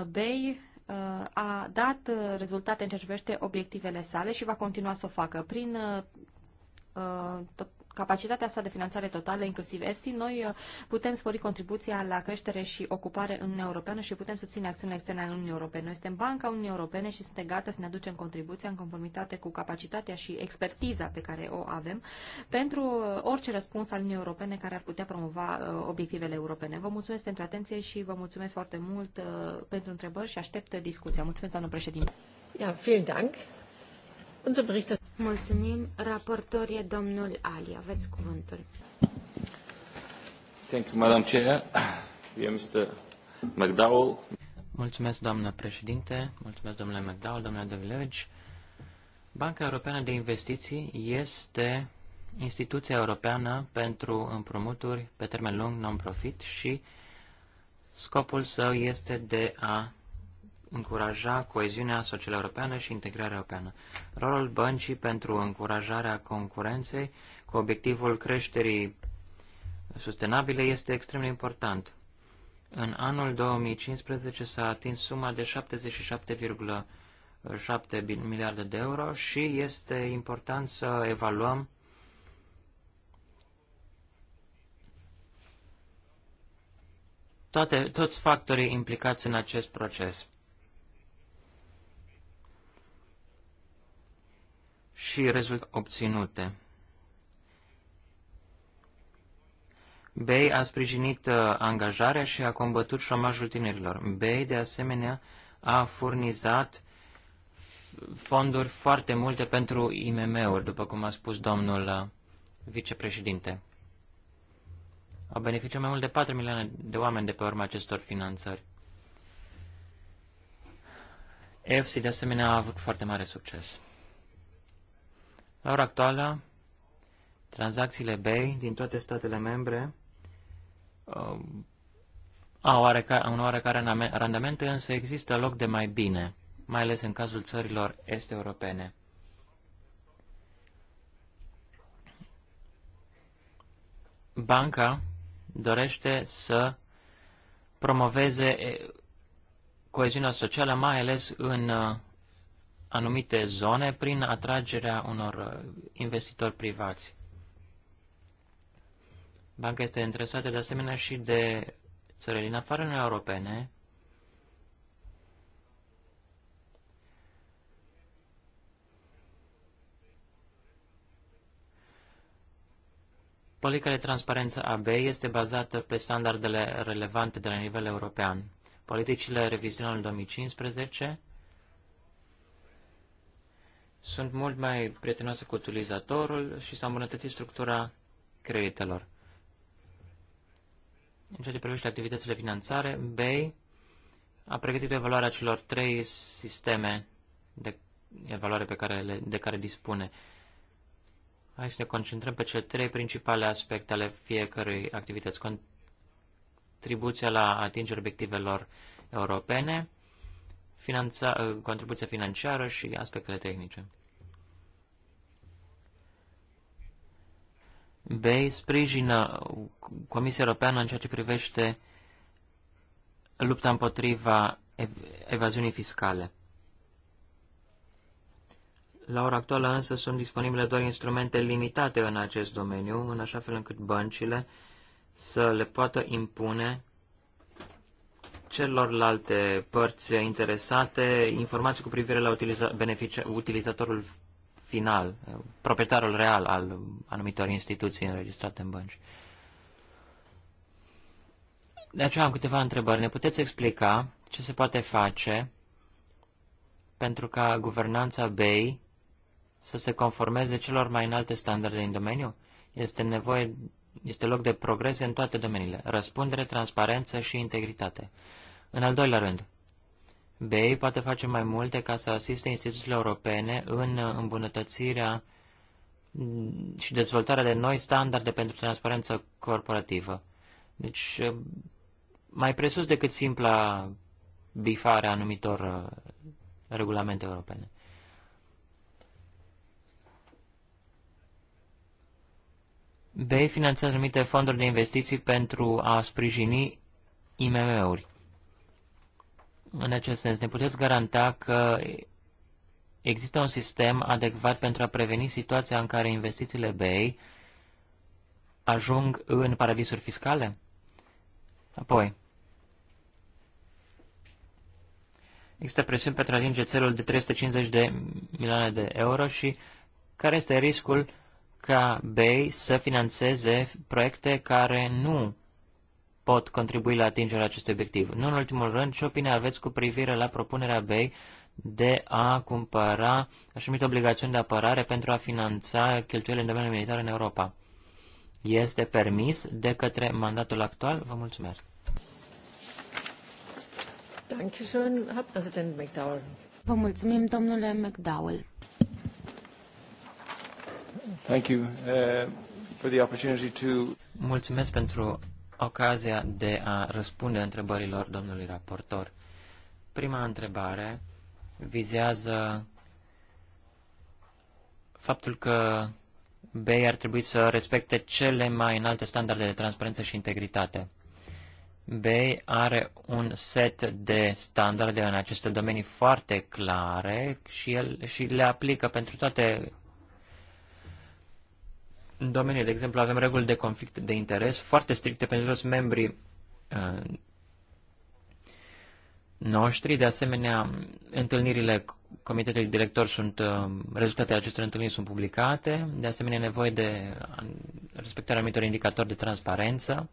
BEI a dat uh, rezultate în ce privește obiectivele sale și va continua să o facă prin uh, uh, tot capacitatea sa de finanțare totală, inclusiv EFSI, noi uh, putem spori contribuția la creștere și ocupare în Uniunea Europeană și putem susține acțiunile externe ale Uniunii Europene. Noi suntem Banca Uniunii Europene și suntem gata să ne aducem contribuția în conformitate cu capacitatea și expertiza pe care o avem pentru uh, orice răspuns al Uniunii Europene care ar putea promova uh, obiectivele europene. Vă mulțumesc pentru atenție și vă mulțumesc foarte mult pentru întrebări și aștept discuția. Mulțumesc, doamnă președinte. Ja, vielen Dank. Mulțumim. Raportor e domnul Ali. Aveți cuvântul. Thank you, Madam Chair. Eu, Mr. McDowell. Mulțumesc, doamnă președinte. Mulțumesc, domnule McDowell, domnule de Village. Banca Europeană de Investiții este instituția europeană pentru împrumuturi pe termen lung non-profit și scopul său este de a încuraja coeziunea socială europeană și integrarea europeană. Rolul băncii pentru încurajarea concurenței cu obiectivul creșterii sustenabile este extrem de important. În anul 2015 s-a atins suma de 77,7 miliarde de euro și este important să evaluăm toate, toți factorii implicați în acest proces. și rezultate obținute. Bay a sprijinit uh, angajarea și a combătut șomajul tinerilor. Bay, de asemenea, a furnizat fonduri foarte multe pentru IMM-uri, după cum a spus domnul uh, vicepreședinte. Au beneficiat mai mult de 4 milioane de oameni de pe urma acestor finanțări. EFSI, de asemenea, a avut foarte mare succes. La ora actuală, tranzacțiile BEI din toate statele membre uh, au oareca, un oarecare randament, însă există loc de mai bine, mai ales în cazul țărilor este europene. Banca dorește să promoveze coeziunea socială, mai ales în uh, anumite zone prin atragerea unor uh, investitori privați. Banca este interesată de asemenea și de țările din afară în Europene, Politica de transparență AB este bazată pe standardele relevante de la nivel european. Politicile revizionale 2015 sunt mult mai prietenoase cu utilizatorul și s-a îmbunătățit structura creditelor. În ceea ce privește activitățile finanțare, BEI a pregătit evaluarea celor trei sisteme de evaluare pe care le, de care dispune. Hai să ne concentrăm pe cele trei principale aspecte ale fiecărei activități. Contribuția la atingerea obiectivelor europene, finanța, uh, contribuția financiară și aspectele tehnice. B. Sprijină Comisia Europeană în ceea ce privește lupta împotriva ev- evaziunii fiscale. La ora actuală însă sunt disponibile doar instrumente limitate în acest domeniu, în așa fel încât băncile să le poată impune celorlalte părți interesate informații cu privire la utiliza, utilizatorul final, proprietarul real al anumitor instituții înregistrate în bănci. De aceea am câteva întrebări. Ne puteți explica ce se poate face pentru ca guvernanța BEI să se conformeze celor mai înalte standarde în domeniu? Este nevoie este loc de progrese în toate domeniile, răspundere, transparență și integritate. În al doilea rând, BEI poate face mai multe ca să asiste instituțiile europene în îmbunătățirea și dezvoltarea de noi standarde pentru transparență corporativă. Deci, mai presus decât simpla bifare a anumitor uh, regulamente europene. BEI finanțează anumite fonduri de investiții pentru a sprijini IMM-uri. În acest sens, ne puteți garanta că există un sistem adecvat pentru a preveni situația în care investițiile BEI ajung în paradisuri fiscale? Apoi, există presiuni pentru a atinge țelul de 350 de milioane de euro și care este riscul ca BEI să financeze proiecte care nu pot contribui la atingerea acestui obiectiv. Nu în ultimul rând, ce opinie aveți cu privire la propunerea BEI de a cumpăra așa numite obligațiuni de apărare pentru a finanța cheltuielile în domeniul militar în Europa? Este permis de către mandatul actual? Vă mulțumesc. Vă mulțumim, domnule McDowell. Thank you uh, for the opportunity to... Mulțumesc pentru ocazia de a răspunde întrebărilor domnului raportor. Prima întrebare vizează faptul că BEI ar trebui să respecte cele mai înalte standarde de transparență și integritate. BEI are un set de standarde în aceste domenii foarte clare și, el, și le aplică pentru toate în domeniul, de exemplu, avem reguli de conflict de interes foarte stricte pentru toți membrii uh, noștri. De asemenea, întâlnirile comitetului director sunt, uh, rezultatele acestor întâlniri sunt publicate. De asemenea, nevoie de respectarea anumitor indicatori de transparență.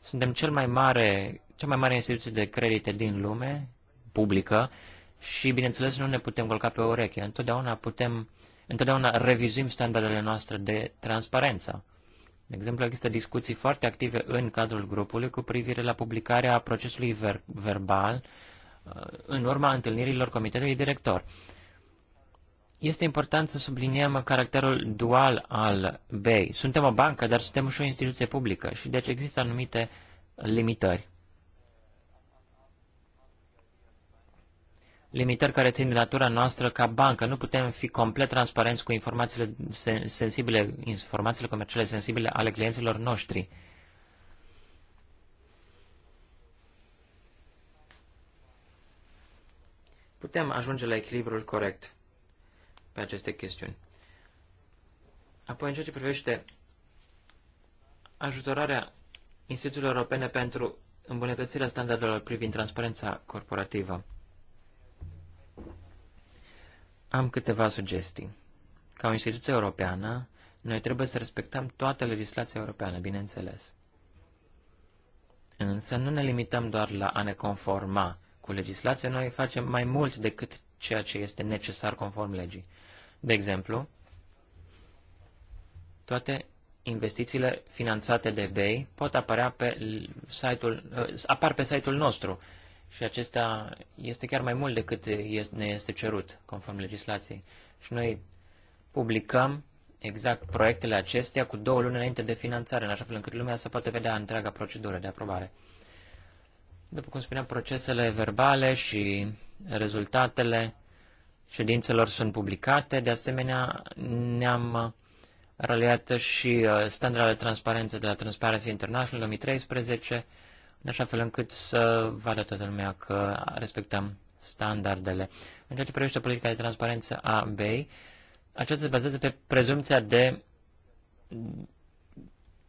Suntem cel mai mare, cea mai mare instituție de credite din lume, publică, și, bineînțeles, nu ne putem golca pe o ureche. Întotdeauna putem uh, întotdeauna revizuim standardele noastre de transparență. De exemplu, există discuții foarte active în cadrul grupului cu privire la publicarea procesului ver- verbal uh, în urma întâlnirilor comitetului director. Este important să subliniem caracterul dual al BEI. Suntem o bancă, dar suntem și o instituție publică și deci există anumite limitări. limitări care țin de natura noastră ca bancă. Nu putem fi complet transparenți cu informațiile sensibile, informațiile comerciale sensibile ale clienților noștri. Putem ajunge la echilibrul corect pe aceste chestiuni. Apoi, în ceea ce privește ajutorarea instituțiilor europene pentru îmbunătățirea standardelor privind transparența corporativă. Am câteva sugestii. Ca o instituție europeană, noi trebuie să respectăm toată legislația europeană, bineînțeles. Însă nu ne limităm doar la a ne conforma cu legislația, noi facem mai mult decât ceea ce este necesar conform legii. De exemplu, toate investițiile finanțate de BEI pot apărea pe site-ul, apar pe site-ul nostru și acesta este chiar mai mult decât ne este cerut, conform legislației. Și noi publicăm exact proiectele acestea cu două luni înainte de finanțare, în așa fel încât lumea să poată vedea întreaga procedură de aprobare. După cum spuneam, procesele verbale și rezultatele ședințelor sunt publicate. De asemenea, ne-am raliat și uh, standardele de transparență de la Transparency International 2013, în așa fel încât să vadă toată lumea că respectăm standardele. În ceea ce privește politica de transparență a BEI, aceasta se bazează pe prezumția de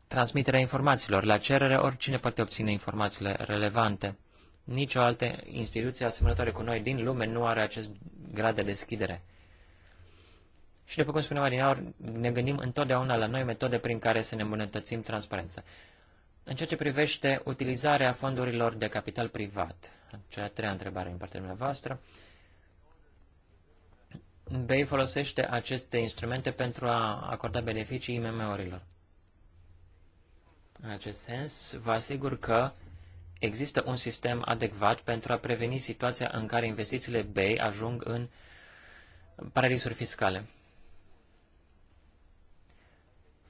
transmiterea informațiilor. La cerere, oricine poate obține informațiile relevante. Nici o altă instituție asemănătoare cu noi din lume nu are acest grad de deschidere. Și după cum spuneam ne gândim întotdeauna la noi metode prin care să ne îmbunătățim transparența. În ceea ce privește utilizarea fondurilor de capital privat, cea treia întrebare în partea dumneavoastră, BEI folosește aceste instrumente pentru a acorda beneficii IMM-urilor. În acest sens, vă asigur că există un sistem adecvat pentru a preveni situația în care investițiile BEI ajung în paradisuri fiscale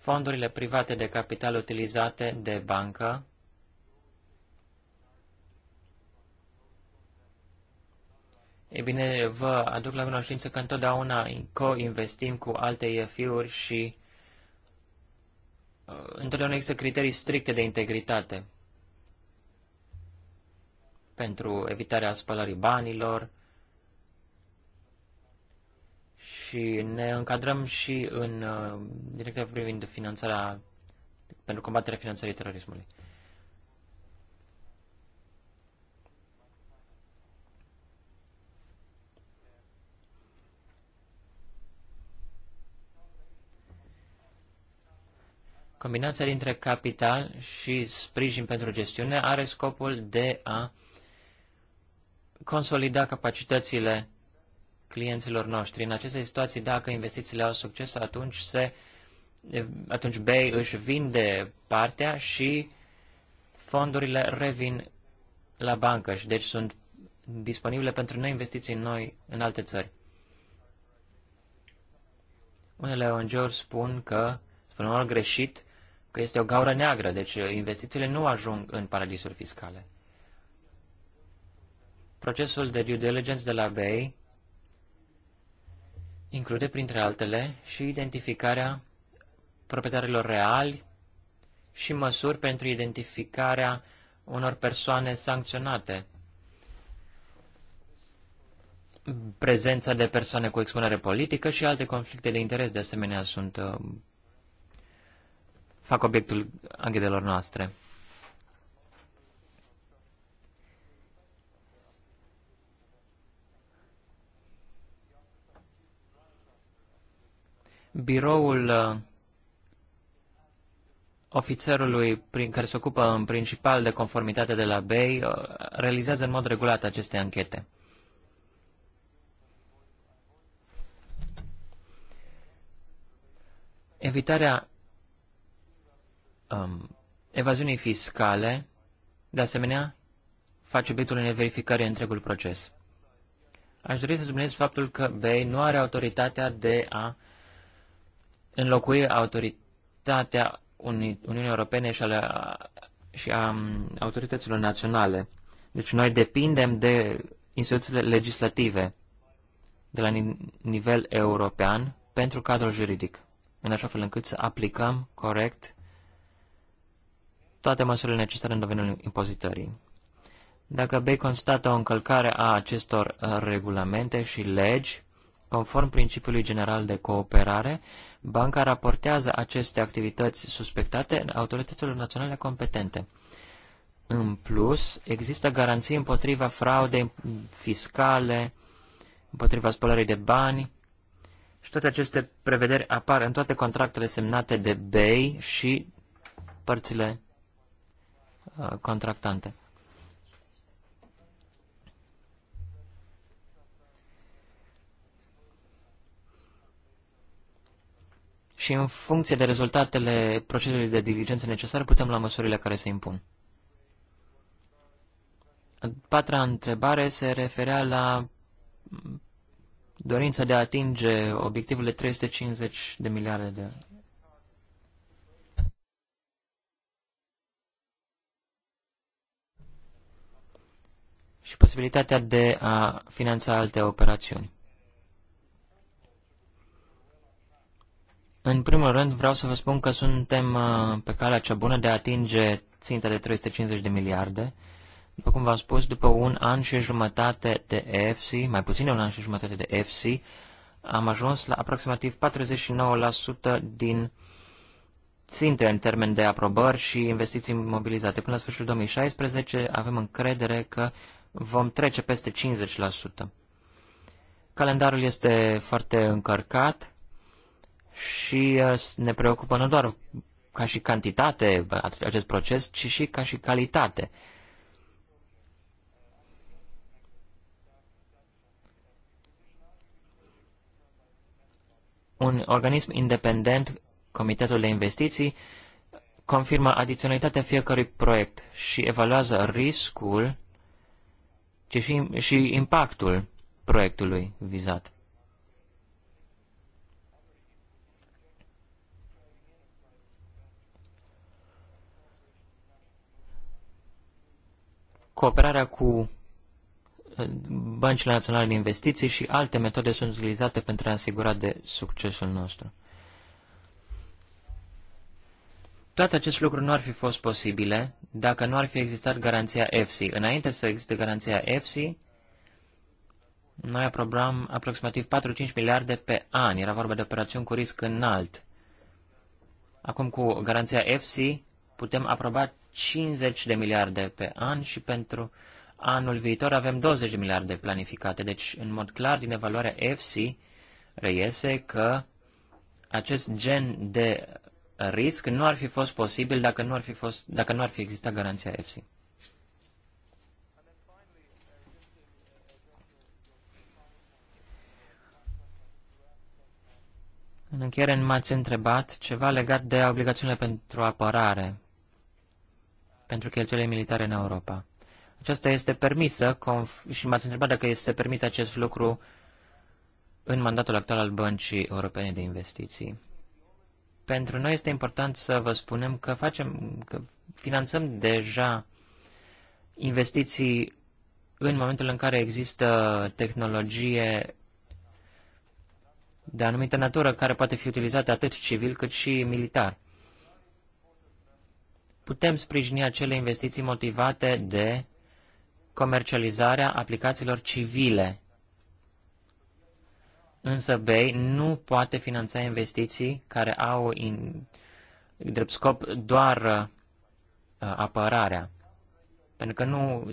fondurile private de capital utilizate de bancă E bine, vă aduc la cunoștință că întotdeauna co-investim cu alte efi uri și uh, întotdeauna există criterii stricte de integritate pentru evitarea spălării banilor, și ne încadrăm și în uh, directiva privind finanțarea pentru combaterea finanțării terorismului. Combinația dintre capital și sprijin pentru gestiune are scopul de a consolida capacitățile clienților noștri. În aceste situații, dacă investițiile au succes, atunci, se, atunci Bay își vinde partea și fondurile revin la bancă și deci sunt disponibile pentru noi investiții noi în alte țări. Unele ONG-uri spun că, spun în greșit, că este o gaură neagră, deci investițiile nu ajung în paradisuri fiscale. Procesul de due diligence de la BEI include, printre altele, și identificarea proprietarilor reali și măsuri pentru identificarea unor persoane sancționate. Prezența de persoane cu expunere politică și alte conflicte de interes, de asemenea, sunt, uh, fac obiectul anghedelor noastre. biroul uh, ofițerului prin care se ocupă în principal de conformitate de la BEI uh, realizează în mod regulat aceste anchete. Evitarea um, evaziunii fiscale, de asemenea, face obiectul unei verificări în întregul proces. Aș dori să subliniez faptul că BEI nu are autoritatea de a uh, înlocui autoritatea Uni Uniunii Europene și, ale, și a um, autorităților naționale. Deci noi depindem de instituțiile legislative de la nivel european pentru cadrul juridic, în așa fel încât să aplicăm corect toate măsurile necesare în domeniul impozitării. Dacă bei constată o încălcare a acestor uh, regulamente și legi, Conform principiului general de cooperare, banca raportează aceste activități suspectate autorităților naționale competente. În plus, există garanții împotriva fraudei fiscale, împotriva spălării de bani și toate aceste prevederi apar în toate contractele semnate de BEI și părțile uh, contractante. și în funcție de rezultatele procesului de diligență necesar putem lua măsurile care se impun. A patra întrebare se referea la dorința de a atinge obiectivele 350 de miliarde de și posibilitatea de a finanța alte operațiuni. În primul rând vreau să vă spun că suntem uh, pe calea cea bună de a atinge ținta de 350 de miliarde. După cum v-am spus, după un an și jumătate de EFC, mai puțin de un an și jumătate de EFC, am ajuns la aproximativ 49% din ținte în termen de aprobări și investiții mobilizate. Până la sfârșitul 2016 avem încredere că vom trece peste 50%. Calendarul este foarte încărcat și uh, ne preocupă nu doar ca și cantitate acest proces, ci și ca și calitate. Un organism independent, Comitetul de Investiții, confirmă adiționalitatea fiecărui proiect și evaluează riscul ci și, și impactul proiectului vizat. Cooperarea cu uh, băncile naționale de investiții și alte metode sunt utilizate pentru a asigura de succesul nostru. Toate aceste lucruri nu ar fi fost posibile dacă nu ar fi existat garanția EFSI. Înainte să existe garanția EFSI, noi aprobam aproximativ 4-5 miliarde pe an. Era vorba de operațiuni cu risc înalt. Acum, cu garanția EFSI, putem aproba 50 de miliarde pe an și pentru anul viitor avem 20 de miliarde planificate. Deci, în mod clar, din evaluarea EFSI reiese că acest gen de risc nu ar fi fost posibil dacă nu ar fi, fost, dacă nu ar fi existat garanția EFSI. În încheiere, m-ați întrebat ceva legat de obligațiunile pentru apărare pentru cheltuielile militare în Europa. Aceasta este permisă și m-ați întrebat dacă este permit acest lucru în mandatul actual al Băncii Europene de Investiții. Pentru noi este important să vă spunem că, facem, că finanțăm deja investiții în momentul în care există tehnologie de anumită natură care poate fi utilizată atât civil cât și militar putem sprijini acele investiții motivate de comercializarea aplicațiilor civile. Însă BEI nu poate finanța investiții care au in, drept scop doar uh, apărarea, pentru că nu,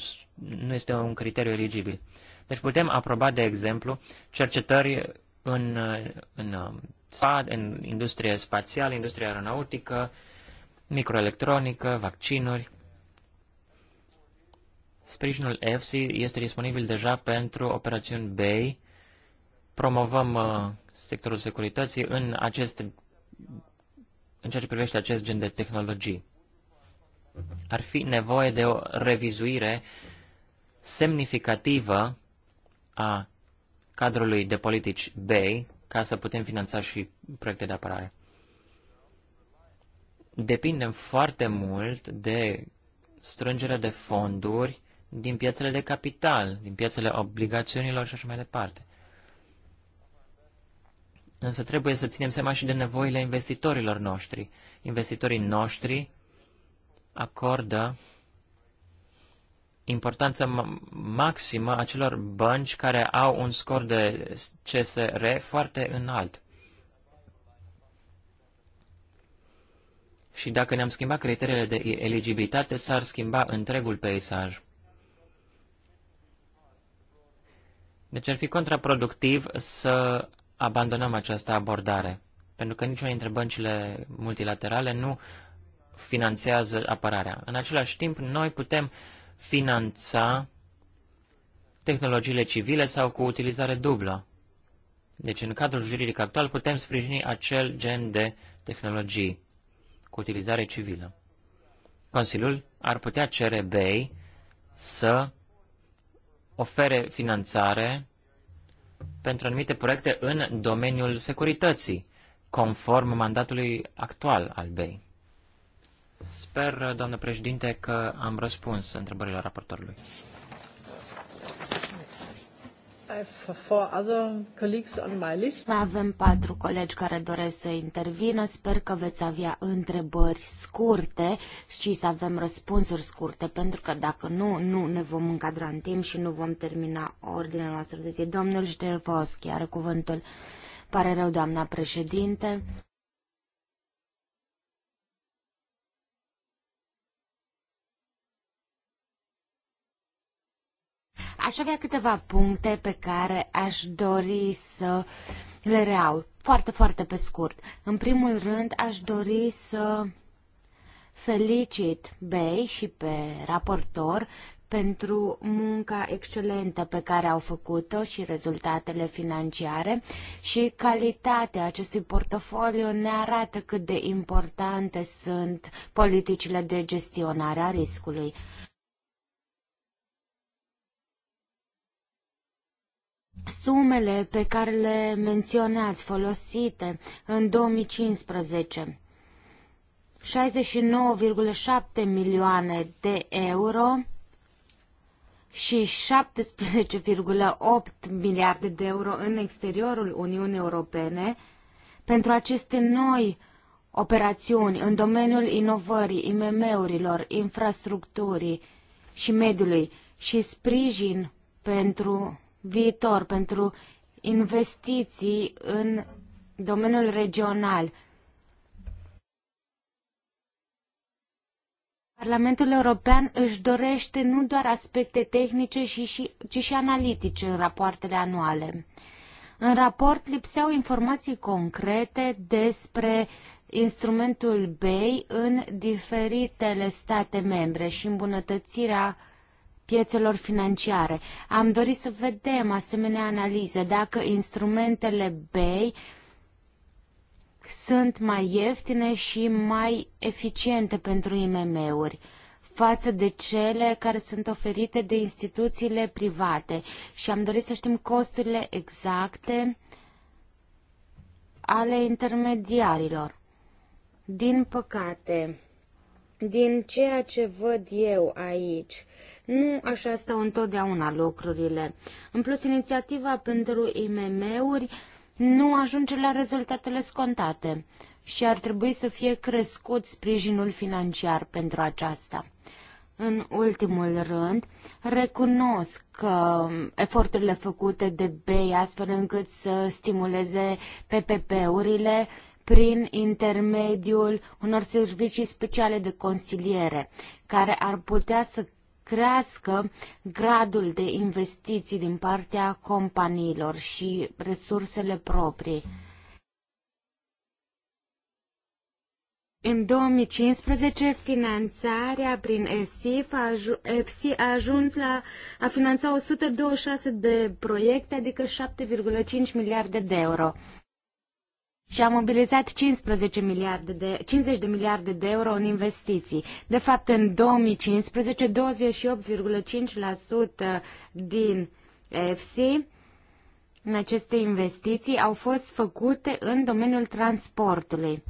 nu este un criteriu eligibil. Deci putem aproba, de exemplu, cercetări în, uh, în, uh, în industrie spațială, industrie aeronautică, uh, microelectronică, vaccinuri. Sprijinul EFSI este disponibil deja pentru operațiuni BEI. Promovăm uh, sectorul securității în, acest, în ceea ce privește acest gen de tehnologii. Ar fi nevoie de o revizuire semnificativă a cadrului de politici BEI ca să putem finanța și proiecte de apărare depindem foarte mult de strângerea de fonduri din piețele de capital, din piețele obligațiunilor și așa mai departe. Însă trebuie să ținem seama și de nevoile investitorilor noștri. Investitorii noștri acordă importanță maximă acelor bănci care au un scor de CSR foarte înalt. Și dacă ne-am schimbat criteriile de eligibilitate, s-ar schimba întregul peisaj. Deci ar fi contraproductiv să abandonăm această abordare, pentru că niciuna dintre băncile multilaterale nu finanțează apărarea. În același timp, noi putem finanța tehnologiile civile sau cu utilizare dublă. Deci, în cadrul juridic actual, putem sprijini acel gen de tehnologii cu utilizare civilă. Consiliul ar putea cere BEI să ofere finanțare pentru anumite proiecte în domeniul securității, conform mandatului actual al BEI. Sper, doamnă președinte, că am răspuns întrebările raportorului. Avem patru colegi care doresc să intervină. Sper că veți avea întrebări scurte și să avem răspunsuri scurte, pentru că dacă nu, nu ne vom încadra în timp și nu vom termina ordinea noastră de zi. Domnul Ștervoschi are cuvântul. Pare rău, doamna președinte. Aș avea câteva puncte pe care aș dori să le reau, foarte, foarte pe scurt. În primul rând, aș dori să felicit Bey și pe raportor pentru munca excelentă pe care au făcut-o și rezultatele financiare și calitatea acestui portofoliu ne arată cât de importante sunt politicile de gestionare a riscului. sumele pe care le menționați folosite în 2015, 69,7 milioane de euro și 17,8 miliarde de euro în exteriorul Uniunii Europene pentru aceste noi operațiuni în domeniul inovării, IMM-urilor, infrastructurii și mediului și sprijin pentru viitor, pentru investiții în domeniul regional. Parlamentul European își dorește nu doar aspecte tehnice, ci și, și analitice în rapoartele anuale. În raport lipseau informații concrete despre instrumentul BEI în diferitele state membre și îmbunătățirea piețelor financiare. Am dorit să vedem asemenea analize dacă instrumentele BEI sunt mai ieftine și mai eficiente pentru IMM-uri față de cele care sunt oferite de instituțiile private și am dorit să știm costurile exacte ale intermediarilor. Din păcate, din ceea ce văd eu aici, nu așa stau întotdeauna lucrurile. În plus, inițiativa pentru IMM-uri nu ajunge la rezultatele scontate și ar trebui să fie crescut sprijinul financiar pentru aceasta. În ultimul rând, recunosc că eforturile făcute de BEI astfel încât să stimuleze PPP-urile prin intermediul unor servicii speciale de consiliere, care ar putea să crească gradul de investiții din partea companiilor și resursele proprii. În 2015, finanțarea prin ESIF a, EFSI a ajuns la a finanța 126 de proiecte, adică 7,5 miliarde de euro și a mobilizat 15 miliarde de, 50 de miliarde de euro în investiții. De fapt, în 2015, 28,5% din EFSI în aceste investiții au fost făcute în domeniul transportului.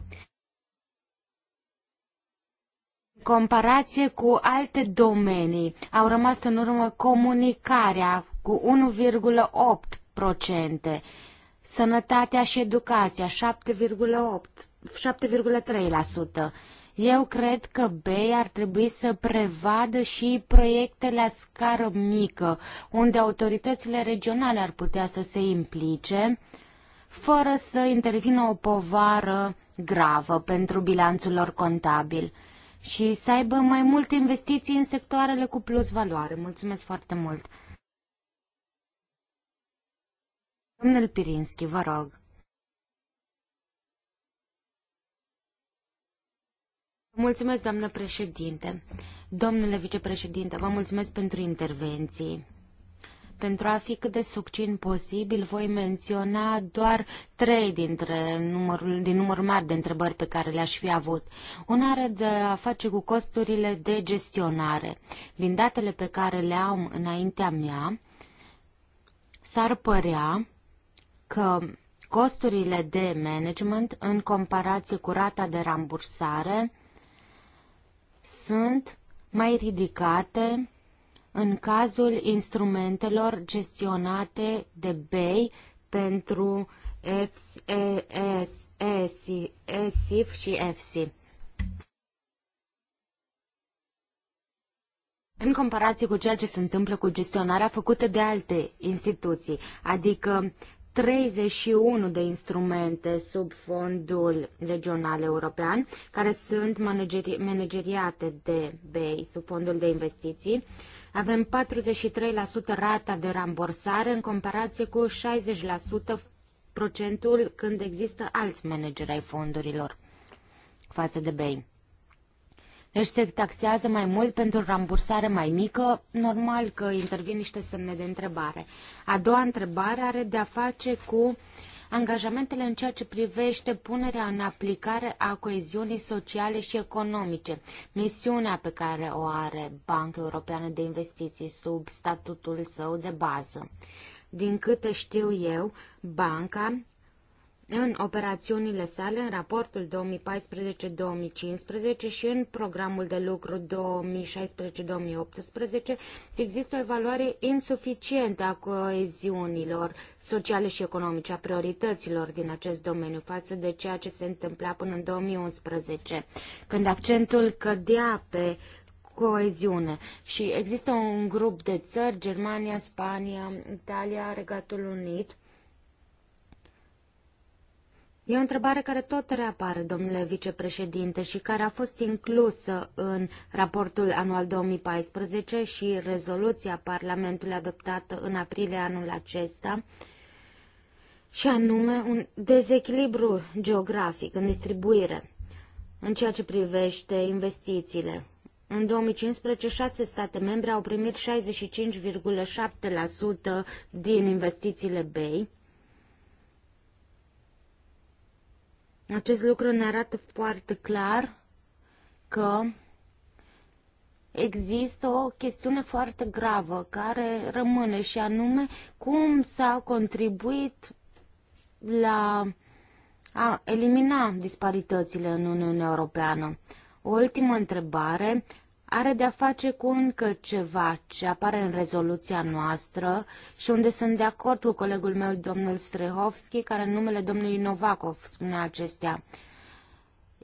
În comparație cu alte domenii, au rămas în urmă comunicarea cu 1,8%. Sănătatea și educația, 7,3%. Eu cred că B ar trebui să prevadă și proiecte la scară mică, unde autoritățile regionale ar putea să se implice, fără să intervină o povară gravă pentru bilanțul lor contabil și să aibă mai multe investiții în sectoarele cu plus valoare. Mulțumesc foarte mult! Domnul Pirinski, vă rog. Mulțumesc, doamnă președinte. Domnule vicepreședinte, vă mulțumesc pentru intervenții. Pentru a fi cât de succin posibil, voi menționa doar trei dintre numărul, din numărul mari de întrebări pe care le-aș fi avut. Una are de a face cu costurile de gestionare. Din datele pe care le am înaintea mea, s-ar părea că costurile de management în comparație cu rata de rambursare sunt mai ridicate în cazul instrumentelor gestionate de BEI pentru ESIF și EFSI. În comparație cu ceea ce se întâmplă cu gestionarea făcută de alte instituții, adică 31 de instrumente sub fondul regional european, care sunt manageri manageriate de BEI, sub fondul de investiții. Avem 43% rata de rambursare în comparație cu 60% procentul când există alți manageri ai fondurilor față de BEI. Deci se taxează mai mult pentru rambursare mai mică, normal că intervin niște semne de întrebare. A doua întrebare are de a face cu angajamentele în ceea ce privește punerea în aplicare a coeziunii sociale și economice, misiunea pe care o are Banca Europeană de Investiții sub statutul său de bază. Din câte știu eu, banca în operațiunile sale în raportul 2014-2015 și în programul de lucru 2016-2018 există o evaluare insuficientă a coeziunilor sociale și economice, a priorităților din acest domeniu față de ceea ce se întâmpla până în 2011, când accentul cădea pe coeziune și există un grup de țări, Germania, Spania, Italia, Regatul Unit, E o întrebare care tot reapare, domnule vicepreședinte, și care a fost inclusă în raportul anual 2014 și rezoluția Parlamentului adoptată în aprilie anul acesta, și anume un dezechilibru geografic în distribuire în ceea ce privește investițiile. În 2015, șase state membre au primit 65,7% din investițiile BEI, Acest lucru ne arată foarte clar că există o chestiune foarte gravă care rămâne și anume cum s-a contribuit la a elimina disparitățile în Uniunea Europeană. O ultimă întrebare, are de-a face cu încă ceva ce apare în rezoluția noastră și unde sunt de acord cu colegul meu, domnul Strehovski, care în numele domnului Novakov spune acestea.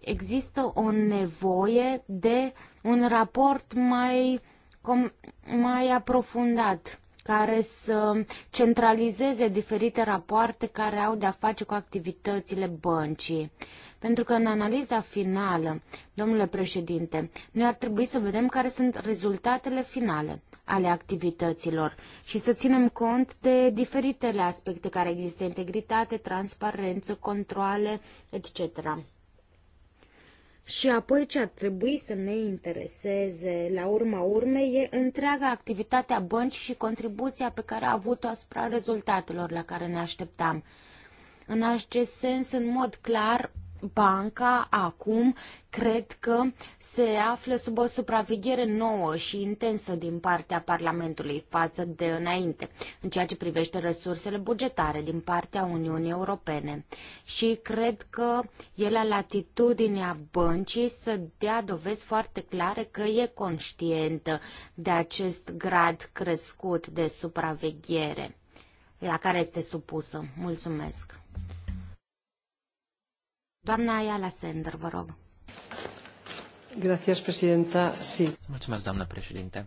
Există o nevoie de un raport mai, com, mai aprofundat care să centralizeze diferite rapoarte care au de-a face cu activitățile băncii. Pentru că în analiza finală, domnule președinte, noi ar trebui să vedem care sunt rezultatele finale ale activităților și să ținem cont de diferitele aspecte care există, integritate, transparență, controle, etc. Și apoi ce ar trebui să ne intereseze la urma urmei e întreaga activitate a băncii și contribuția pe care a avut-o asupra rezultatelor la care ne așteptam. În acest sens, în mod clar, banca acum cred că se află sub o supraveghere nouă și intensă din partea Parlamentului față de înainte, în ceea ce privește resursele bugetare din partea Uniunii Europene. Și cred că e la latitudinea băncii să dea dovezi foarte clare că e conștientă de acest grad crescut de supraveghere la care este supusă. Mulțumesc! Doamna Ayala Sender, vă rog. Gracias, presidenta. Sí. Mulțumesc, doamnă președinte.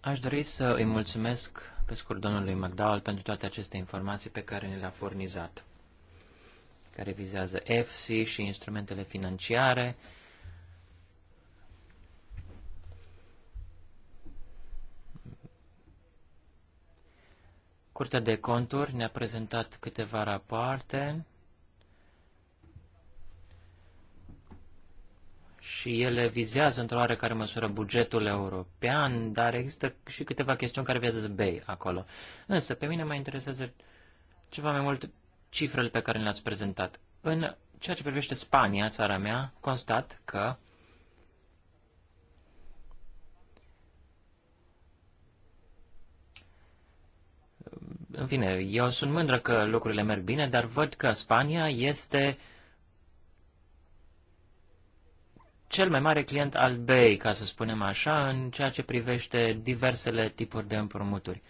Aș dori să îi mulțumesc pe scurt domnului McDowell pentru toate aceste informații pe care ni le-a furnizat, care vizează EFSI și instrumentele financiare. Curtea de conturi ne-a prezentat câteva rapoarte și ele vizează într-o oarecare măsură bugetul european, dar există și câteva chestiuni care vizează BEI acolo. Însă, pe mine mă interesează ceva mai mult cifrele pe care le-ați prezentat. În ceea ce privește Spania, țara mea, constat că în fine, eu sunt mândră că lucrurile merg bine, dar văd că Spania este cel mai mare client al BEI, ca să spunem așa, în ceea ce privește diversele tipuri de împrumuturi.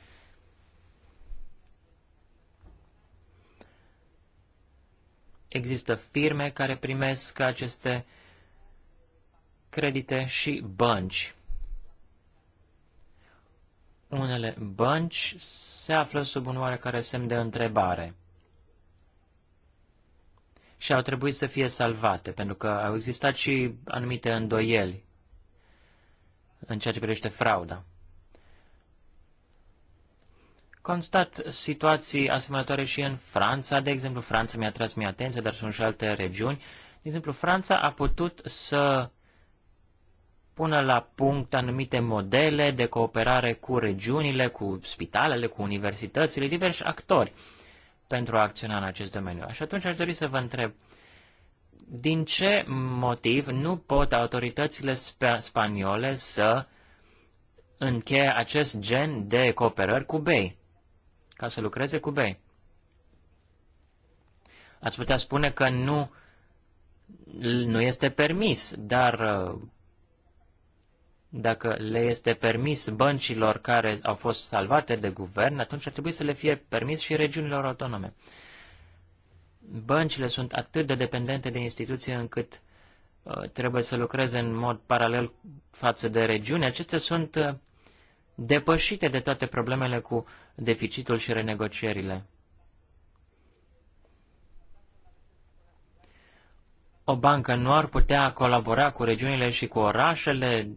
Există firme care primesc aceste credite și bănci. Unele bănci se află sub un oarecare semn de întrebare și au trebuit să fie salvate, pentru că au existat și anumite îndoieli în ceea ce privește frauda. Constat situații asemănătoare și în Franța, de exemplu, Franța mi-a tras mie atenție, dar sunt și alte regiuni. De exemplu, Franța a putut să pună la punct anumite modele de cooperare cu regiunile, cu spitalele, cu universitățile, diversi actori pentru a acționa în acest domeniu. Și atunci aș dori să vă întreb, din ce motiv nu pot autoritățile spaniole să încheie acest gen de cooperări cu BEI, ca să lucreze cu BEI? Ați putea spune că nu, nu este permis, dar dacă le este permis băncilor care au fost salvate de guvern, atunci ar trebui să le fie permis și regiunilor autonome. Băncile sunt atât de dependente de instituții încât uh, trebuie să lucreze în mod paralel față de regiuni. Acestea sunt uh, depășite de toate problemele cu deficitul și renegocierile. O bancă nu ar putea colabora cu regiunile și cu orașele,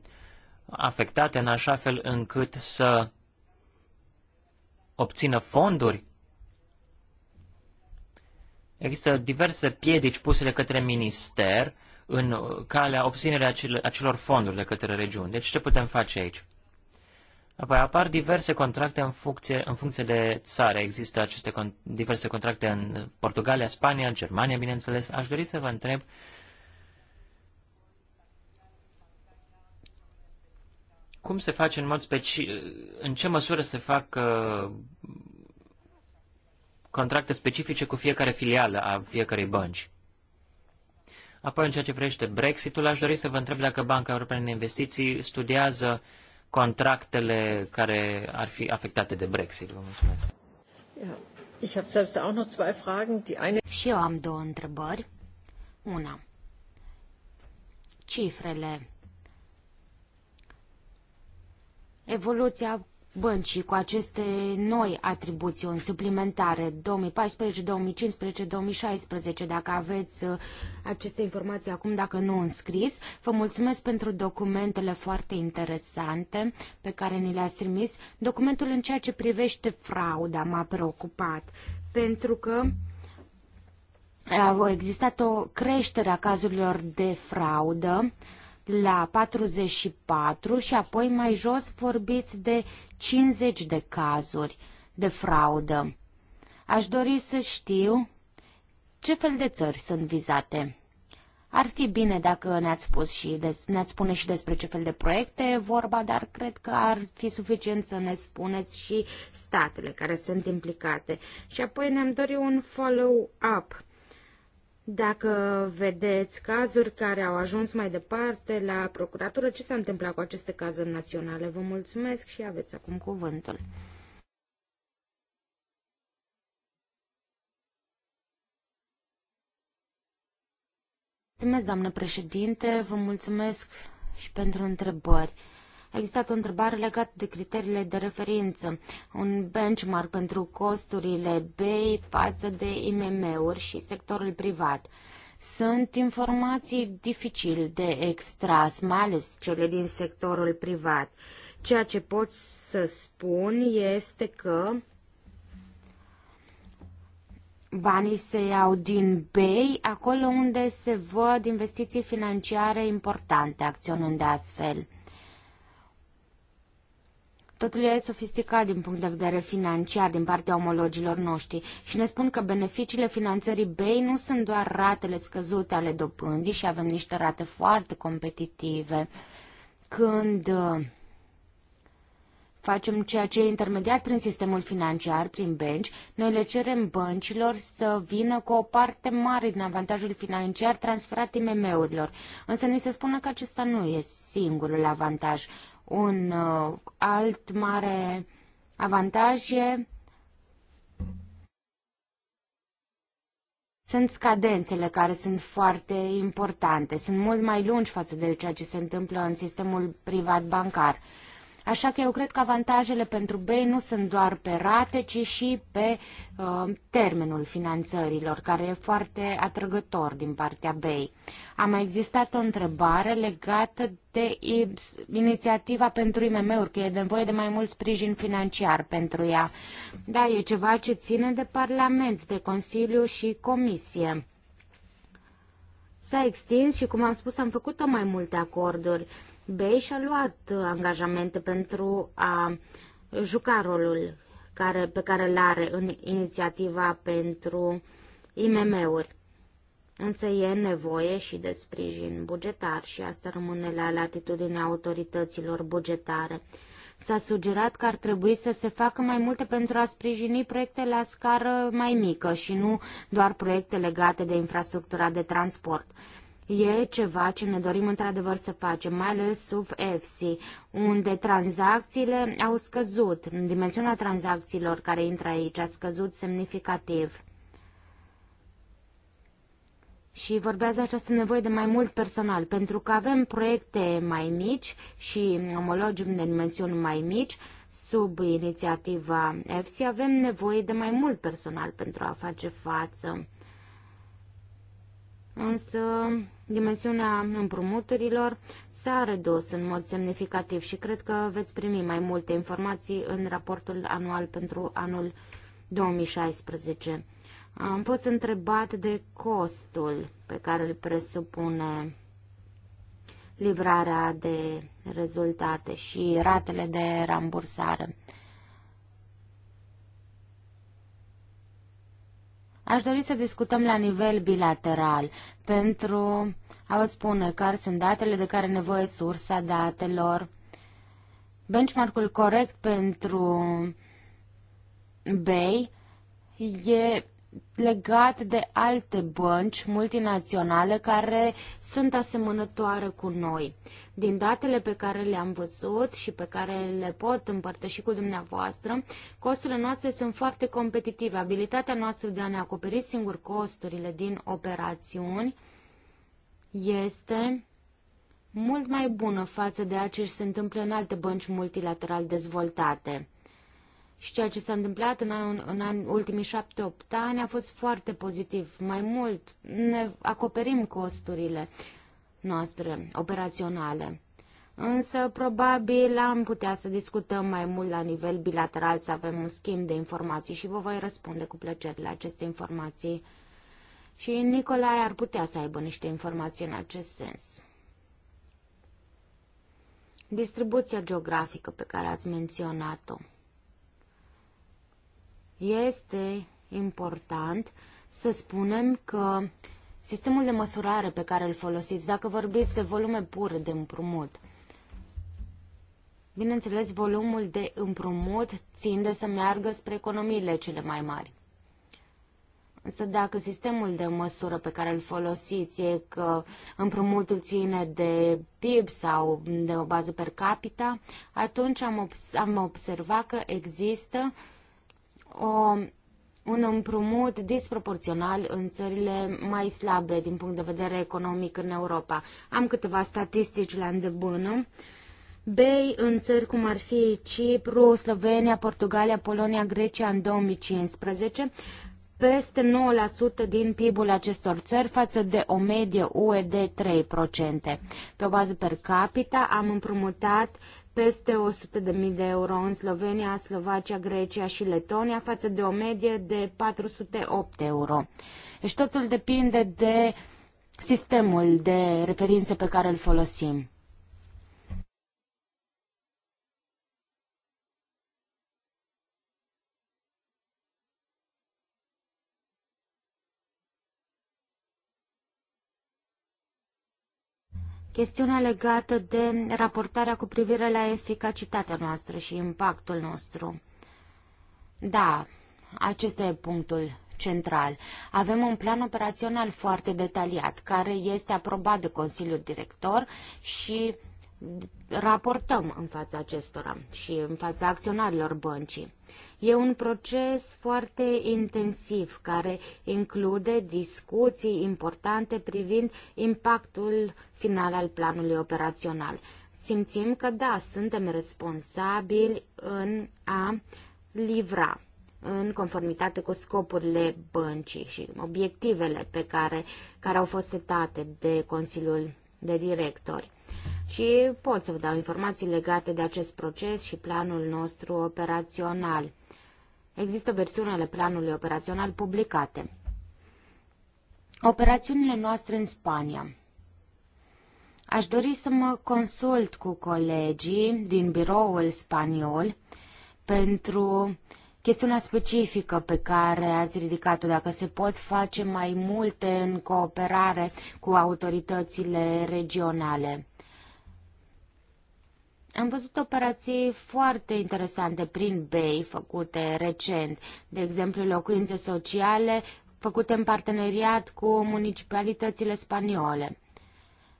afectate în așa fel încât să obțină fonduri? Există diverse piedici puse de către minister în calea obținerea acelor fonduri de către regiuni. Deci ce putem face aici? Apoi apar diverse contracte în funcție, în funcție de țară. Există aceste con- diverse contracte în Portugalia, Spania, Germania, bineînțeles. Aș dori să vă întreb uh, Cum se face în mod specific, în ce măsură se fac uh, contracte specifice cu fiecare filială a fiecarei bănci? Apoi, în ceea ce vrește Brexitul, aș dori să vă întreb dacă Banca Europeană de Investiții studiază contractele care ar fi afectate de Brexit. Vă mulțumesc. Ich habe selbst auch noch zwei Fragen. Die eine Și eu am două întrebări. Una. Cifrele evoluția băncii cu aceste noi atribuțiuni suplimentare 2014, 2015, 2016, dacă aveți uh, aceste informații acum, dacă nu înscris. Vă mulțumesc pentru documentele foarte interesante pe care ni le-ați trimis. Documentul în ceea ce privește frauda m-a preocupat, pentru că a existat o creștere a cazurilor de fraudă la 44 și apoi mai jos vorbiți de 50 de cazuri de fraudă. Aș dori să știu ce fel de țări sunt vizate. Ar fi bine dacă ne-ați, spus și des, ne-ați spune și despre ce fel de proiecte e vorba, dar cred că ar fi suficient să ne spuneți și statele care sunt implicate. Și apoi ne-am dorit un follow-up dacă vedeți cazuri care au ajuns mai departe la procuratură, ce s-a întâmplat cu aceste cazuri naționale? Vă mulțumesc și aveți acum cuvântul. Mulțumesc, doamnă președinte, vă mulțumesc și pentru întrebări. A existat o întrebare legată de criteriile de referință, un benchmark pentru costurile BEI față de IMM-uri și sectorul privat. Sunt informații dificil de extras, mai ales cele din sectorul privat. Ceea ce pot să spun este că banii se iau din BEI, acolo unde se văd investiții financiare importante, acționând astfel. Totul e sofisticat din punct de vedere financiar din partea omologilor noștri și ne spun că beneficiile finanțării BEI nu sunt doar ratele scăzute ale dobânzii și avem niște rate foarte competitive. Când uh, facem ceea ce e intermediat prin sistemul financiar, prin bănci, noi le cerem băncilor să vină cu o parte mare din avantajul financiar transferat IMM-urilor. Însă ni se spune că acesta nu e singurul avantaj. Un uh, alt mare avantaj e sunt scadențele care sunt foarte importante, sunt mult mai lungi față de ceea ce se întâmplă în sistemul privat bancar. Uh, Așa că eu cred că avantajele pentru BEI nu sunt doar pe rate, ci și pe uh, termenul finanțărilor, care e foarte atrăgător din partea BEI. A mai existat o întrebare legată de inițiativa pentru IMM-uri, că e nevoie de mai mult sprijin financiar pentru ea. Da, e ceva ce ține de Parlament, de Consiliu și Comisie. S-a extins și, cum am spus, am făcut-o mai multe acorduri. B și-a luat uh, angajamente pentru a juca rolul care, pe care îl are în inițiativa pentru IMM-uri. Însă e nevoie și de sprijin bugetar și asta rămâne la latitudinea autorităților bugetare. S-a sugerat că ar trebui să se facă mai multe pentru a sprijini proiecte la scară mai mică și nu doar proiecte legate de infrastructura de transport. E ceva ce ne dorim într-adevăr să facem, mai ales sub EFSI, unde tranzacțiile au scăzut, dimensiunea tranzacțiilor care intră aici a scăzut semnificativ. Și vorbează această nevoie de mai mult personal, pentru că avem proiecte mai mici și omologi de dimensiuni mai mici, sub inițiativa EFSI, avem nevoie de mai mult personal pentru a face față însă dimensiunea împrumuturilor s-a redus în mod semnificativ și cred că veți primi mai multe informații în raportul anual pentru anul 2016. Am fost întrebat de costul pe care îl presupune livrarea de rezultate și ratele de rambursare. Aș dori să discutăm la nivel bilateral pentru a vă spune care sunt datele de care nevoie sursa datelor, Benchmarkul corect pentru BEI e legat de alte bănci multinaționale care sunt asemănătoare cu noi. Din datele pe care le-am văzut și pe care le pot împărtăși cu dumneavoastră, costurile noastre sunt foarte competitive. Abilitatea noastră de a ne acoperi singur costurile din operațiuni este mult mai bună față de ce se întâmplă în alte bănci multilateral dezvoltate. Și ceea ce s-a întâmplat în, an, în an, ultimii șapte-opt ani a fost foarte pozitiv. Mai mult, ne acoperim costurile noastre operaționale. Însă, probabil, am putea să discutăm mai mult la nivel bilateral, să avem un schimb de informații și vă voi răspunde cu plăcere la aceste informații. Și Nicolae ar putea să aibă niște informații în acest sens. Distribuția geografică pe care ați menționat-o este important să spunem că Sistemul de măsurare pe care îl folosiți, dacă vorbiți de volume pur de împrumut, bineînțeles, volumul de împrumut ținde să meargă spre economiile cele mai mari. Însă dacă sistemul de măsură pe care îl folosiți e că împrumutul ține de PIB sau de o bază per capita, atunci am, obs- am observat că există o un împrumut disproporțional în țările mai slabe din punct de vedere economic în Europa. Am câteva statistici la îndemână. BEI în țări cum ar fi Cipru, Slovenia, Portugalia, Polonia, Grecia în 2015, peste 9% din PIB-ul acestor țări față de o medie UE de 3%. Pe o bază per capita am împrumutat peste 100.000 de euro în Slovenia, Slovacia, Grecia și Letonia, față de o medie de 408 euro. Deci totul depinde de sistemul de referințe pe care îl folosim. chestiunea legată de raportarea cu privire la eficacitatea noastră și impactul nostru. Da, acesta e punctul central. Avem un plan operațional foarte detaliat, care este aprobat de Consiliul Director și raportăm în fața acestora și în fața acționarilor băncii. E un proces foarte intensiv care include discuții importante privind impactul final al planului operațional. Simțim că da, suntem responsabili în a livra în conformitate cu scopurile băncii și obiectivele pe care, care au fost setate de Consiliul de Directori și pot să vă dau informații legate de acest proces și planul nostru operațional. Există versiunile planului operațional publicate. Operațiunile noastre în Spania. Aș dori să mă consult cu colegii din biroul spaniol pentru chestiunea specifică pe care ați ridicat-o, dacă se pot face mai multe în cooperare cu autoritățile regionale. Am văzut operații foarte interesante prin BEI făcute recent, de exemplu locuințe sociale făcute în parteneriat cu municipalitățile spaniole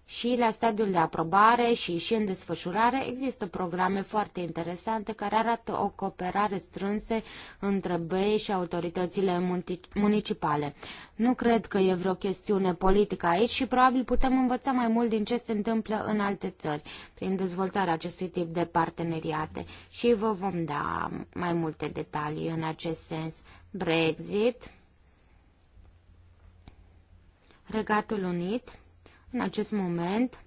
și la stadiul de aprobare și și în desfășurare există programe foarte interesante care arată o cooperare strânsă între BEI și autoritățile municipale. Nu cred că e vreo chestiune politică aici și probabil putem învăța mai mult din ce se întâmplă în alte țări prin dezvoltarea acestui tip de parteneriate și vă vom da mai multe detalii în acest sens. Brexit, Regatul Unit, în acest moment,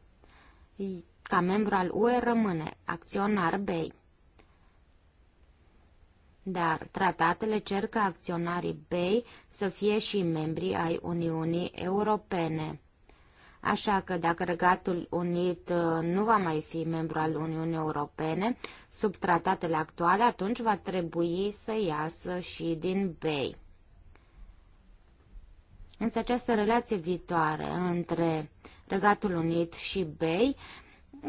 ca membru al UE, rămâne acționar BEI. Dar tratatele cer ca acționarii BEI să fie și membri ai Uniunii Europene. Așa că dacă Regatul Unit uh, nu va mai fi membru al Uniunii Europene, sub tratatele actuale, atunci va trebui să iasă și din BEI. Însă această relație viitoare între Regatul Unit și Bay,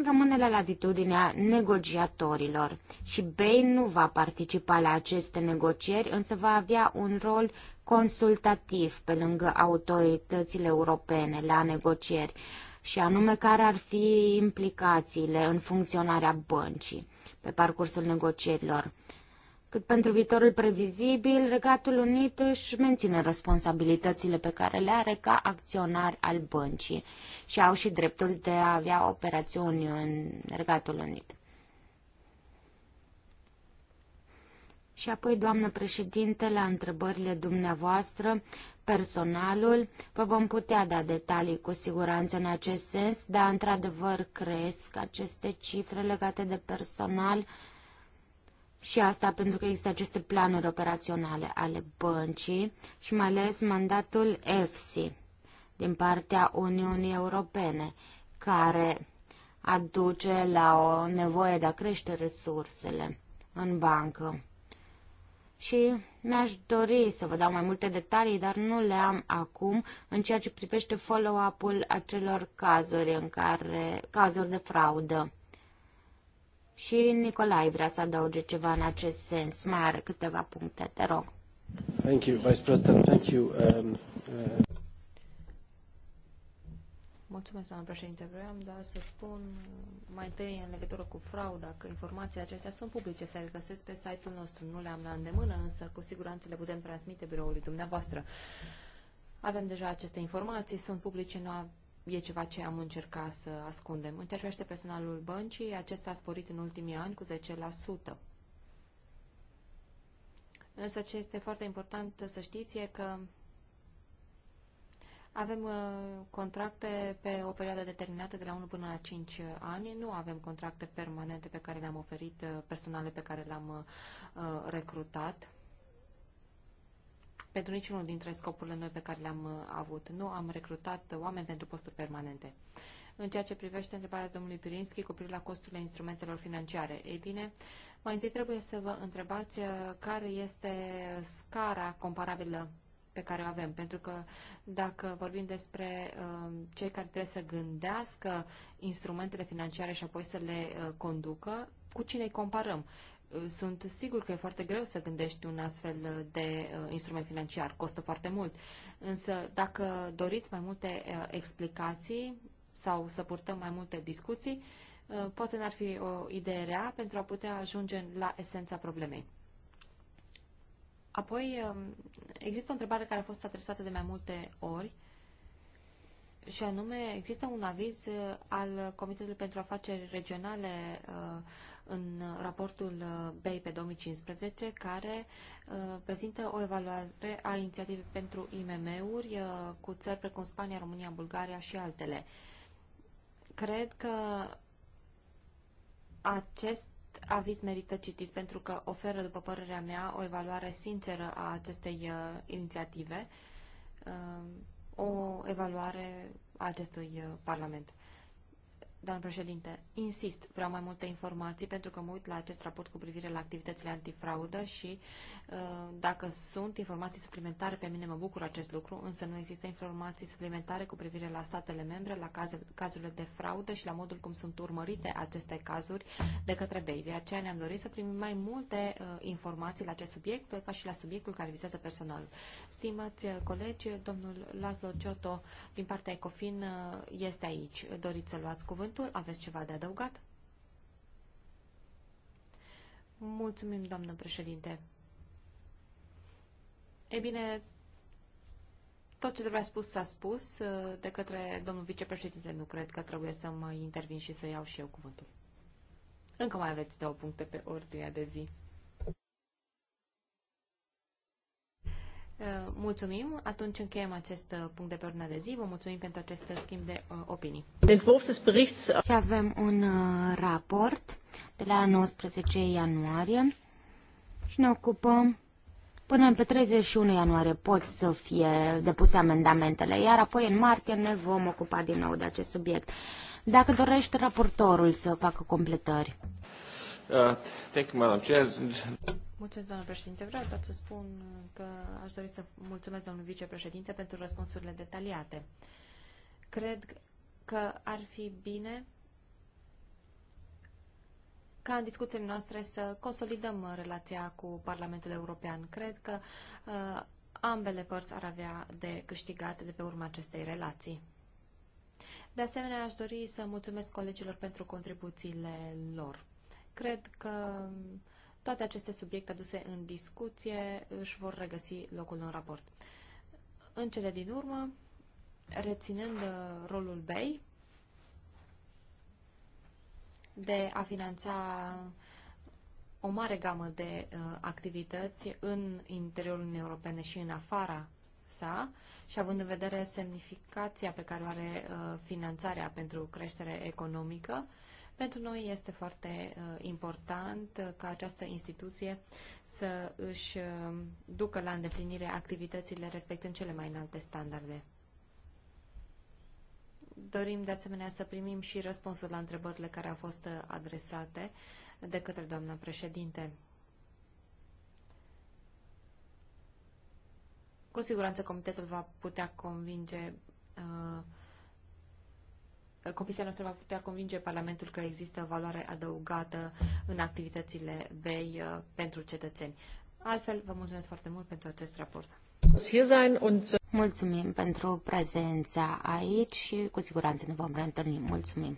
rămâne la latitudinea negociatorilor și Bay nu va participa la aceste negocieri, însă va avea un rol consultativ pe lângă autoritățile europene la negocieri și anume care ar fi implicațiile în funcționarea băncii pe parcursul negocierilor. Cât pentru viitorul previzibil, Regatul Unit își menține responsabilitățile pe care le are ca acționar al băncii și au și dreptul de a avea operațiuni în Regatul Unit. Și apoi, doamnă președinte, la întrebările dumneavoastră, personalul, vă vom putea da detalii cu siguranță în acest sens, dar într-adevăr cresc aceste cifre legate de personal, uh, și asta pentru că există aceste planuri operaționale ale băncii și mai ales mandatul EFSI din partea Uniunii Europene, care aduce la o nevoie de a crește resursele în bancă. Și mi-aș dori să vă dau mai multe detalii, dar nu le am acum în ceea ce privește follow-up-ul acelor cazuri în care cazuri de fraudă. Și Nicolae vrea să adauge ceva în acest sens. Mai are câteva puncte, te rog. Thank you, Vice President. Thank you. Um, uh... Mulțumesc, doamnă președinte. Vreau doar să spun mai întâi în legătură cu frauda că informațiile acestea sunt publice, se regăsesc pe site-ul nostru. Nu le am la îndemână, însă cu siguranță le putem transmite biroului dumneavoastră. Avem deja aceste informații, sunt publice, nu e ceva ce am încercat să ascundem. În ce personalul băncii, acesta a sporit în ultimii ani cu 10%. Însă ce este foarte important să știți e că avem uh, contracte pe o perioadă determinată de la 1 până la 5 ani, nu avem contracte permanente pe care le-am oferit, uh, personale pe care le-am uh, recrutat pentru niciunul dintre scopurile noi pe care le-am uh, avut. Nu am recrutat oameni pentru posturi permanente. În ceea ce privește întrebarea domnului Pirinski cu privire la costurile instrumentelor financiare, ei bine, mai întâi trebuie să vă întrebați uh, care este scara comparabilă pe care o avem. Pentru că dacă vorbim despre uh, cei care trebuie să gândească instrumentele financiare și apoi să le uh, conducă, cu cine îi comparăm? Sunt sigur că e foarte greu să gândești un astfel de uh, instrument financiar, costă foarte mult. Însă, dacă doriți mai multe uh, explicații sau să purtăm mai multe discuții, uh, poate n-ar fi o idee rea pentru a putea ajunge la esența problemei. Apoi, um, există o întrebare care a fost adresată de mai multe ori, și anume, există un aviz al Comitetului pentru Afaceri Regionale uh, în raportul BEI pe 2015, care uh, prezintă o evaluare a inițiativei pentru IMM-uri uh, cu țări precum Spania, România, Bulgaria și altele. Cred că acest aviz merită citit pentru că oferă, după părerea mea, o evaluare sinceră a acestei uh, inițiative, o evaluare a acestui Parlament. Doamne președinte, insist, vreau mai multe informații pentru că mă uit la acest raport cu privire la activitățile antifraudă și uh, dacă sunt informații suplimentare, pe mine mă bucur acest lucru, însă nu există informații suplimentare cu privire la statele membre, la cazurile de fraudă și la modul cum sunt urmărite aceste cazuri de către BEI. De aceea ne-am dorit să primim mai multe uh, informații la acest subiect, ca și la subiectul care vizează personalul. Stimați uh, colegi, domnul Laszlo Cioto din partea ECOFIN este aici. Doriți să luați cuvânt? cuvântul. Aveți ceva de adăugat? Mulțumim, doamnă președinte. Ei bine, tot ce trebuia spus s-a spus uh, de către domnul vicepreședinte. Nu cred că trebuie să mă intervin și să iau și eu cuvântul. Încă mai aveți două puncte pe ordinea de zi. Eh, mulțumim. Atunci încheiem acest eh, punct de pe ordinea de zi. Vă mulțumim pentru acest eh, schimb de uh, opinii. Și avem un uh, raport de la 19 ianuarie și ne ocupăm până pe 31 ianuarie pot să fie depuse amendamentele, iar apoi în martie ne vom ocupa din nou de acest subiect. Dacă dorește raportorul să facă completări. Uh, thank you, Madam Chair. Mulțumesc, doamnă președinte. Vreau doar să spun că aș dori să mulțumesc domnului vicepreședinte pentru răspunsurile detaliate. Cred că ar fi bine ca în discuțiile noastre să consolidăm relația cu Parlamentul European. Cred că uh, ambele părți ar avea de câștigat de pe urma acestei relații. De asemenea, aș dori să mulțumesc colegilor pentru contribuțiile lor. Cred că uh, toate aceste subiecte aduse în discuție își vor regăsi locul în raport. În cele din urmă, reținând uh, rolul BEI de a finanța o mare gamă de uh, activități în interiorul Uniunii Europene și în afara sa și având în vedere semnificația pe care o are uh, finanțarea pentru creștere economică, uh, pentru noi este foarte uh, important uh, ca această instituție să își uh, ducă la îndeplinire activitățile respectând cele mai înalte standarde. Dorim de asemenea să primim și răspunsul la întrebările care au fost adresate de către doamna președinte. Cu siguranță comitetul va putea convinge uh, Comisia noastră va putea convinge Parlamentul că există valoare adăugată în activitățile BEI uh, pentru cetățeni. Altfel, vă mulțumesc foarte mult pentru acest raport. Mulțumim pentru prezența aici și cu siguranță ne vom reîntâlni. Mulțumim!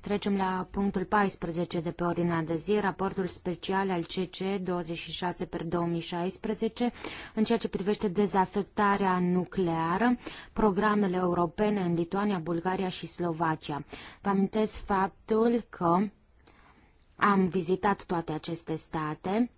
Trecem la punctul 14 de pe ordinea de zi, raportul special al CC 26 per 2016 în ceea ce privește dezafectarea nucleară, programele europene în Lituania, Bulgaria și Slovacia. Vă amintesc faptul că am vizitat toate aceste state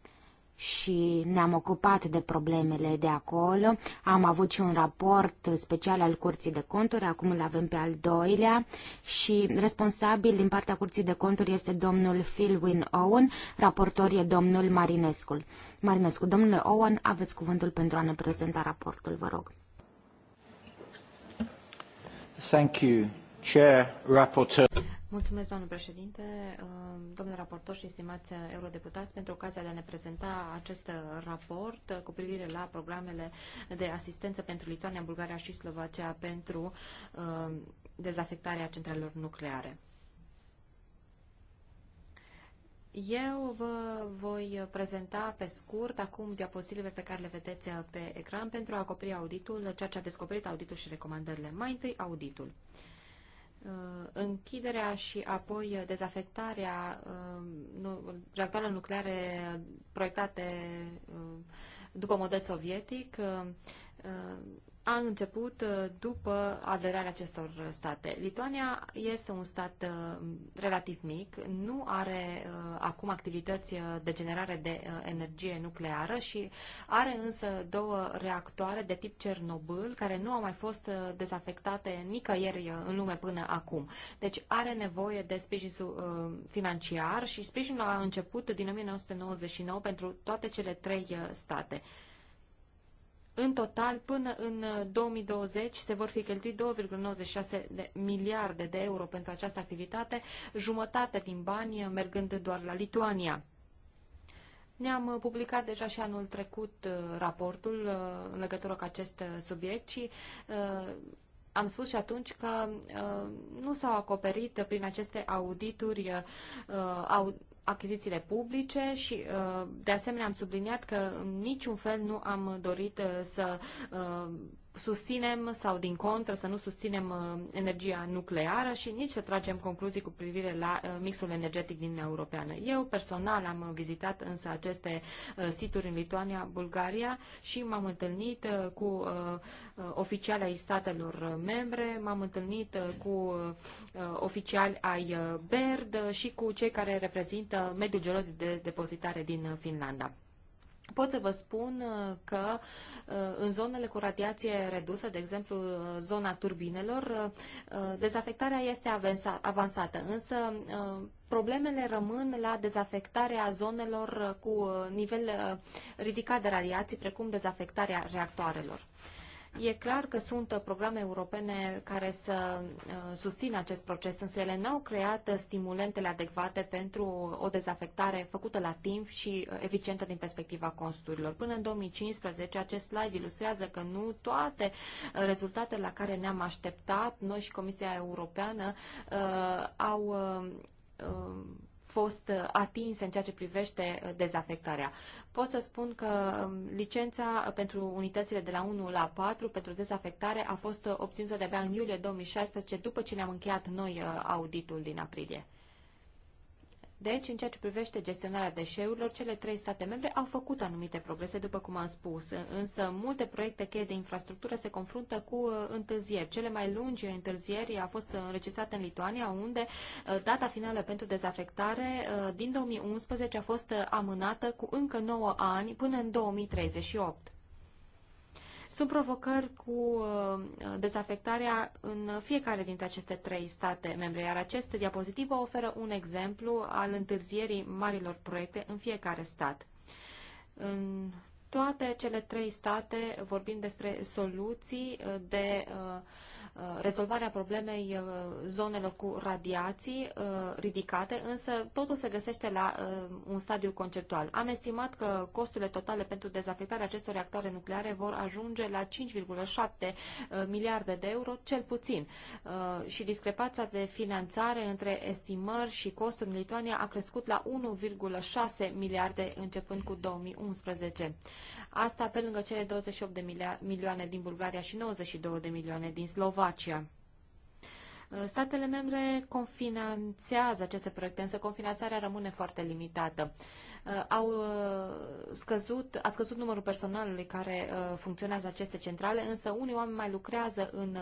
și ne-am ocupat de problemele de acolo. Am avut și un raport special al Curții de Conturi, acum îl avem pe al doilea și responsabil din partea Curții de Conturi este domnul Phil Win Owen, raportor e domnul Marinescu. Marinescu, domnule Owen, aveți cuvântul pentru a ne prezenta raportul, vă rog. Thank you, Chair, Rapporteur. Mulțumesc, doamnă președinte, um, domnule raportor și stimați eurodeputați, pentru ocazia de a ne prezenta acest raport cu privire la programele de asistență pentru Lituania, Bulgaria și Slovacia pentru um, dezafectarea centralelor nucleare. Eu vă voi prezenta pe scurt acum diapozitivele pe care le vedeți pe ecran pentru a acoperi auditul, ceea ce a descoperit auditul și recomandările. Mai întâi auditul. Uh, Uh, închiderea și apoi dezafectarea uh, reactoarelor nucleare proiectate uh, după model sovietic a început uh, după aderarea acestor state. Lituania este un stat uh, relativ mic, nu are uh, acum activități de generare de energie nucleară și are însă două reactoare de tip Cernobâl care nu au mai fost dezafectate nicăieri în lume până acum. Deci are nevoie de sprijin financiar și sprijinul a început din 1999 pentru toate cele trei state. În total, până în 2020, uh, se vor fi cheltuit 2,96 miliarde de euro pentru această activitate, jumătate din bani uh, mergând doar la Lituania. Ne-am uh, publicat deja și anul trecut raportul în legătură cu acest subiect și am spus și atunci că nu s-au acoperit prin aceste audituri achizițiile publice și, uh, de asemenea, am subliniat că în niciun fel nu am dorit uh, să uh, susținem sau din contră să nu susținem uh, energia nucleară și nici să tragem concluzii cu privire la uh, mixul energetic din Uniunea Europeană. Eu personal am vizitat însă aceste uh, situri în Lituania, Bulgaria și m-am întâlnit cu oficiali ai statelor membre, m-am întâlnit cu oficiali ai BERD și cu cei care reprezintă mediul geologic de depozitare din Finlanda. Pot să vă spun uh, că uh, în zonele cu radiație redusă, de exemplu uh, zona turbinelor, dezafectarea este avansată, însă problemele rămân la dezafectarea zonelor cu nivel ridicat de radiații, precum dezafectarea reactoarelor. E clar că sunt programe europene care să uh, susțină acest proces, însă ele n-au creat stimulentele adecvate pentru o dezafectare făcută la timp și uh, eficientă din perspectiva costurilor. Până în 2015, acest slide ilustrează că nu toate uh, rezultatele la care ne-am așteptat, noi și Comisia Europeană, au fost uh, atins în ceea ce privește uh, dezafectarea. Pot să spun că um, licența uh, pentru unitățile de la 1 la 4 pentru dezafectare a fost obținută de-abia în iulie 2016, după ce ne-am încheiat noi auditul din aprilie. Deci, în ceea ce privește gestionarea deșeurilor, cele trei state membre au făcut anumite progrese, după cum am spus, însă multe proiecte cheie de infrastructură se confruntă cu uh, întârzieri. Cele mai lungi întârzieri au fost înregistrate în Lituania, unde uh, data finală pentru dezafectare uh, din 2011 a fost amânată cu încă 9 ani până în 2038. Sunt provocări cu uh, dezafectarea în fiecare dintre aceste trei state membre, iar acest diapozitiv oferă un exemplu al întârzierii marilor proiecte în fiecare stat. În toate cele trei state vorbim despre soluții de uh, Uh, rezolvarea problemei uh, zonelor cu radiații uh, ridicate, însă totul se găsește la un stadiu conceptual. Am estimat că costurile totale pentru dezafectarea acestor reactoare nucleare vor ajunge la 5,7 miliarde de euro, cel puțin. Și discrepanța de finanțare între estimări și costuri în Lituania a crescut la 1,6 miliarde începând cu 2011. Asta pe lângă cele 28 de milioane din Bulgaria și 92 de milioane din Slovacia. Slovacia. Statele membre confinanțează aceste proiecte, însă confinanțarea rămâne foarte limitată. Uh, au uh, scăzut, a scăzut numărul personalului care uh, funcționează aceste centrale, însă unii oameni mai lucrează în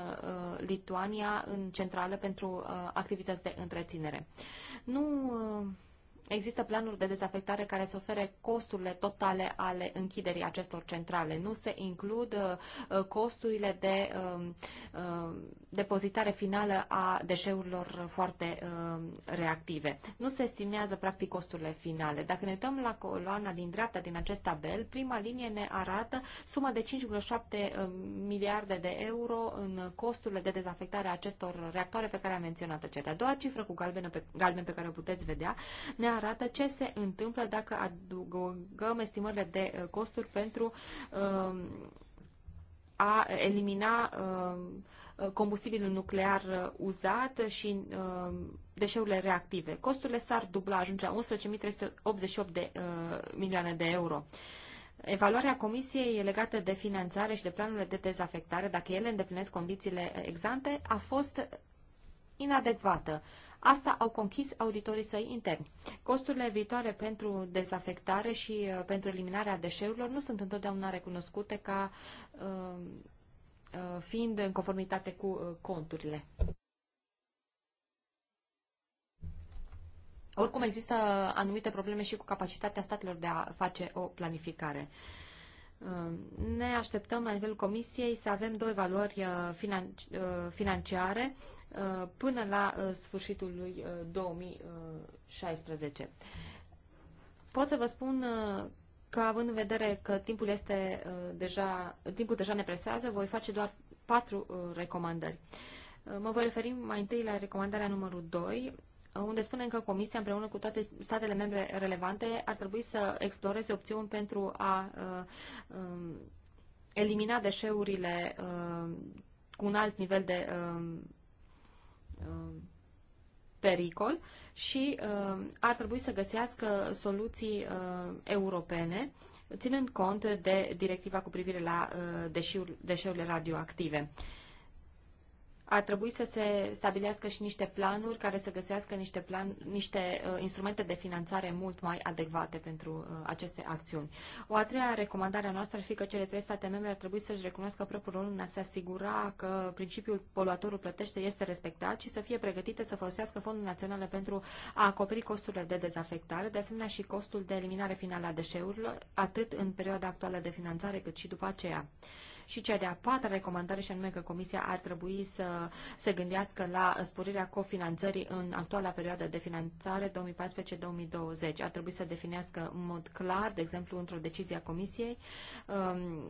Lituania, în centrală, pentru activități de întreținere. Nu Există planuri de dezafectare care să ofere costurile totale ale închiderii acestor centrale. Nu se includ uh, uh, costurile de um, uh, depozitare finală a deșeurilor foarte um, reactive. Nu se estimează practic costurile finale. Dacă ne uităm la coloana din dreapta din acest tabel, prima linie ne arată suma de 5,7 miliarde de euro în costurile de dezafectare a acestor reactoare pe care am menționat-o. Cea de-a doua cifră cu pe, galben pe care o puteți vedea ne arată ce se întâmplă dacă adugăm estimările de uh, costuri pentru um, a elimina um, combustibilul nuclear uh, uzat și um, deșeurile reactive. Costurile s-ar dubla, ajunge la 11.388 de uh, milioane de euro. Evaluarea comisiei e legată de finanțare și de planurile de dezafectare, dacă ele îndeplinesc condițiile exante, a fost inadecvată. Asta au conchis auditorii săi interni. Costurile viitoare pentru dezafectare și uh, pentru eliminarea deșeurilor nu sunt întotdeauna recunoscute ca uh, uh, fiind în conformitate cu conturile. Oricum există anumite probleme și cu capacitatea statelor de a face o planificare. Ne așteptăm la nivelul Comisiei să avem două evaluări financiare Uh, până la uh, sfârșitul lui 2016. Uh, Pot să vă spun că având în vedere că timpul este deja, timpul deja ne presează, voi face doar patru recomandări. Mă voi referi mai întâi la recomandarea numărul 2, unde spunem că Comisia, împreună cu toate statele membre relevante, ar trebui să exploreze opțiuni pentru a uh, um, elimina deșeurile uh, cu un alt nivel de uh, Um, pericol și um, ar trebui să găsească soluții uh, europene, ținând cont de directiva cu privire la uh, deșeurile radioactive ar trebui să se stabilească și niște planuri care să găsească niște, plan, niște uh, instrumente de finanțare mult mai adecvate pentru uh, aceste acțiuni. O a treia recomandare a noastră ar fi că cele trei state membre ar trebui să-și recunoască propriul rol în a se asigura că principiul poluatorul plătește este respectat și să fie pregătite să folosească fondul naționale pentru a acoperi costurile de dezafectare, de asemenea și costul de eliminare finală a deșeurilor, atât în perioada actuală de finanțare cât și după aceea. Și cea de-a patra recomandare, și anume că Comisia ar trebui să se gândească la sporirea cofinanțării în actuala perioadă de finanțare 2014-2020. Ar trebui să definească în mod clar, de exemplu, într-o decizie a Comisiei, um,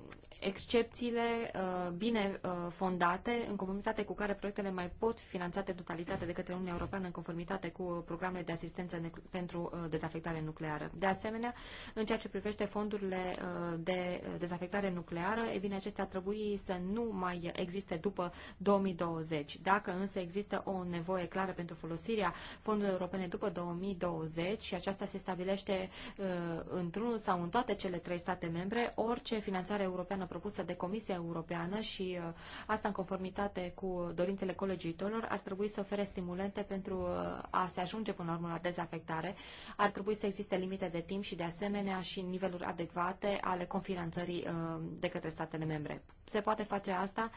excepțiile uh, bine uh, fondate în conformitate cu care proiectele mai pot fi finanțate totalitate de către Uniunea Europeană în conformitate cu uh, programele de asistență pentru dezafectare nucleară. De asemenea, în ceea ce privește fondurile de dezafectare nucleară, e bine, acestea ar trebui să nu mai existe după 2020. Dacă însă există o nevoie clară pentru folosirea fondurilor europene după 2020 și aceasta se stabilește uh, într-unul sau în toate cele trei state membre, orice finanțare europeană propusă de Comisia Europeană și uh, asta în conformitate cu dorințele colegiilor, ar trebui să ofere stimulente pentru uh, a se ajunge până la urmă la dezafectare. Ar trebui să existe limite de timp și de asemenea și niveluri adecvate ale confinanțării uh, de către statele membre membre. Se poate face asta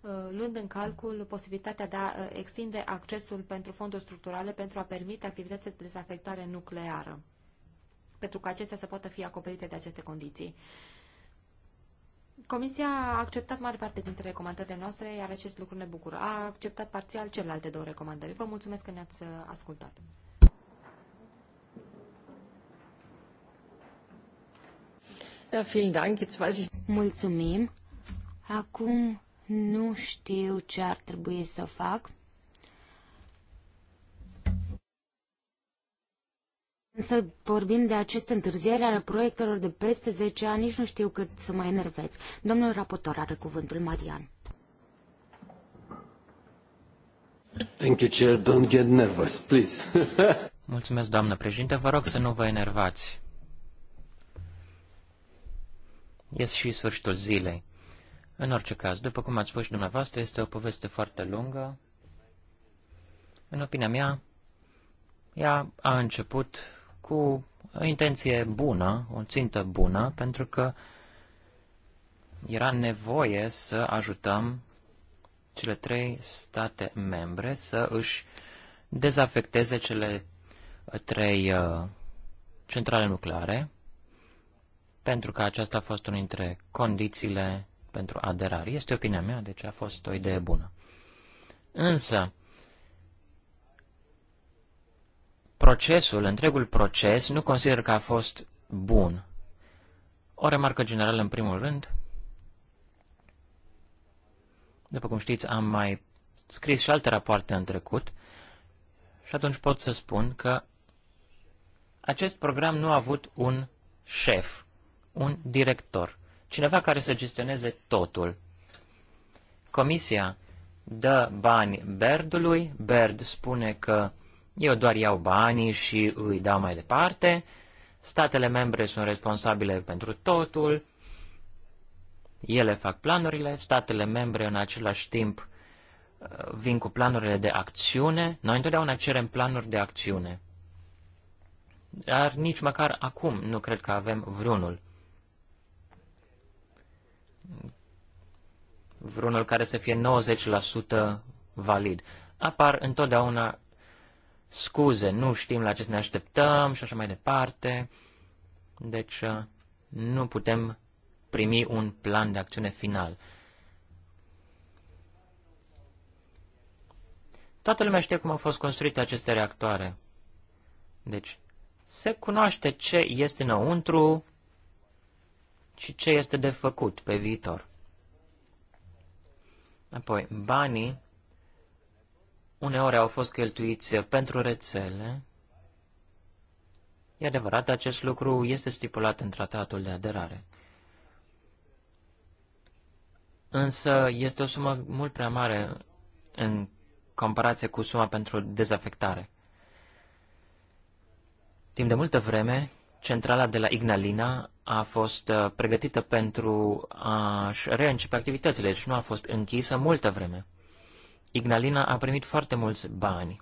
uh, luând în calcul posibilitatea de a uh, extinde accesul pentru fonduri structurale pentru a permite activități de dezafectare nucleară, pentru că acestea să poată fi acoperite de aceste condiții. Comisia a acceptat mare parte dintre recomandările noastre, iar acest lucru ne bucură. A acceptat parțial celelalte două recomandări. Vă mulțumesc că ne-ați uh, ascultat. Mulțumim. Acum nu știu ce ar trebui să fac. Însă vorbim de aceste întârzieri ale proiectelor de peste 10 ani, nici nu știu cât să mă enervez. Domnul raportor are cuvântul, Marian. Thank you, Chair. Don't get nervous, please. *laughs* Mulțumesc, doamnă președinte. Vă rog să nu vă enervați. Este și sfârșitul zilei. În orice caz, după cum ați spus și dumneavoastră, este o poveste foarte lungă. În opinia mea, ea a început cu o intenție bună, o țintă bună, pentru că era nevoie să ajutăm cele trei state membre să își dezafecteze cele uh, trei uh, centrale nucleare, pentru că aceasta a fost unul dintre condițiile pentru aderare. Este opinia mea, deci a fost o idee bună. Însă, procesul, întregul proces, nu consider că a fost bun. O remarcă generală în primul rând. După cum știți, am mai scris și alte rapoarte în trecut și atunci pot să spun că acest program nu a avut un șef, un director cineva care să gestioneze totul. Comisia dă bani Berdului, Berd spune că eu doar iau banii și îi dau mai departe, statele membre sunt responsabile pentru totul, ele fac planurile, statele membre în același timp vin cu planurile de acțiune, noi întotdeauna cerem planuri de acțiune. Dar nici măcar acum nu cred că avem vreunul vreunul care să fie 90% valid. Apar întotdeauna scuze, nu știm la ce să ne așteptăm și așa mai departe. Deci uh, nu putem primi un plan de acțiune final. Toată lumea știe cum au fost construite aceste reactoare. Deci, se cunoaște ce este înăuntru, și ce este de făcut pe viitor. Apoi, banii uneori au fost cheltuiți pentru rețele. E adevărat, acest lucru este stipulat în tratatul de aderare. Însă este o sumă mult prea mare în comparație cu suma pentru dezafectare. Timp de multă vreme, centrala de la Ignalina a fost uh, pregătită pentru a-și reîncepe activitățile, deci nu a fost închisă multă vreme. Ignalina a primit foarte mulți bani.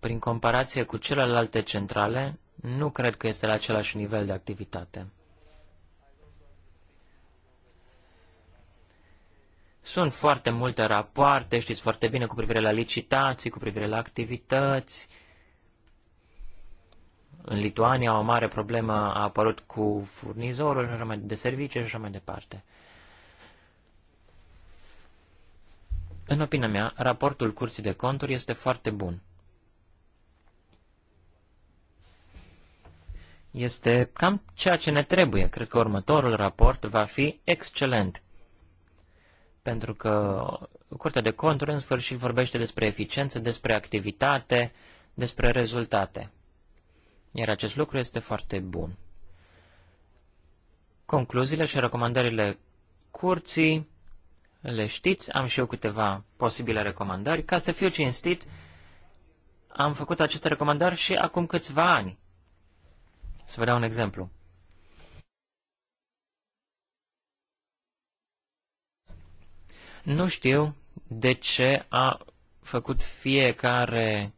Prin comparație cu celelalte centrale, nu cred că este la același nivel de activitate. Sunt foarte multe rapoarte, știți foarte bine, cu privire la licitații, cu privire la activități. În Lituania o mare problemă a apărut cu furnizorul și așa mai de servicii și așa mai departe. În opinia mea, raportul Curții de Conturi este foarte bun. Este cam ceea ce ne trebuie. Cred că următorul raport va fi excelent pentru că Curtea de Conturi în sfârșit vorbește despre eficiență, despre activitate, despre rezultate. Iar acest lucru este foarte bun. Concluziile și recomandările curții le știți, am și eu câteva posibile recomandări. Ca să fiu cinstit, am făcut aceste recomandări și acum câțiva ani. Să vă dau un exemplu. Nu știu de ce a făcut fiecare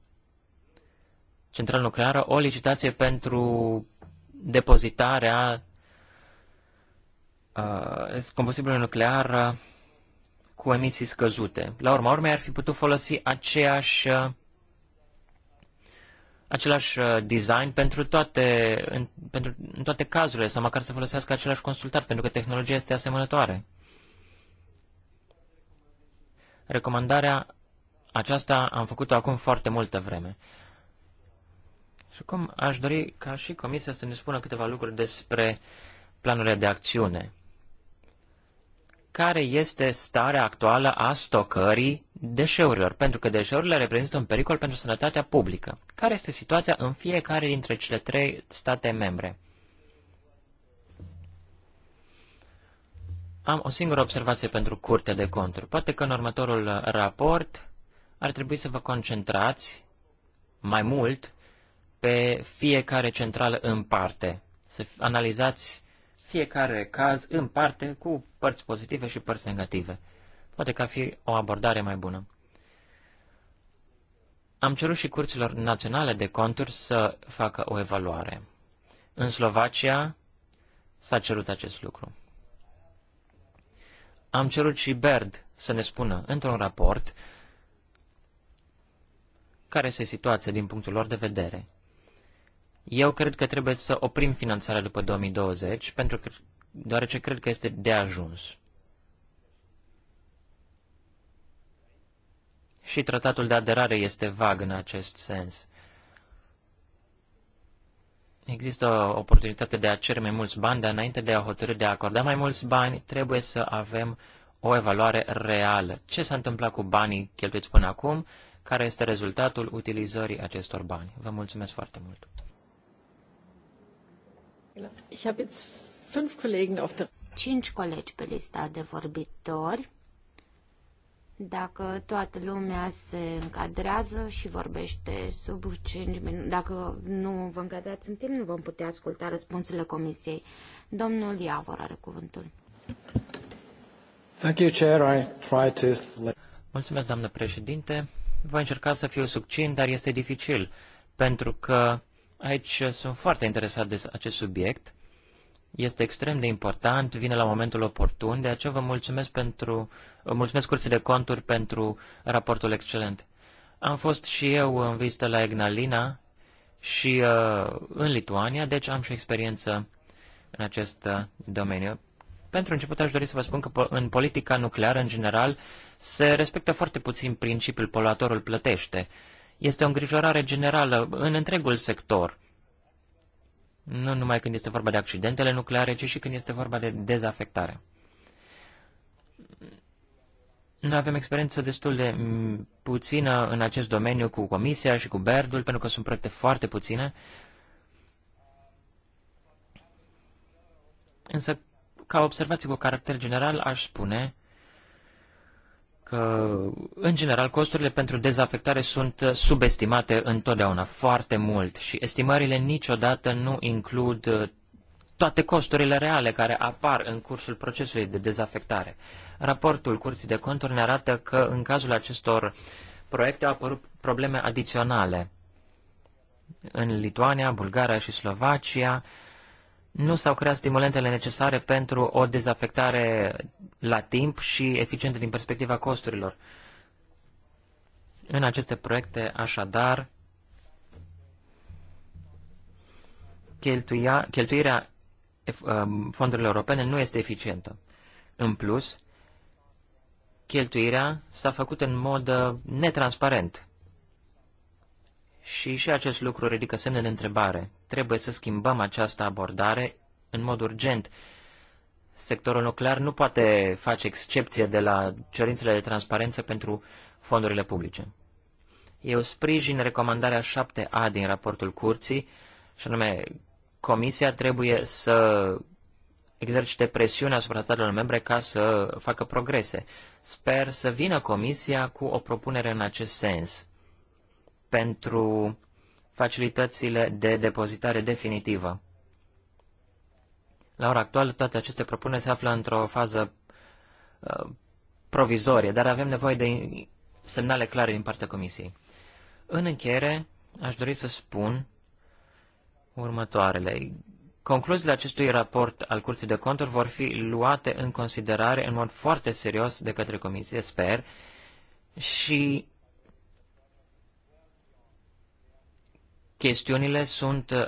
centrală nucleară o licitație pentru depozitarea uh, combustibilului nuclear uh, cu emisii scăzute. La urma urmei ar fi putut folosi aceeași, uh, același uh, design pentru toate, în, pentru, în toate cazurile, sau măcar să folosească același consultat pentru că tehnologia este asemănătoare. Recomandarea aceasta am făcut-o acum foarte multă vreme. Și cum aș dori ca și Comisia să ne spună câteva lucruri despre planurile de acțiune. Care este starea actuală a stocării deșeurilor? Pentru că deșeurile reprezintă un pericol pentru sănătatea publică. Care este situația în fiecare dintre cele trei state membre? Am o singură observație pentru Curtea de Conturi. Poate că în următorul uh, raport ar trebui să vă concentrați mai mult pe fiecare centrală în parte. Să analizați fiecare caz în parte cu părți pozitive și părți negative. Poate că ar fi o abordare mai bună. Am cerut și curților naționale de conturi să facă o evaluare. În Slovacia s-a cerut acest lucru. Am cerut și Baird să ne spună într-un raport care este situația din punctul lor de vedere. Eu cred că trebuie să oprim finanțarea după 2020, pentru că, deoarece cred că este de ajuns. Și tratatul de aderare este vag în acest sens. Există oportunitatea de a cere mai mulți bani, dar înainte de a hotărâ de a acorda mai mulți bani, trebuie să avem o evaluare reală. Ce s-a întâmplat cu banii cheltuiți până acum? Care este rezultatul utilizării acestor bani? Vă mulțumesc foarte mult! Cinci colegi pe lista de vorbitori. Dacă toată lumea se încadrează și vorbește sub 5 minute, dacă nu vă încadrați în timp, nu vom putea asculta răspunsurile comisiei. Domnul Iavor are cuvântul. Thank you, Chair. I try to... Mulțumesc, doamnă președinte. Voi încerca să fiu succint, dar este dificil, pentru că aici sunt foarte interesat de acest subiect este extrem de important, vine la momentul oportun, de aceea vă mulțumesc pentru, mulțumesc curții de conturi pentru raportul excelent. Am fost și eu în vizită la Egnalina și uh, în Lituania, deci am și experiență în acest uh, domeniu. Pentru început aș dori să vă spun că în politica nucleară, în general, se respectă foarte puțin principiul poluatorul plătește. Este o îngrijorare generală în întregul sector nu numai când este vorba de accidentele nucleare, ci și când este vorba de dezafectare. Noi avem experiență destul de puțină în acest domeniu cu Comisia și cu Berdul, pentru că sunt proiecte foarte puține. Însă, ca observație cu caracter general, aș spune că, în general, costurile pentru dezafectare sunt subestimate întotdeauna foarte mult și estimările niciodată nu includ uh, toate costurile reale care apar în cursul procesului de dezafectare. Raportul Curții de Conturi ne arată că, în cazul acestor proiecte, au apărut probleme adiționale. În Lituania, Bulgaria și Slovacia, nu s-au creat stimulentele necesare pentru o dezafectare la timp și eficientă din perspectiva costurilor. În aceste proiecte, așadar, cheltuia, cheltuirea um, fondurilor europene nu este eficientă. În plus, cheltuirea s-a făcut în mod uh, netransparent. Și și acest lucru ridică semne de întrebare Trebuie să schimbăm această abordare în mod urgent. Sectorul nuclear nu poate face excepție de la cerințele de transparență pentru fondurile publice. Eu sprijin recomandarea 7A din raportul curții, și anume, Comisia trebuie să exercite presiune asupra statelor membre ca să facă progrese. Sper să vină Comisia cu o propunere în acest sens pentru facilitățile de depozitare definitivă. La ora actuală, toate aceste propuneri se află într-o fază uh, provizorie, dar avem nevoie de semnale clare din partea Comisiei. În încheiere, aș dori să spun următoarele. Concluziile acestui raport al Curții de Conturi vor fi luate în considerare în mod foarte serios de către Comisie, sper, și chestiunile sunt uh,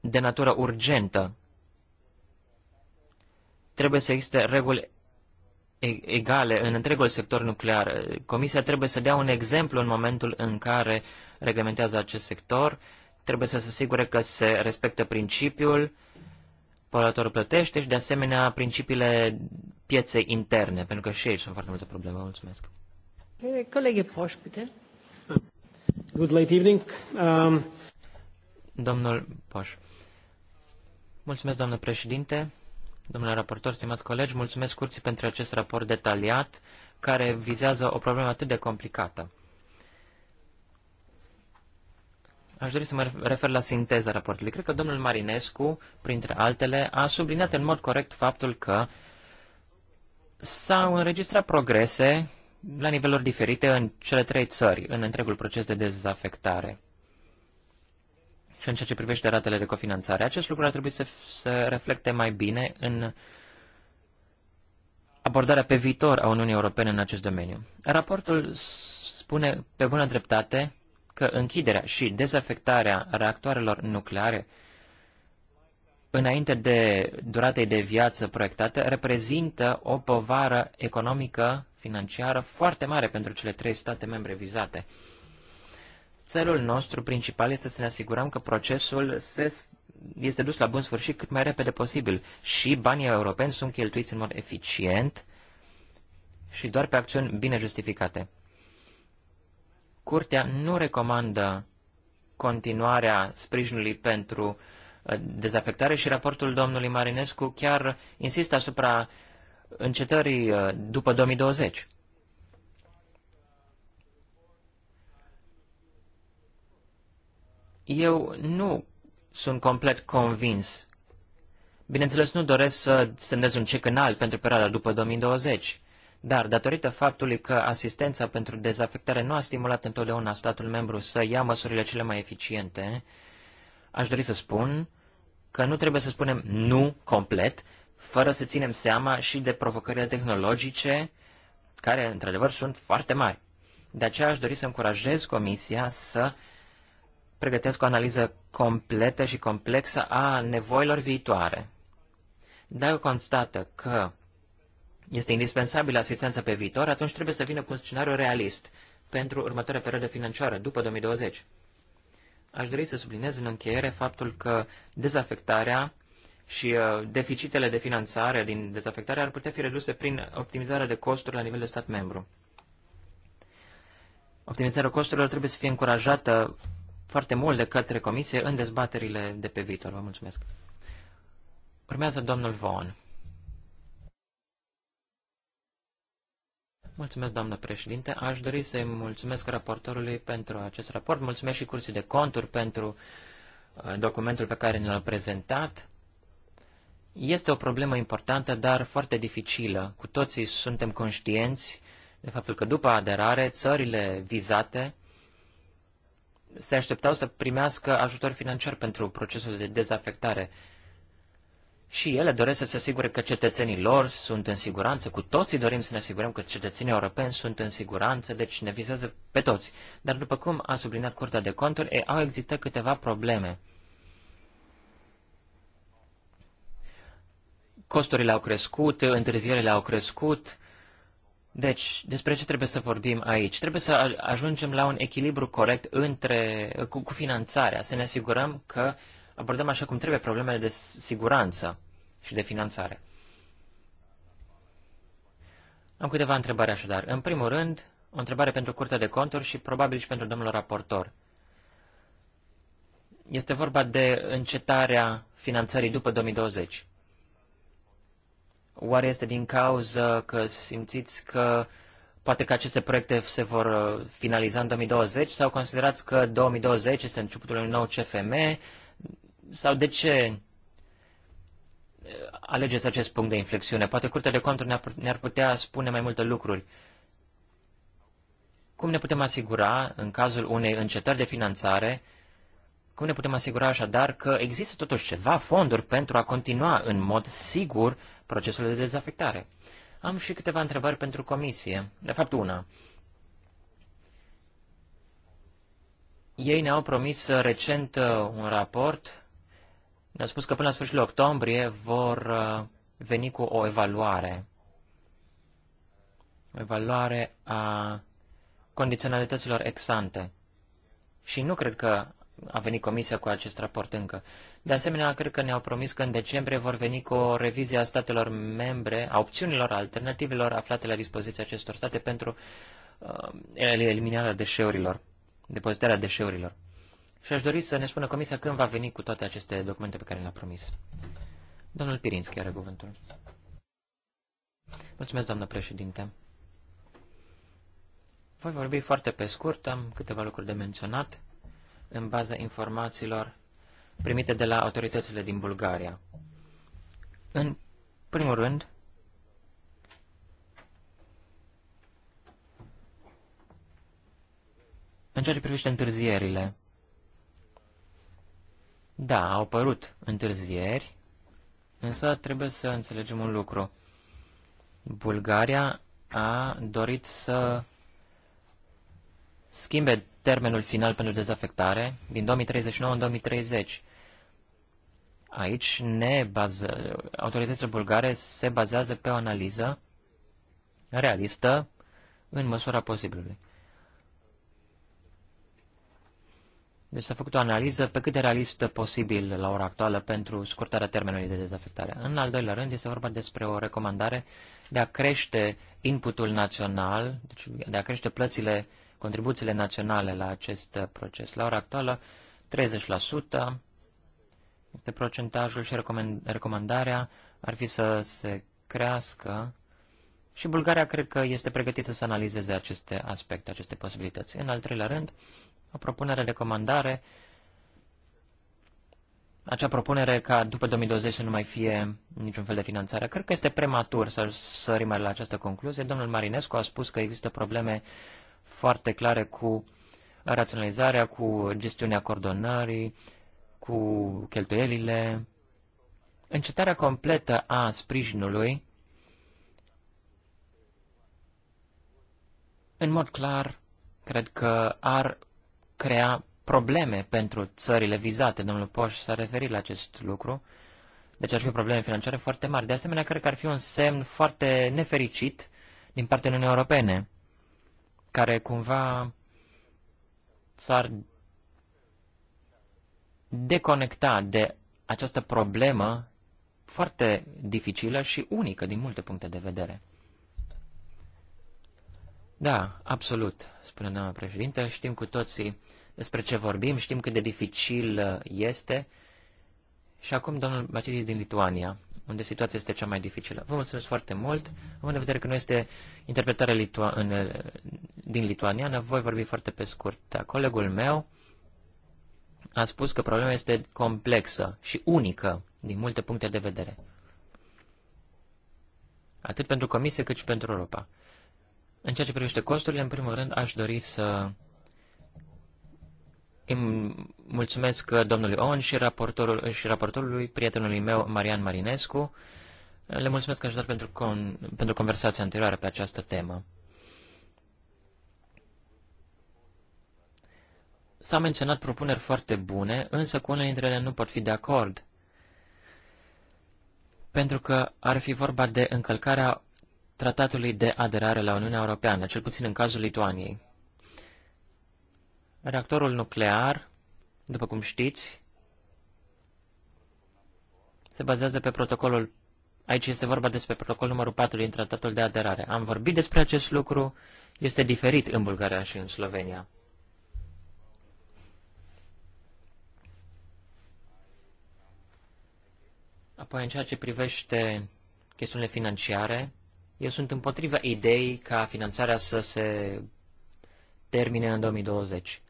de natură urgentă. Trebuie să existe reguli egale în întregul sector nuclear. Comisia trebuie să dea un exemplu în momentul în care reglementează acest sector, trebuie să se asigure că se respectă principiul poluatorul plătește și de asemenea principiile pieței interne, pentru că și aici sunt foarte multe probleme. Mulțumesc. Colegii Poș, puteți? Good late evening. Um... Domnul Poș. Mulțumesc, doamnă președinte, domnule raportor, stimați colegi, mulțumesc curții pentru acest raport detaliat care vizează o problemă atât de complicată. Aș dori să mă refer la sinteza raportului. Cred că domnul Marinescu, printre altele, a subliniat în mod corect faptul că s-au înregistrat progrese la niveluri diferite în cele trei țări, în întregul proces de dezafectare. Și în ceea ce privește ratele de cofinanțare, acest lucru ar trebui să se reflecte mai bine în abordarea pe viitor a Uniunii Europene în acest domeniu. Raportul spune pe bună dreptate că închiderea și dezafectarea reactoarelor nucleare înainte de duratei de viață proiectată reprezintă o povară economică, financiară foarte mare pentru cele trei state membre vizate. Țelul nostru principal este să ne asigurăm că procesul se este dus la bun sfârșit cât mai repede posibil și banii europeni sunt cheltuiți în mod eficient și doar pe acțiuni bine justificate. Curtea nu recomandă continuarea sprijinului pentru uh, dezafectare și raportul domnului Marinescu chiar insistă asupra încetării uh, după 2020. Eu nu sunt complet convins. Bineînțeles, nu doresc să semnez un cec înalt pentru perioada după 2020, dar datorită faptului că asistența pentru dezafectare nu a stimulat întotdeauna statul membru să ia măsurile cele mai eficiente, aș dori să spun că nu trebuie să spunem nu complet, fără să ținem seama și de provocările tehnologice, care, într-adevăr, sunt foarte mari. De aceea aș dori să încurajez Comisia să pregătesc o analiză completă și complexă a nevoilor viitoare. Dacă constată că este indispensabilă asistența pe viitor, atunci trebuie să vină cu un scenariu realist pentru următoarea perioadă financiară, după 2020. Aș dori să subliniez în încheiere faptul că dezafectarea și uh, deficitele de finanțare din dezafectare ar putea fi reduse prin optimizarea de costuri la nivel de stat membru. Optimizarea costurilor trebuie să fie încurajată foarte mult de către Comisie în dezbaterile de pe viitor. Vă mulțumesc. Urmează domnul Vaughan. Mulțumesc, doamnă președinte. Aș dori să-i mulțumesc raportorului pentru acest raport. Mulțumesc și curții de conturi pentru uh, documentul pe care ne-l prezentat. Este o problemă importantă, dar foarte dificilă. Cu toții suntem conștienți de faptul că după aderare, țările vizate se așteptau să primească ajutor financiar pentru procesul de dezafectare și ele doresc să se asigure că cetățenii lor sunt în siguranță, cu toții dorim să ne asigurăm că cetățenii europeni sunt în siguranță, deci ne vizează pe toți. Dar după cum a subliniat Curtea de Conturi, e, au existat câteva probleme. Costurile au crescut, întârzierile au crescut. Deci, despre ce trebuie să vorbim aici? Trebuie să ajungem la un echilibru corect între, cu, cu finanțarea, să ne asigurăm că uh, abordăm așa cum trebuie problemele de siguranță și de finanțare. Am câteva întrebări așadar. În primul rând, o întrebare pentru Curtea de Conturi și probabil și pentru domnul raportor. Este vorba de încetarea finanțării după 2020. Oare este din cauză că simțiți că poate că aceste proiecte se vor uh, finaliza în 2020 sau considerați că 2020 este începutul unui nou CFM sau de ce uh, alegeți acest punct de inflexiune? Poate Curtea de Conturi ne-ar putea spune mai multe lucruri. Cum ne putem asigura, în cazul unei încetări de finanțare, cum ne putem asigura așadar că există totuși ceva fonduri pentru a continua în mod sigur procesul de dezafectare? Am și câteva întrebări pentru comisie. De fapt, una. Ei ne-au promis recent uh, un raport ne-a spus că până la sfârșitul octombrie vor uh, veni cu o evaluare. O evaluare a condiționalităților exante. Și nu cred că a venit comisia cu acest raport încă. De asemenea, cred că ne-au promis că în decembrie vor veni cu o revizie a statelor membre, a opțiunilor, a alternativelor aflate la dispoziția acestor state pentru uh, eliminarea deșeurilor, depozitarea deșeurilor. Și aș dori să ne spună Comisia când va veni cu toate aceste documente pe care le-a promis. Domnul Pirinski are cuvântul. Mulțumesc, doamnă președinte. Voi vorbi foarte pe scurt, am câteva lucruri de menționat, în baza informațiilor primite de la autoritățile din Bulgaria. În primul rând, în ceea ce privește întârzierile, da, au apărut întârzieri, însă trebuie să înțelegem un lucru. Bulgaria a dorit să schimbe termenul final pentru dezafectare din 2039 în 2030. Aici ne bază, autoritățile bulgare se bazează pe o analiză realistă în măsura posibilului. Deci s-a făcut o analiză pe cât de realistă posibil la ora actuală pentru scurtarea termenului de dezafectare. În al doilea rând, este vorba despre o recomandare de a crește inputul național, deci de a crește plățile, contribuțiile naționale la acest proces. La ora actuală, 30% este procentajul și recomandarea ar fi să se crească și Bulgaria cred că este pregătită să analizeze aceste aspecte, aceste posibilități. În al treilea rând, o propunere de comandare, acea propunere ca după 2020 să nu mai fie niciun fel de finanțare. Cred că este prematur să sărim la această concluzie. Domnul Marinescu a spus că există probleme foarte clare cu raționalizarea, cu gestiunea coordonării, cu cheltuielile. Încetarea completă a sprijinului în mod clar, cred că ar crea probleme pentru țările vizate. Domnul Poș s-a referit la acest lucru. Deci ar fi probleme financiare foarte mari. De asemenea, cred că ar fi un semn foarte nefericit din partea Uniunii Europene, care cumva s-ar deconecta de această problemă foarte dificilă și unică din multe puncte de vedere. Da, absolut, spune doamna președinte. Știm cu toții despre ce vorbim, știm cât de dificil uh, este. Și acum domnul Batidi din Lituania, unde situația este cea mai dificilă. Vă mulțumesc foarte mult. Având în vedere că nu este interpretarea litua- în, uh, din lituaniană, voi vorbi foarte pe scurt. Da, colegul meu a spus că problema este complexă și unică din multe puncte de vedere. Atât pentru Comisie cât și pentru Europa. În ceea ce privește costurile, în primul rând, aș dori să îi mulțumesc domnului Owen și, raportorul, și raportorului, prietenului meu, Marian Marinescu. Le mulțumesc așadar pentru, con, pentru conversația anterioară pe această temă. S-a menționat propuneri foarte bune, însă cu unele dintre ele nu pot fi de acord, pentru că ar fi vorba de încălcarea tratatului de aderare la Uniunea Europeană, cel puțin în cazul Lituaniei. Reactorul nuclear, după cum știți, se bazează pe protocolul, aici este vorba despre protocolul numărul 4 din tratatul de aderare. Am vorbit despre acest lucru, este diferit în Bulgaria și în Slovenia. Apoi, în ceea ce privește chestiunile financiare, eu sunt împotriva ideii ca finanțarea să se termine în 2020.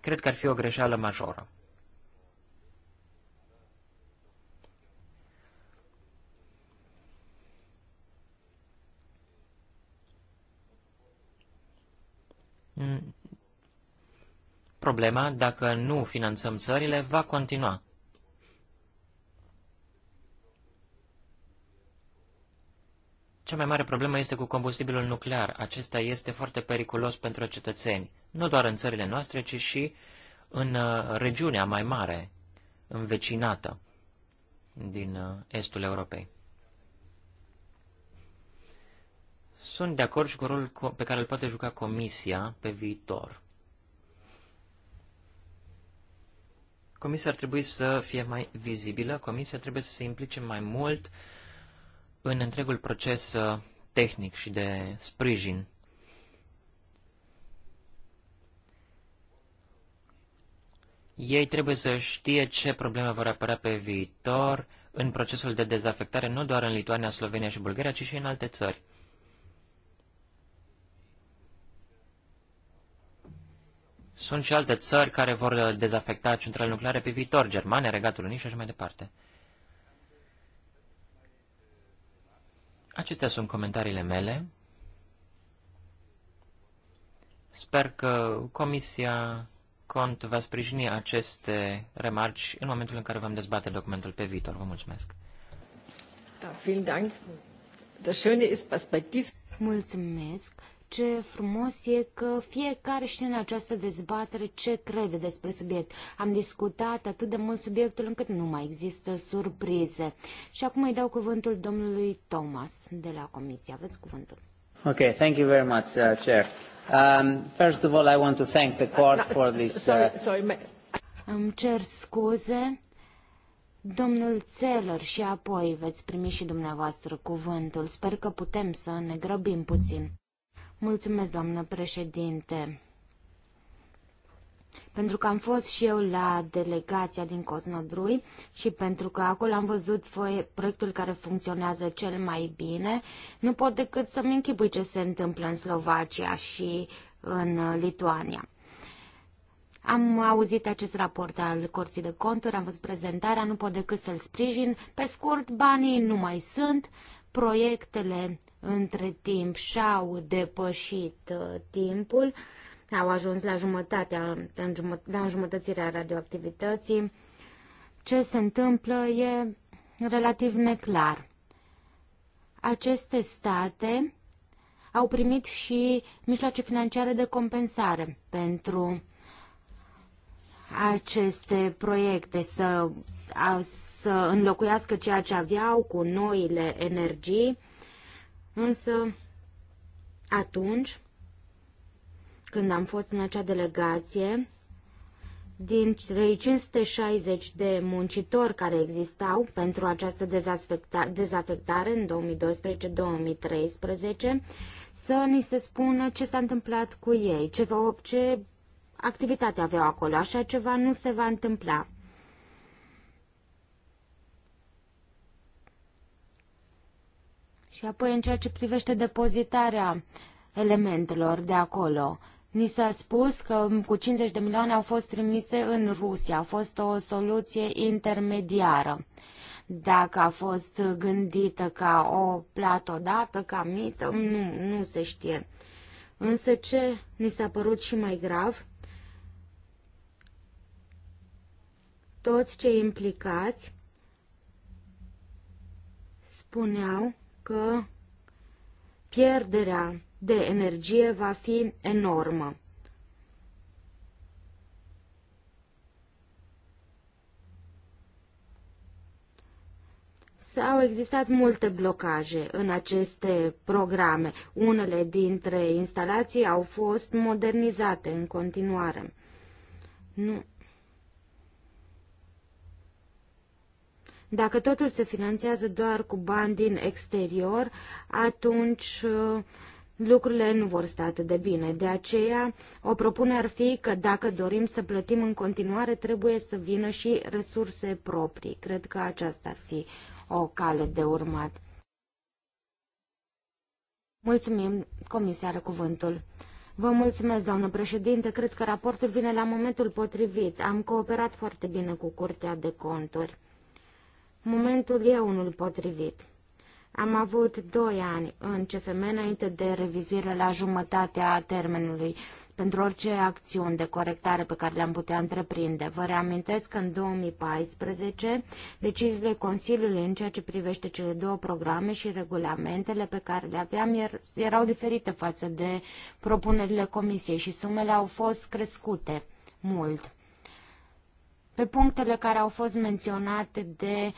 Cred că ar fi o greșeală majoră. Mm. Problema, dacă nu finanțăm țările, va continua. Cea mai mare problemă este cu combustibilul nuclear. Acesta este foarte periculos pentru cetățeni, nu doar în țările noastre, ci și în uh, regiunea mai mare, învecinată din uh, estul Europei. Sunt de acord și cu rolul pe care îl poate juca Comisia pe viitor. Comisia ar trebui să fie mai vizibilă, Comisia trebuie să se implice mai mult uh, în întregul proces uh, tehnic și de sprijin. Ei trebuie să știe ce probleme vor apărea pe viitor în procesul de dezafectare, nu doar în Lituania, Slovenia și Bulgaria, ci și în alte țări. Sunt și alte țări care vor uh, dezafecta centrale nucleare pe viitor, Germania, Regatul Unit și așa mai departe. Acestea sunt comentariile mele. Sper că Comisia Cont va sprijini aceste remarci în momentul în care vom dezbate documentul pe viitor. Vă mulțumesc. Da, vielen Dank. Das Schöne ist, was bei Mulțumesc ce frumos e că fiecare știe în această dezbatere ce crede despre subiect. Am discutat atât de mult subiectul încât nu mai există surprize. Și acum îi dau cuvântul domnului Thomas de la Comisie. Aveți cuvântul. Okay, thank you very much, uh, Chair. Um, first of all, I want to thank the court uh, no, for this. Uh... Sorry, sorry. Îmi cer scuze. Domnul Țelăr și apoi veți primi și dumneavoastră cuvântul. Sper că putem să ne grăbim puțin. Mulțumesc, doamnă președinte. Pentru că am fost și eu la delegația din Cosnodrui și pentru că acolo am văzut voi proiectul care funcționează cel mai bine, nu pot decât să-mi închipui ce se întâmplă în Slovacia și în uh, Lituania. Am auzit acest raport al Corții de Conturi, am văzut prezentarea, nu pot decât să-l sprijin. Pe scurt, banii nu mai sunt, proiectele între timp și-au depășit uh, timpul, au ajuns la jumătatea, în jumătate, la înjumătățirea radioactivității. Ce se întâmplă e relativ neclar. Aceste state au primit și mijloace financiare de compensare pentru aceste proiecte, să, să înlocuiască ceea ce aveau cu noile energii Însă, atunci, când am fost în acea delegație, din cei 560 de muncitori care existau pentru această dezafectare în 2012-2013, să ni se spună ce s-a întâmplat cu ei, ce, ce activitate aveau acolo. Așa ceva nu se va întâmpla. Și apoi în ceea ce privește depozitarea elementelor de acolo, Ni s-a spus că cu 50 de milioane au fost trimise în Rusia. A fost o soluție intermediară. Dacă a fost gândită ca o plată odată, ca mită, nu, nu se știe. Însă ce ni s-a părut și mai grav? Toți cei implicați spuneau că pierderea de energie va fi enormă. Au existat multe blocaje în aceste programe. Unele dintre instalații au fost modernizate în continuare. Nu. Dacă totul se finanțează doar cu bani din exterior, atunci uh, lucrurile nu vor sta atât de bine. De aceea, o propunere ar fi că dacă dorim să plătim în continuare, trebuie să vină și resurse proprii. Cred că aceasta ar fi o cale de urmat. Mulțumim, comisară, cuvântul. Vă mulțumesc, doamnă președinte. Cred că raportul vine la momentul potrivit. Am cooperat foarte bine cu Curtea de Conturi. Momentul e unul potrivit. Am avut doi ani în CFM înainte de revizuire la jumătatea termenului pentru orice acțiuni de corectare pe care le-am putea întreprinde. Vă reamintesc că în 2014 deciziile Consiliului în ceea ce privește cele două programe și regulamentele pe care le aveam er, erau diferite față de propunerile Comisiei și sumele au fost crescute mult. Pe punctele care au fost menționate de uh,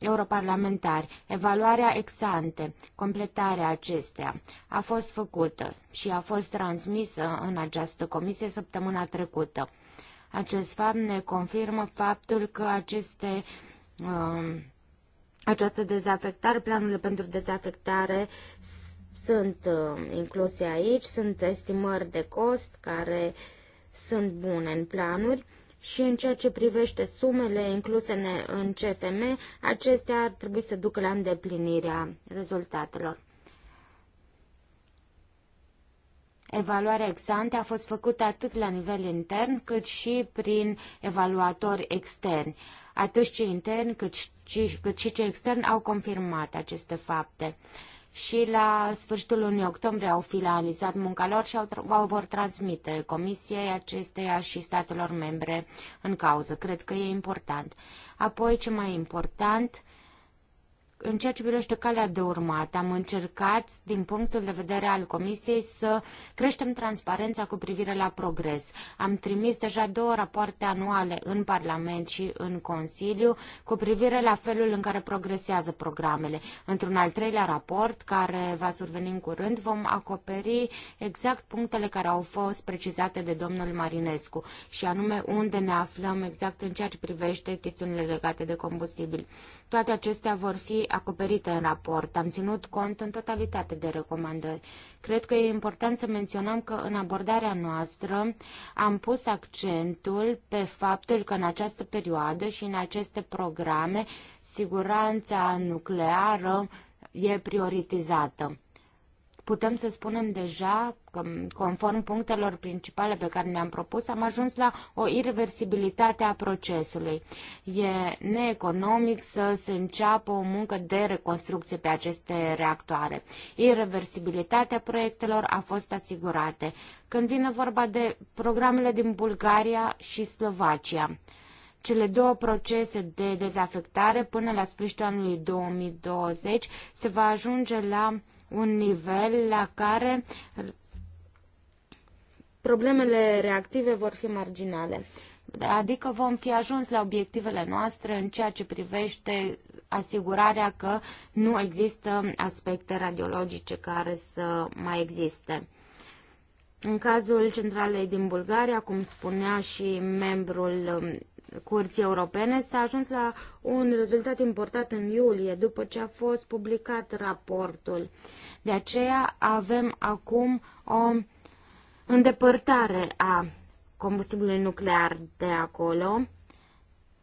europarlamentari, evaluarea ex-ante, completarea acestea, a fost făcută și a fost transmisă în această comisie săptămâna trecută. Acest fapt ne confirmă faptul că aceste, um, această dezafectare, planurile pentru dezafectare sunt um, incluse aici, sunt estimări de cost care sunt bune în planuri și în ceea ce privește sumele incluse în CFM, acestea ar trebui să ducă la îndeplinirea rezultatelor. Evaluarea exante a fost făcută atât la nivel intern, cât și prin evaluatori externi. Atât cei interni, cât și, cât și cei externi au confirmat aceste fapte și la sfârșitul lunii octombrie au finalizat munca lor și au, vor transmite Comisiei acesteia și statelor membre în cauză. Cred că e important. Apoi, ce mai important, uh, în ceea ce privește calea de urmat, am încercat, din punctul de vedere al Comisiei, să creștem transparența cu privire la progres. Am trimis deja două rapoarte anuale în Parlament și în Consiliu cu privire la felul în care progresează programele. Într-un al treilea raport, care va surveni în curând, vom acoperi exact punctele care au fost precizate de domnul Marinescu și anume unde ne aflăm exact în ceea ce privește chestiunile legate de combustibil. Toate acestea vor fi acoperite în raport. Am ținut cont în totalitate de recomandări. Cred că e important să menționăm că în abordarea noastră am pus accentul pe faptul că în această perioadă și în aceste programe siguranța nucleară e prioritizată. Putem să spunem deja că, conform punctelor principale pe care ne-am propus, am ajuns la o irreversibilitate a procesului. E neeconomic să se înceapă o muncă de reconstrucție pe aceste reactoare. Irreversibilitatea proiectelor a fost asigurată. Când vine vorba de programele din Bulgaria și Slovacia, cele două procese de dezafectare până la sfârșitul anului 2020 se va ajunge la un nivel la care problemele reactive vor fi marginale. Adică vom fi ajuns la obiectivele noastre în ceea ce privește asigurarea că nu există aspecte radiologice care să mai existe. În cazul centralei din Bulgaria, cum spunea și membrul um, Curții Europene, s-a ajuns la un rezultat important în iulie, după ce a fost publicat raportul. De aceea avem acum o îndepărtare a combustibilului nuclear de acolo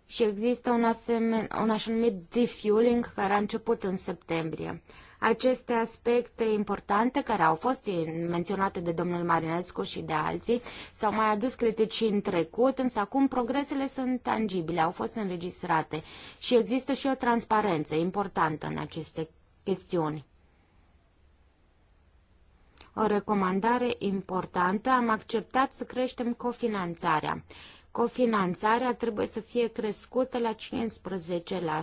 și există un, asemen, un așa numit defueling care a început în septembrie. Aceste aspecte importante care au fost menționate de domnul Marinescu și de alții s-au mai adus critici în trecut, însă acum progresele sunt tangibile, au fost înregistrate și există și o transparență importantă în aceste chestiuni. O recomandare importantă, am acceptat să creștem cofinanțarea. Cofinanțarea trebuie să fie crescută la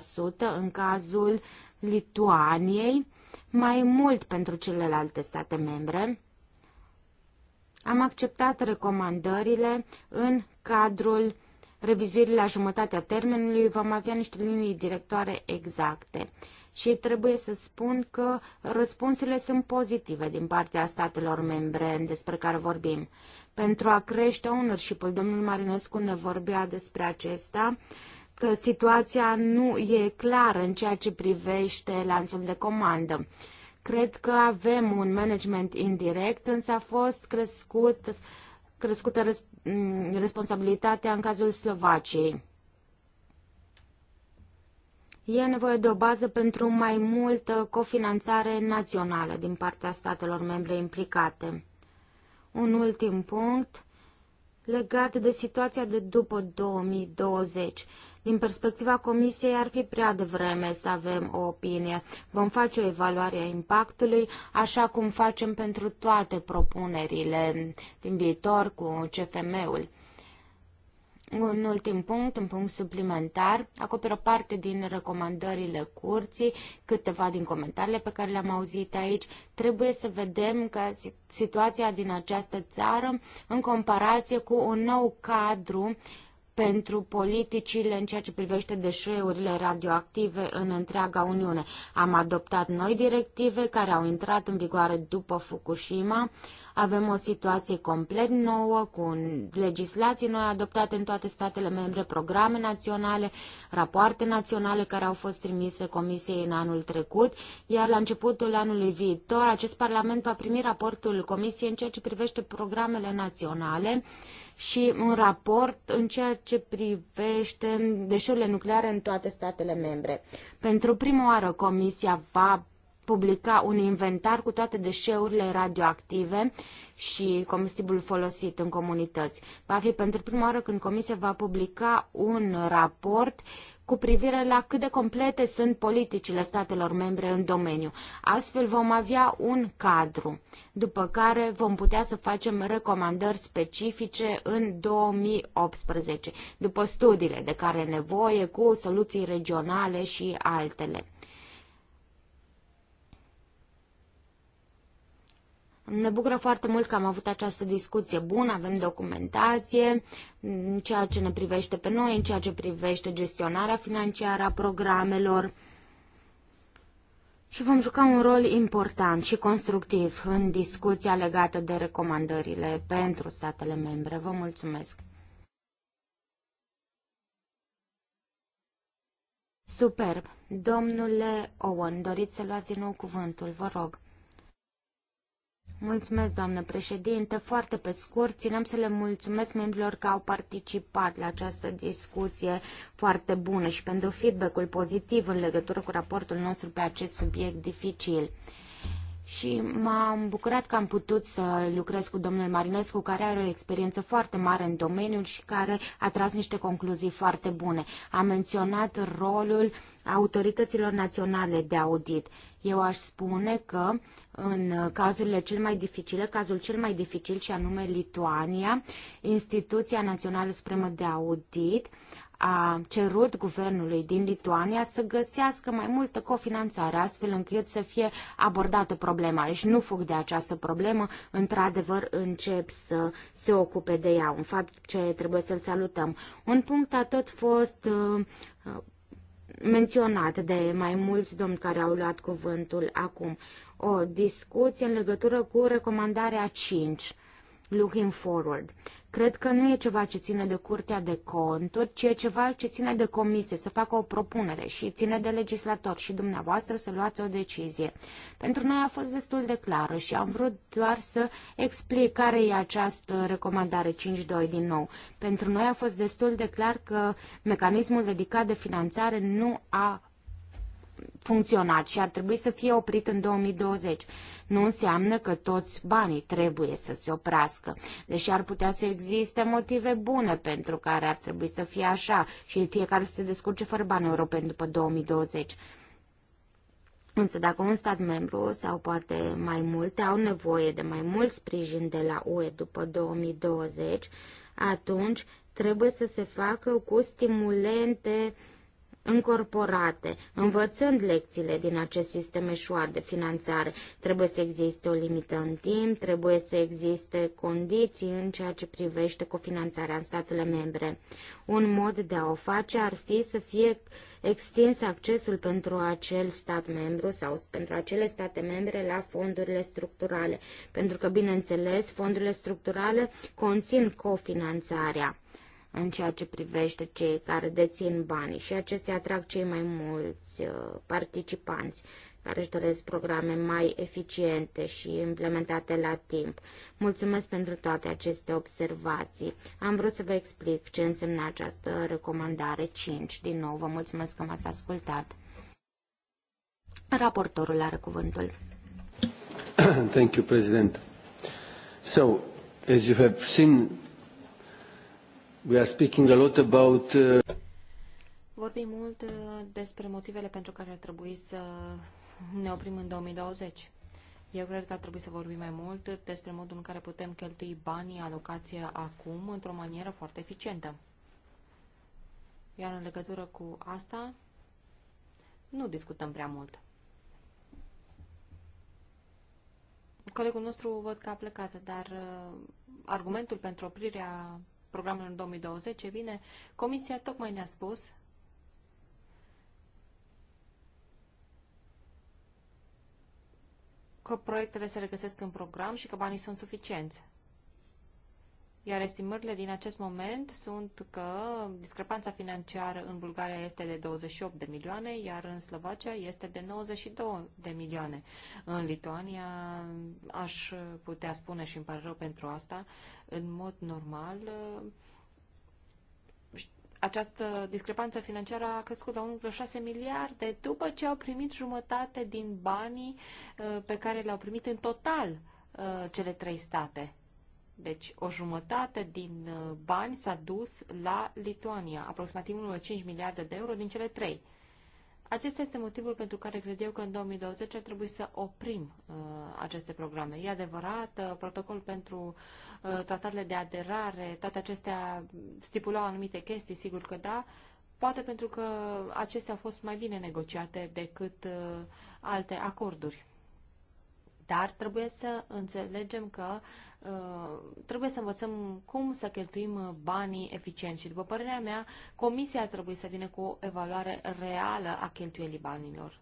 15% în cazul Lituaniei mai mult pentru celelalte state membre. Am acceptat recomandările în cadrul revizuirii la jumătatea termenului, vom avea niște linii directoare exacte. Și trebuie să spun că răspunsurile sunt pozitive din partea statelor membre despre care vorbim. Pentru a crește ownership-ul, domnul Marinescu ne vorbea despre acesta, uh, că situația nu e clară în ceea ce privește lanțul de comandă. Cred că avem un management indirect, însă a fost crescut, crescută res, mm, responsabilitatea în cazul Slovaciei. E nevoie de o bază pentru mai multă cofinanțare națională din partea statelor membre implicate. Un ultim punct legat de situația de după 2020. Din perspectiva Comisiei ar fi prea devreme să avem o opinie. Vom face o evaluare a impactului, așa cum facem pentru toate propunerile din viitor cu CFM-ul. Un ultim punct, un punct suplimentar, acoperă parte din recomandările curții, câteva din comentariile pe care le-am auzit aici. Trebuie să vedem că situația din această țară în comparație cu un nou cadru uh, pentru politicile în ceea ce privește deșeurile radioactive în întreaga Uniune. Am adoptat noi directive care au intrat în vigoare după Fukushima. Avem o situație complet nouă cu legislații noi adoptate în toate statele membre, programe naționale, rapoarte naționale care au fost trimise Comisiei în anul trecut, iar la începutul anului viitor acest Parlament va primi raportul Comisiei în ceea ce privește programele naționale și un raport în ceea ce privește deșeurile nucleare în toate statele membre. Pentru prima oară Comisia va publica un inventar cu toate deșeurile radioactive și combustibilul folosit în comunități. Va fi pentru prima oară când Comisia va publica un raport cu privire la cât de complete sunt politicile statelor membre în domeniu. Astfel vom avea un cadru, după care vom putea să facem recomandări specifice în 2018, după studiile de care nevoie, cu soluții regionale și altele. Ne bucură foarte mult că am avut această discuție bună, avem documentație în ceea ce ne privește pe noi, în ceea ce privește gestionarea financiară a programelor și vom juca un rol important și constructiv în discuția legată de recomandările pentru statele membre. Vă mulțumesc! Superb! Domnule Owen, doriți să luați din nou cuvântul, vă rog. Mulțumesc, doamnă președinte. Foarte pe scurt, ținem să le mulțumesc membrilor că au participat la această discuție foarte bună și pentru feedback-ul pozitiv în legătură cu raportul nostru pe acest subiect dificil și m-am bucurat că am putut să lucrez cu domnul Marinescu, care are o experiență foarte mare în domeniul și care a tras niște concluzii foarte bune. A menționat rolul autorităților naționale de audit. Eu aș spune că în cazurile cel mai dificile, cazul cel mai dificil și anume Lituania, Instituția Națională Supremă de Audit a cerut guvernului din Lituania să găsească mai multă cofinanțare, astfel încât să fie abordată problema. Deci nu fug de această problemă, într-adevăr încep să se ocupe de ea, un fapt ce trebuie să-l salutăm. Un punct a tot fost uh, uh menționat de mai mulți domni care au luat cuvântul acum. O discuție în legătură cu recomandarea 5 looking forward. Cred că nu e ceva ce ține de curtea de conturi, ci e ceva ce ține de comisie, să facă o propunere și ține de legislator și dumneavoastră să luați o decizie. Pentru noi a fost destul de clară și am vrut doar să explic care e această recomandare 5.2 din nou. Pentru noi a fost destul de clar că mecanismul dedicat de finanțare nu a funcționat și ar trebui să fie oprit în 2020 nu înseamnă că toți banii trebuie să se oprească, deși ar putea să existe motive bune pentru care ar trebui să fie așa și fiecare să se descurce fără bani europeni după 2020. Însă dacă un stat membru sau poate mai multe au nevoie de mai mult sprijin de la UE după 2020, atunci trebuie să se facă cu stimulente uh, încorporate, învățând lecțiile din acest sistem eșuat de finanțare. Trebuie să existe o limită în timp, trebuie să existe condiții în ceea ce privește cofinanțarea în statele membre. Un mod de a o face ar fi să fie extins accesul pentru acel stat membru sau pentru acele state membre la fondurile structurale, pentru că, bineînțeles, fondurile structurale conțin cofinanțarea în ceea ce privește cei care dețin banii și acestea atrag cei mai mulți uh, participanți care își doresc programe mai eficiente și implementate la timp. Mulțumesc pentru toate aceste observații. Am vrut să vă explic ce însemna această recomandare 5. Din nou, vă mulțumesc că m-ați ascultat. Raportorul are cuvântul. Thank you, President. So, as you have seen, We are speaking a lot about... Uh, vorbim mult uh, despre motivele pentru care ar trebui să ne oprim în 2020. Eu cred că ar trebui să vorbim mai mult despre modul în care putem cheltui banii alocația acum într-o manieră foarte eficientă. Iar în legătură cu asta, nu discutăm prea mult. Colegul nostru văd că a plecat, dar uh, argumentul pentru oprirea programul în 2020, e bine, Comisia tocmai ne-a spus că proiectele se regăsesc în program și că banii sunt suficienți. Iar estimările din acest moment sunt că discrepanța financiară în Bulgaria este de 28 de milioane, iar în Slovacia este de 92 de milioane. În Lituania, aș putea spune și îmi pare rău pentru asta, în mod normal, această discrepanță financiară a crescut la 1,6 miliarde după ce au primit jumătate din banii uh, pe care le-au primit în total uh, cele trei state. Deci o jumătate din uh, bani s-a dus la Lituania, aproximativ 1,5 miliarde de euro din cele trei. Acesta este motivul pentru care cred eu că în 2020 ar trebui să oprim uh, aceste programe. E adevărat, uh, protocol pentru uh, tratatele de aderare, toate acestea stipulau anumite chestii, sigur că da, poate pentru că acestea au fost mai bine negociate decât uh, alte acorduri. Dar trebuie să înțelegem că uh, trebuie să învățăm cum să cheltuim uh, banii eficient și, după părerea mea, comisia trebuie să vină cu o evaluare reală a cheltuielii banilor.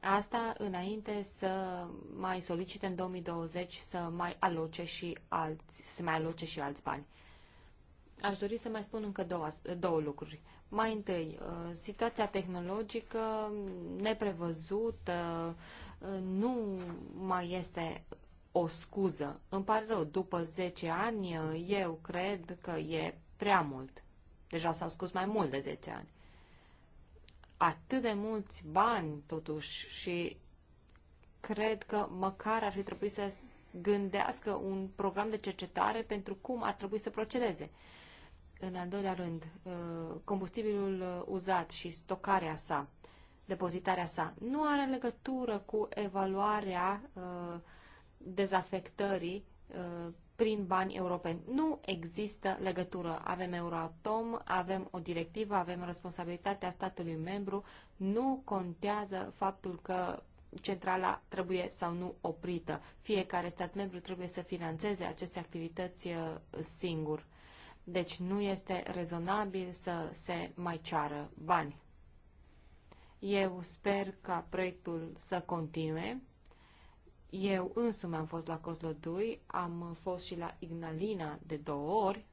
Asta înainte să mai solicite în 2020 să mai aloce și alți, să mai aloce și alți bani. Aș dori să mai spun încă două, două lucruri. Mai întâi, uh, situația tehnologică neprevăzută, nu mai este o scuză. Îmi pare rău, după 10 ani eu cred că e prea mult. Deja s-au scus mai mult de 10 ani. Atât de mulți bani, totuși, și cred că măcar ar fi trebuit să gândească un program de cercetare pentru cum ar trebui să procedeze. În al doilea rând, uh, combustibilul uh, uzat și stocarea sa depozitarea sa. Nu are legătură cu evaluarea uh, dezafectării uh, prin bani europeni. Nu există legătură. Avem Euroatom, avem o directivă, avem responsabilitatea statului membru. Nu contează faptul că centrala trebuie sau nu oprită. Fiecare stat membru trebuie să financeze aceste activități uh, singur. Deci nu este rezonabil să se mai ceară bani. Eu sper ca proiectul să continue. Eu însumi am fost la Coslodui, am fost și la Ignalina de două ori.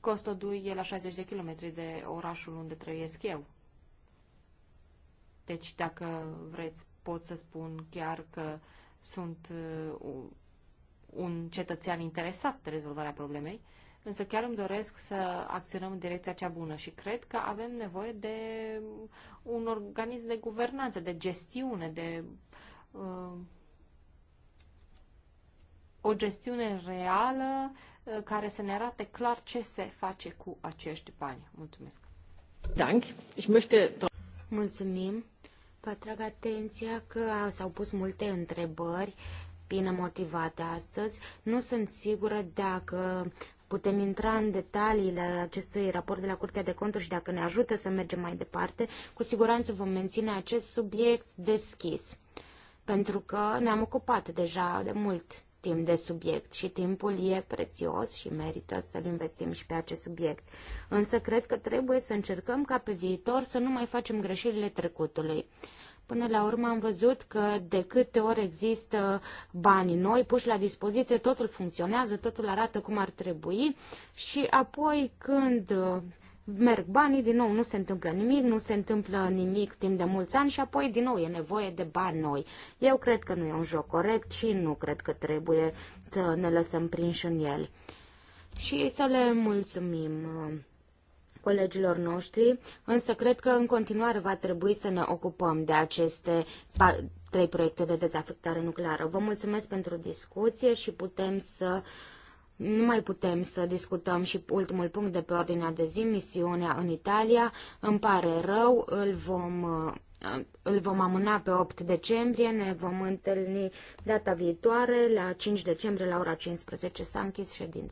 Coslodui e la 60 de kilometri de orașul unde trăiesc eu. Deci, dacă vreți, pot să spun chiar că sunt uh, un cetățean interesat de rezolvarea problemei însă chiar îmi doresc să acționăm în direcția cea bună și cred că avem nevoie de un organism de guvernanță, de gestiune, de uh, o gestiune reală uh, care să ne arate clar ce se face cu acești bani. Mulțumesc! Dank. Ich möchte... Mulțumim! Vă atrag atenția că s-au pus multe întrebări bine motivate astăzi. Nu sunt sigură dacă Putem intra în detaliile acestui raport de la Curtea de Conturi și dacă ne ajută să mergem mai departe, cu siguranță vom menține acest subiect deschis. Pentru că ne-am ocupat deja de mult timp de subiect și timpul e prețios și merită să-l investim și pe acest subiect. Însă cred că trebuie să încercăm ca pe viitor să nu mai facem greșelile trecutului. Până la urmă am văzut că de câte ori există bani noi puși la dispoziție, totul funcționează, totul arată cum ar trebui și apoi când uh, merg banii, din nou nu se întâmplă nimic, nu se întâmplă nimic timp de mulți ani și apoi din nou e nevoie de bani noi. Eu cred că nu e un joc corect și nu cred că trebuie să ne lăsăm prinși în el. Și să le mulțumim uh, colegilor noștri, însă cred că în continuare va trebui să ne ocupăm de aceste trei proiecte de dezafectare nucleară. Vă mulțumesc pentru discuție și putem să nu mai putem să discutăm și ultimul punct de pe ordinea de zi, misiunea în Italia. Îmi pare rău, îl vom, uh, îl vom amâna pe 8 decembrie, ne vom întâlni data viitoare la 5 decembrie la ora 15. S-a închis ședința.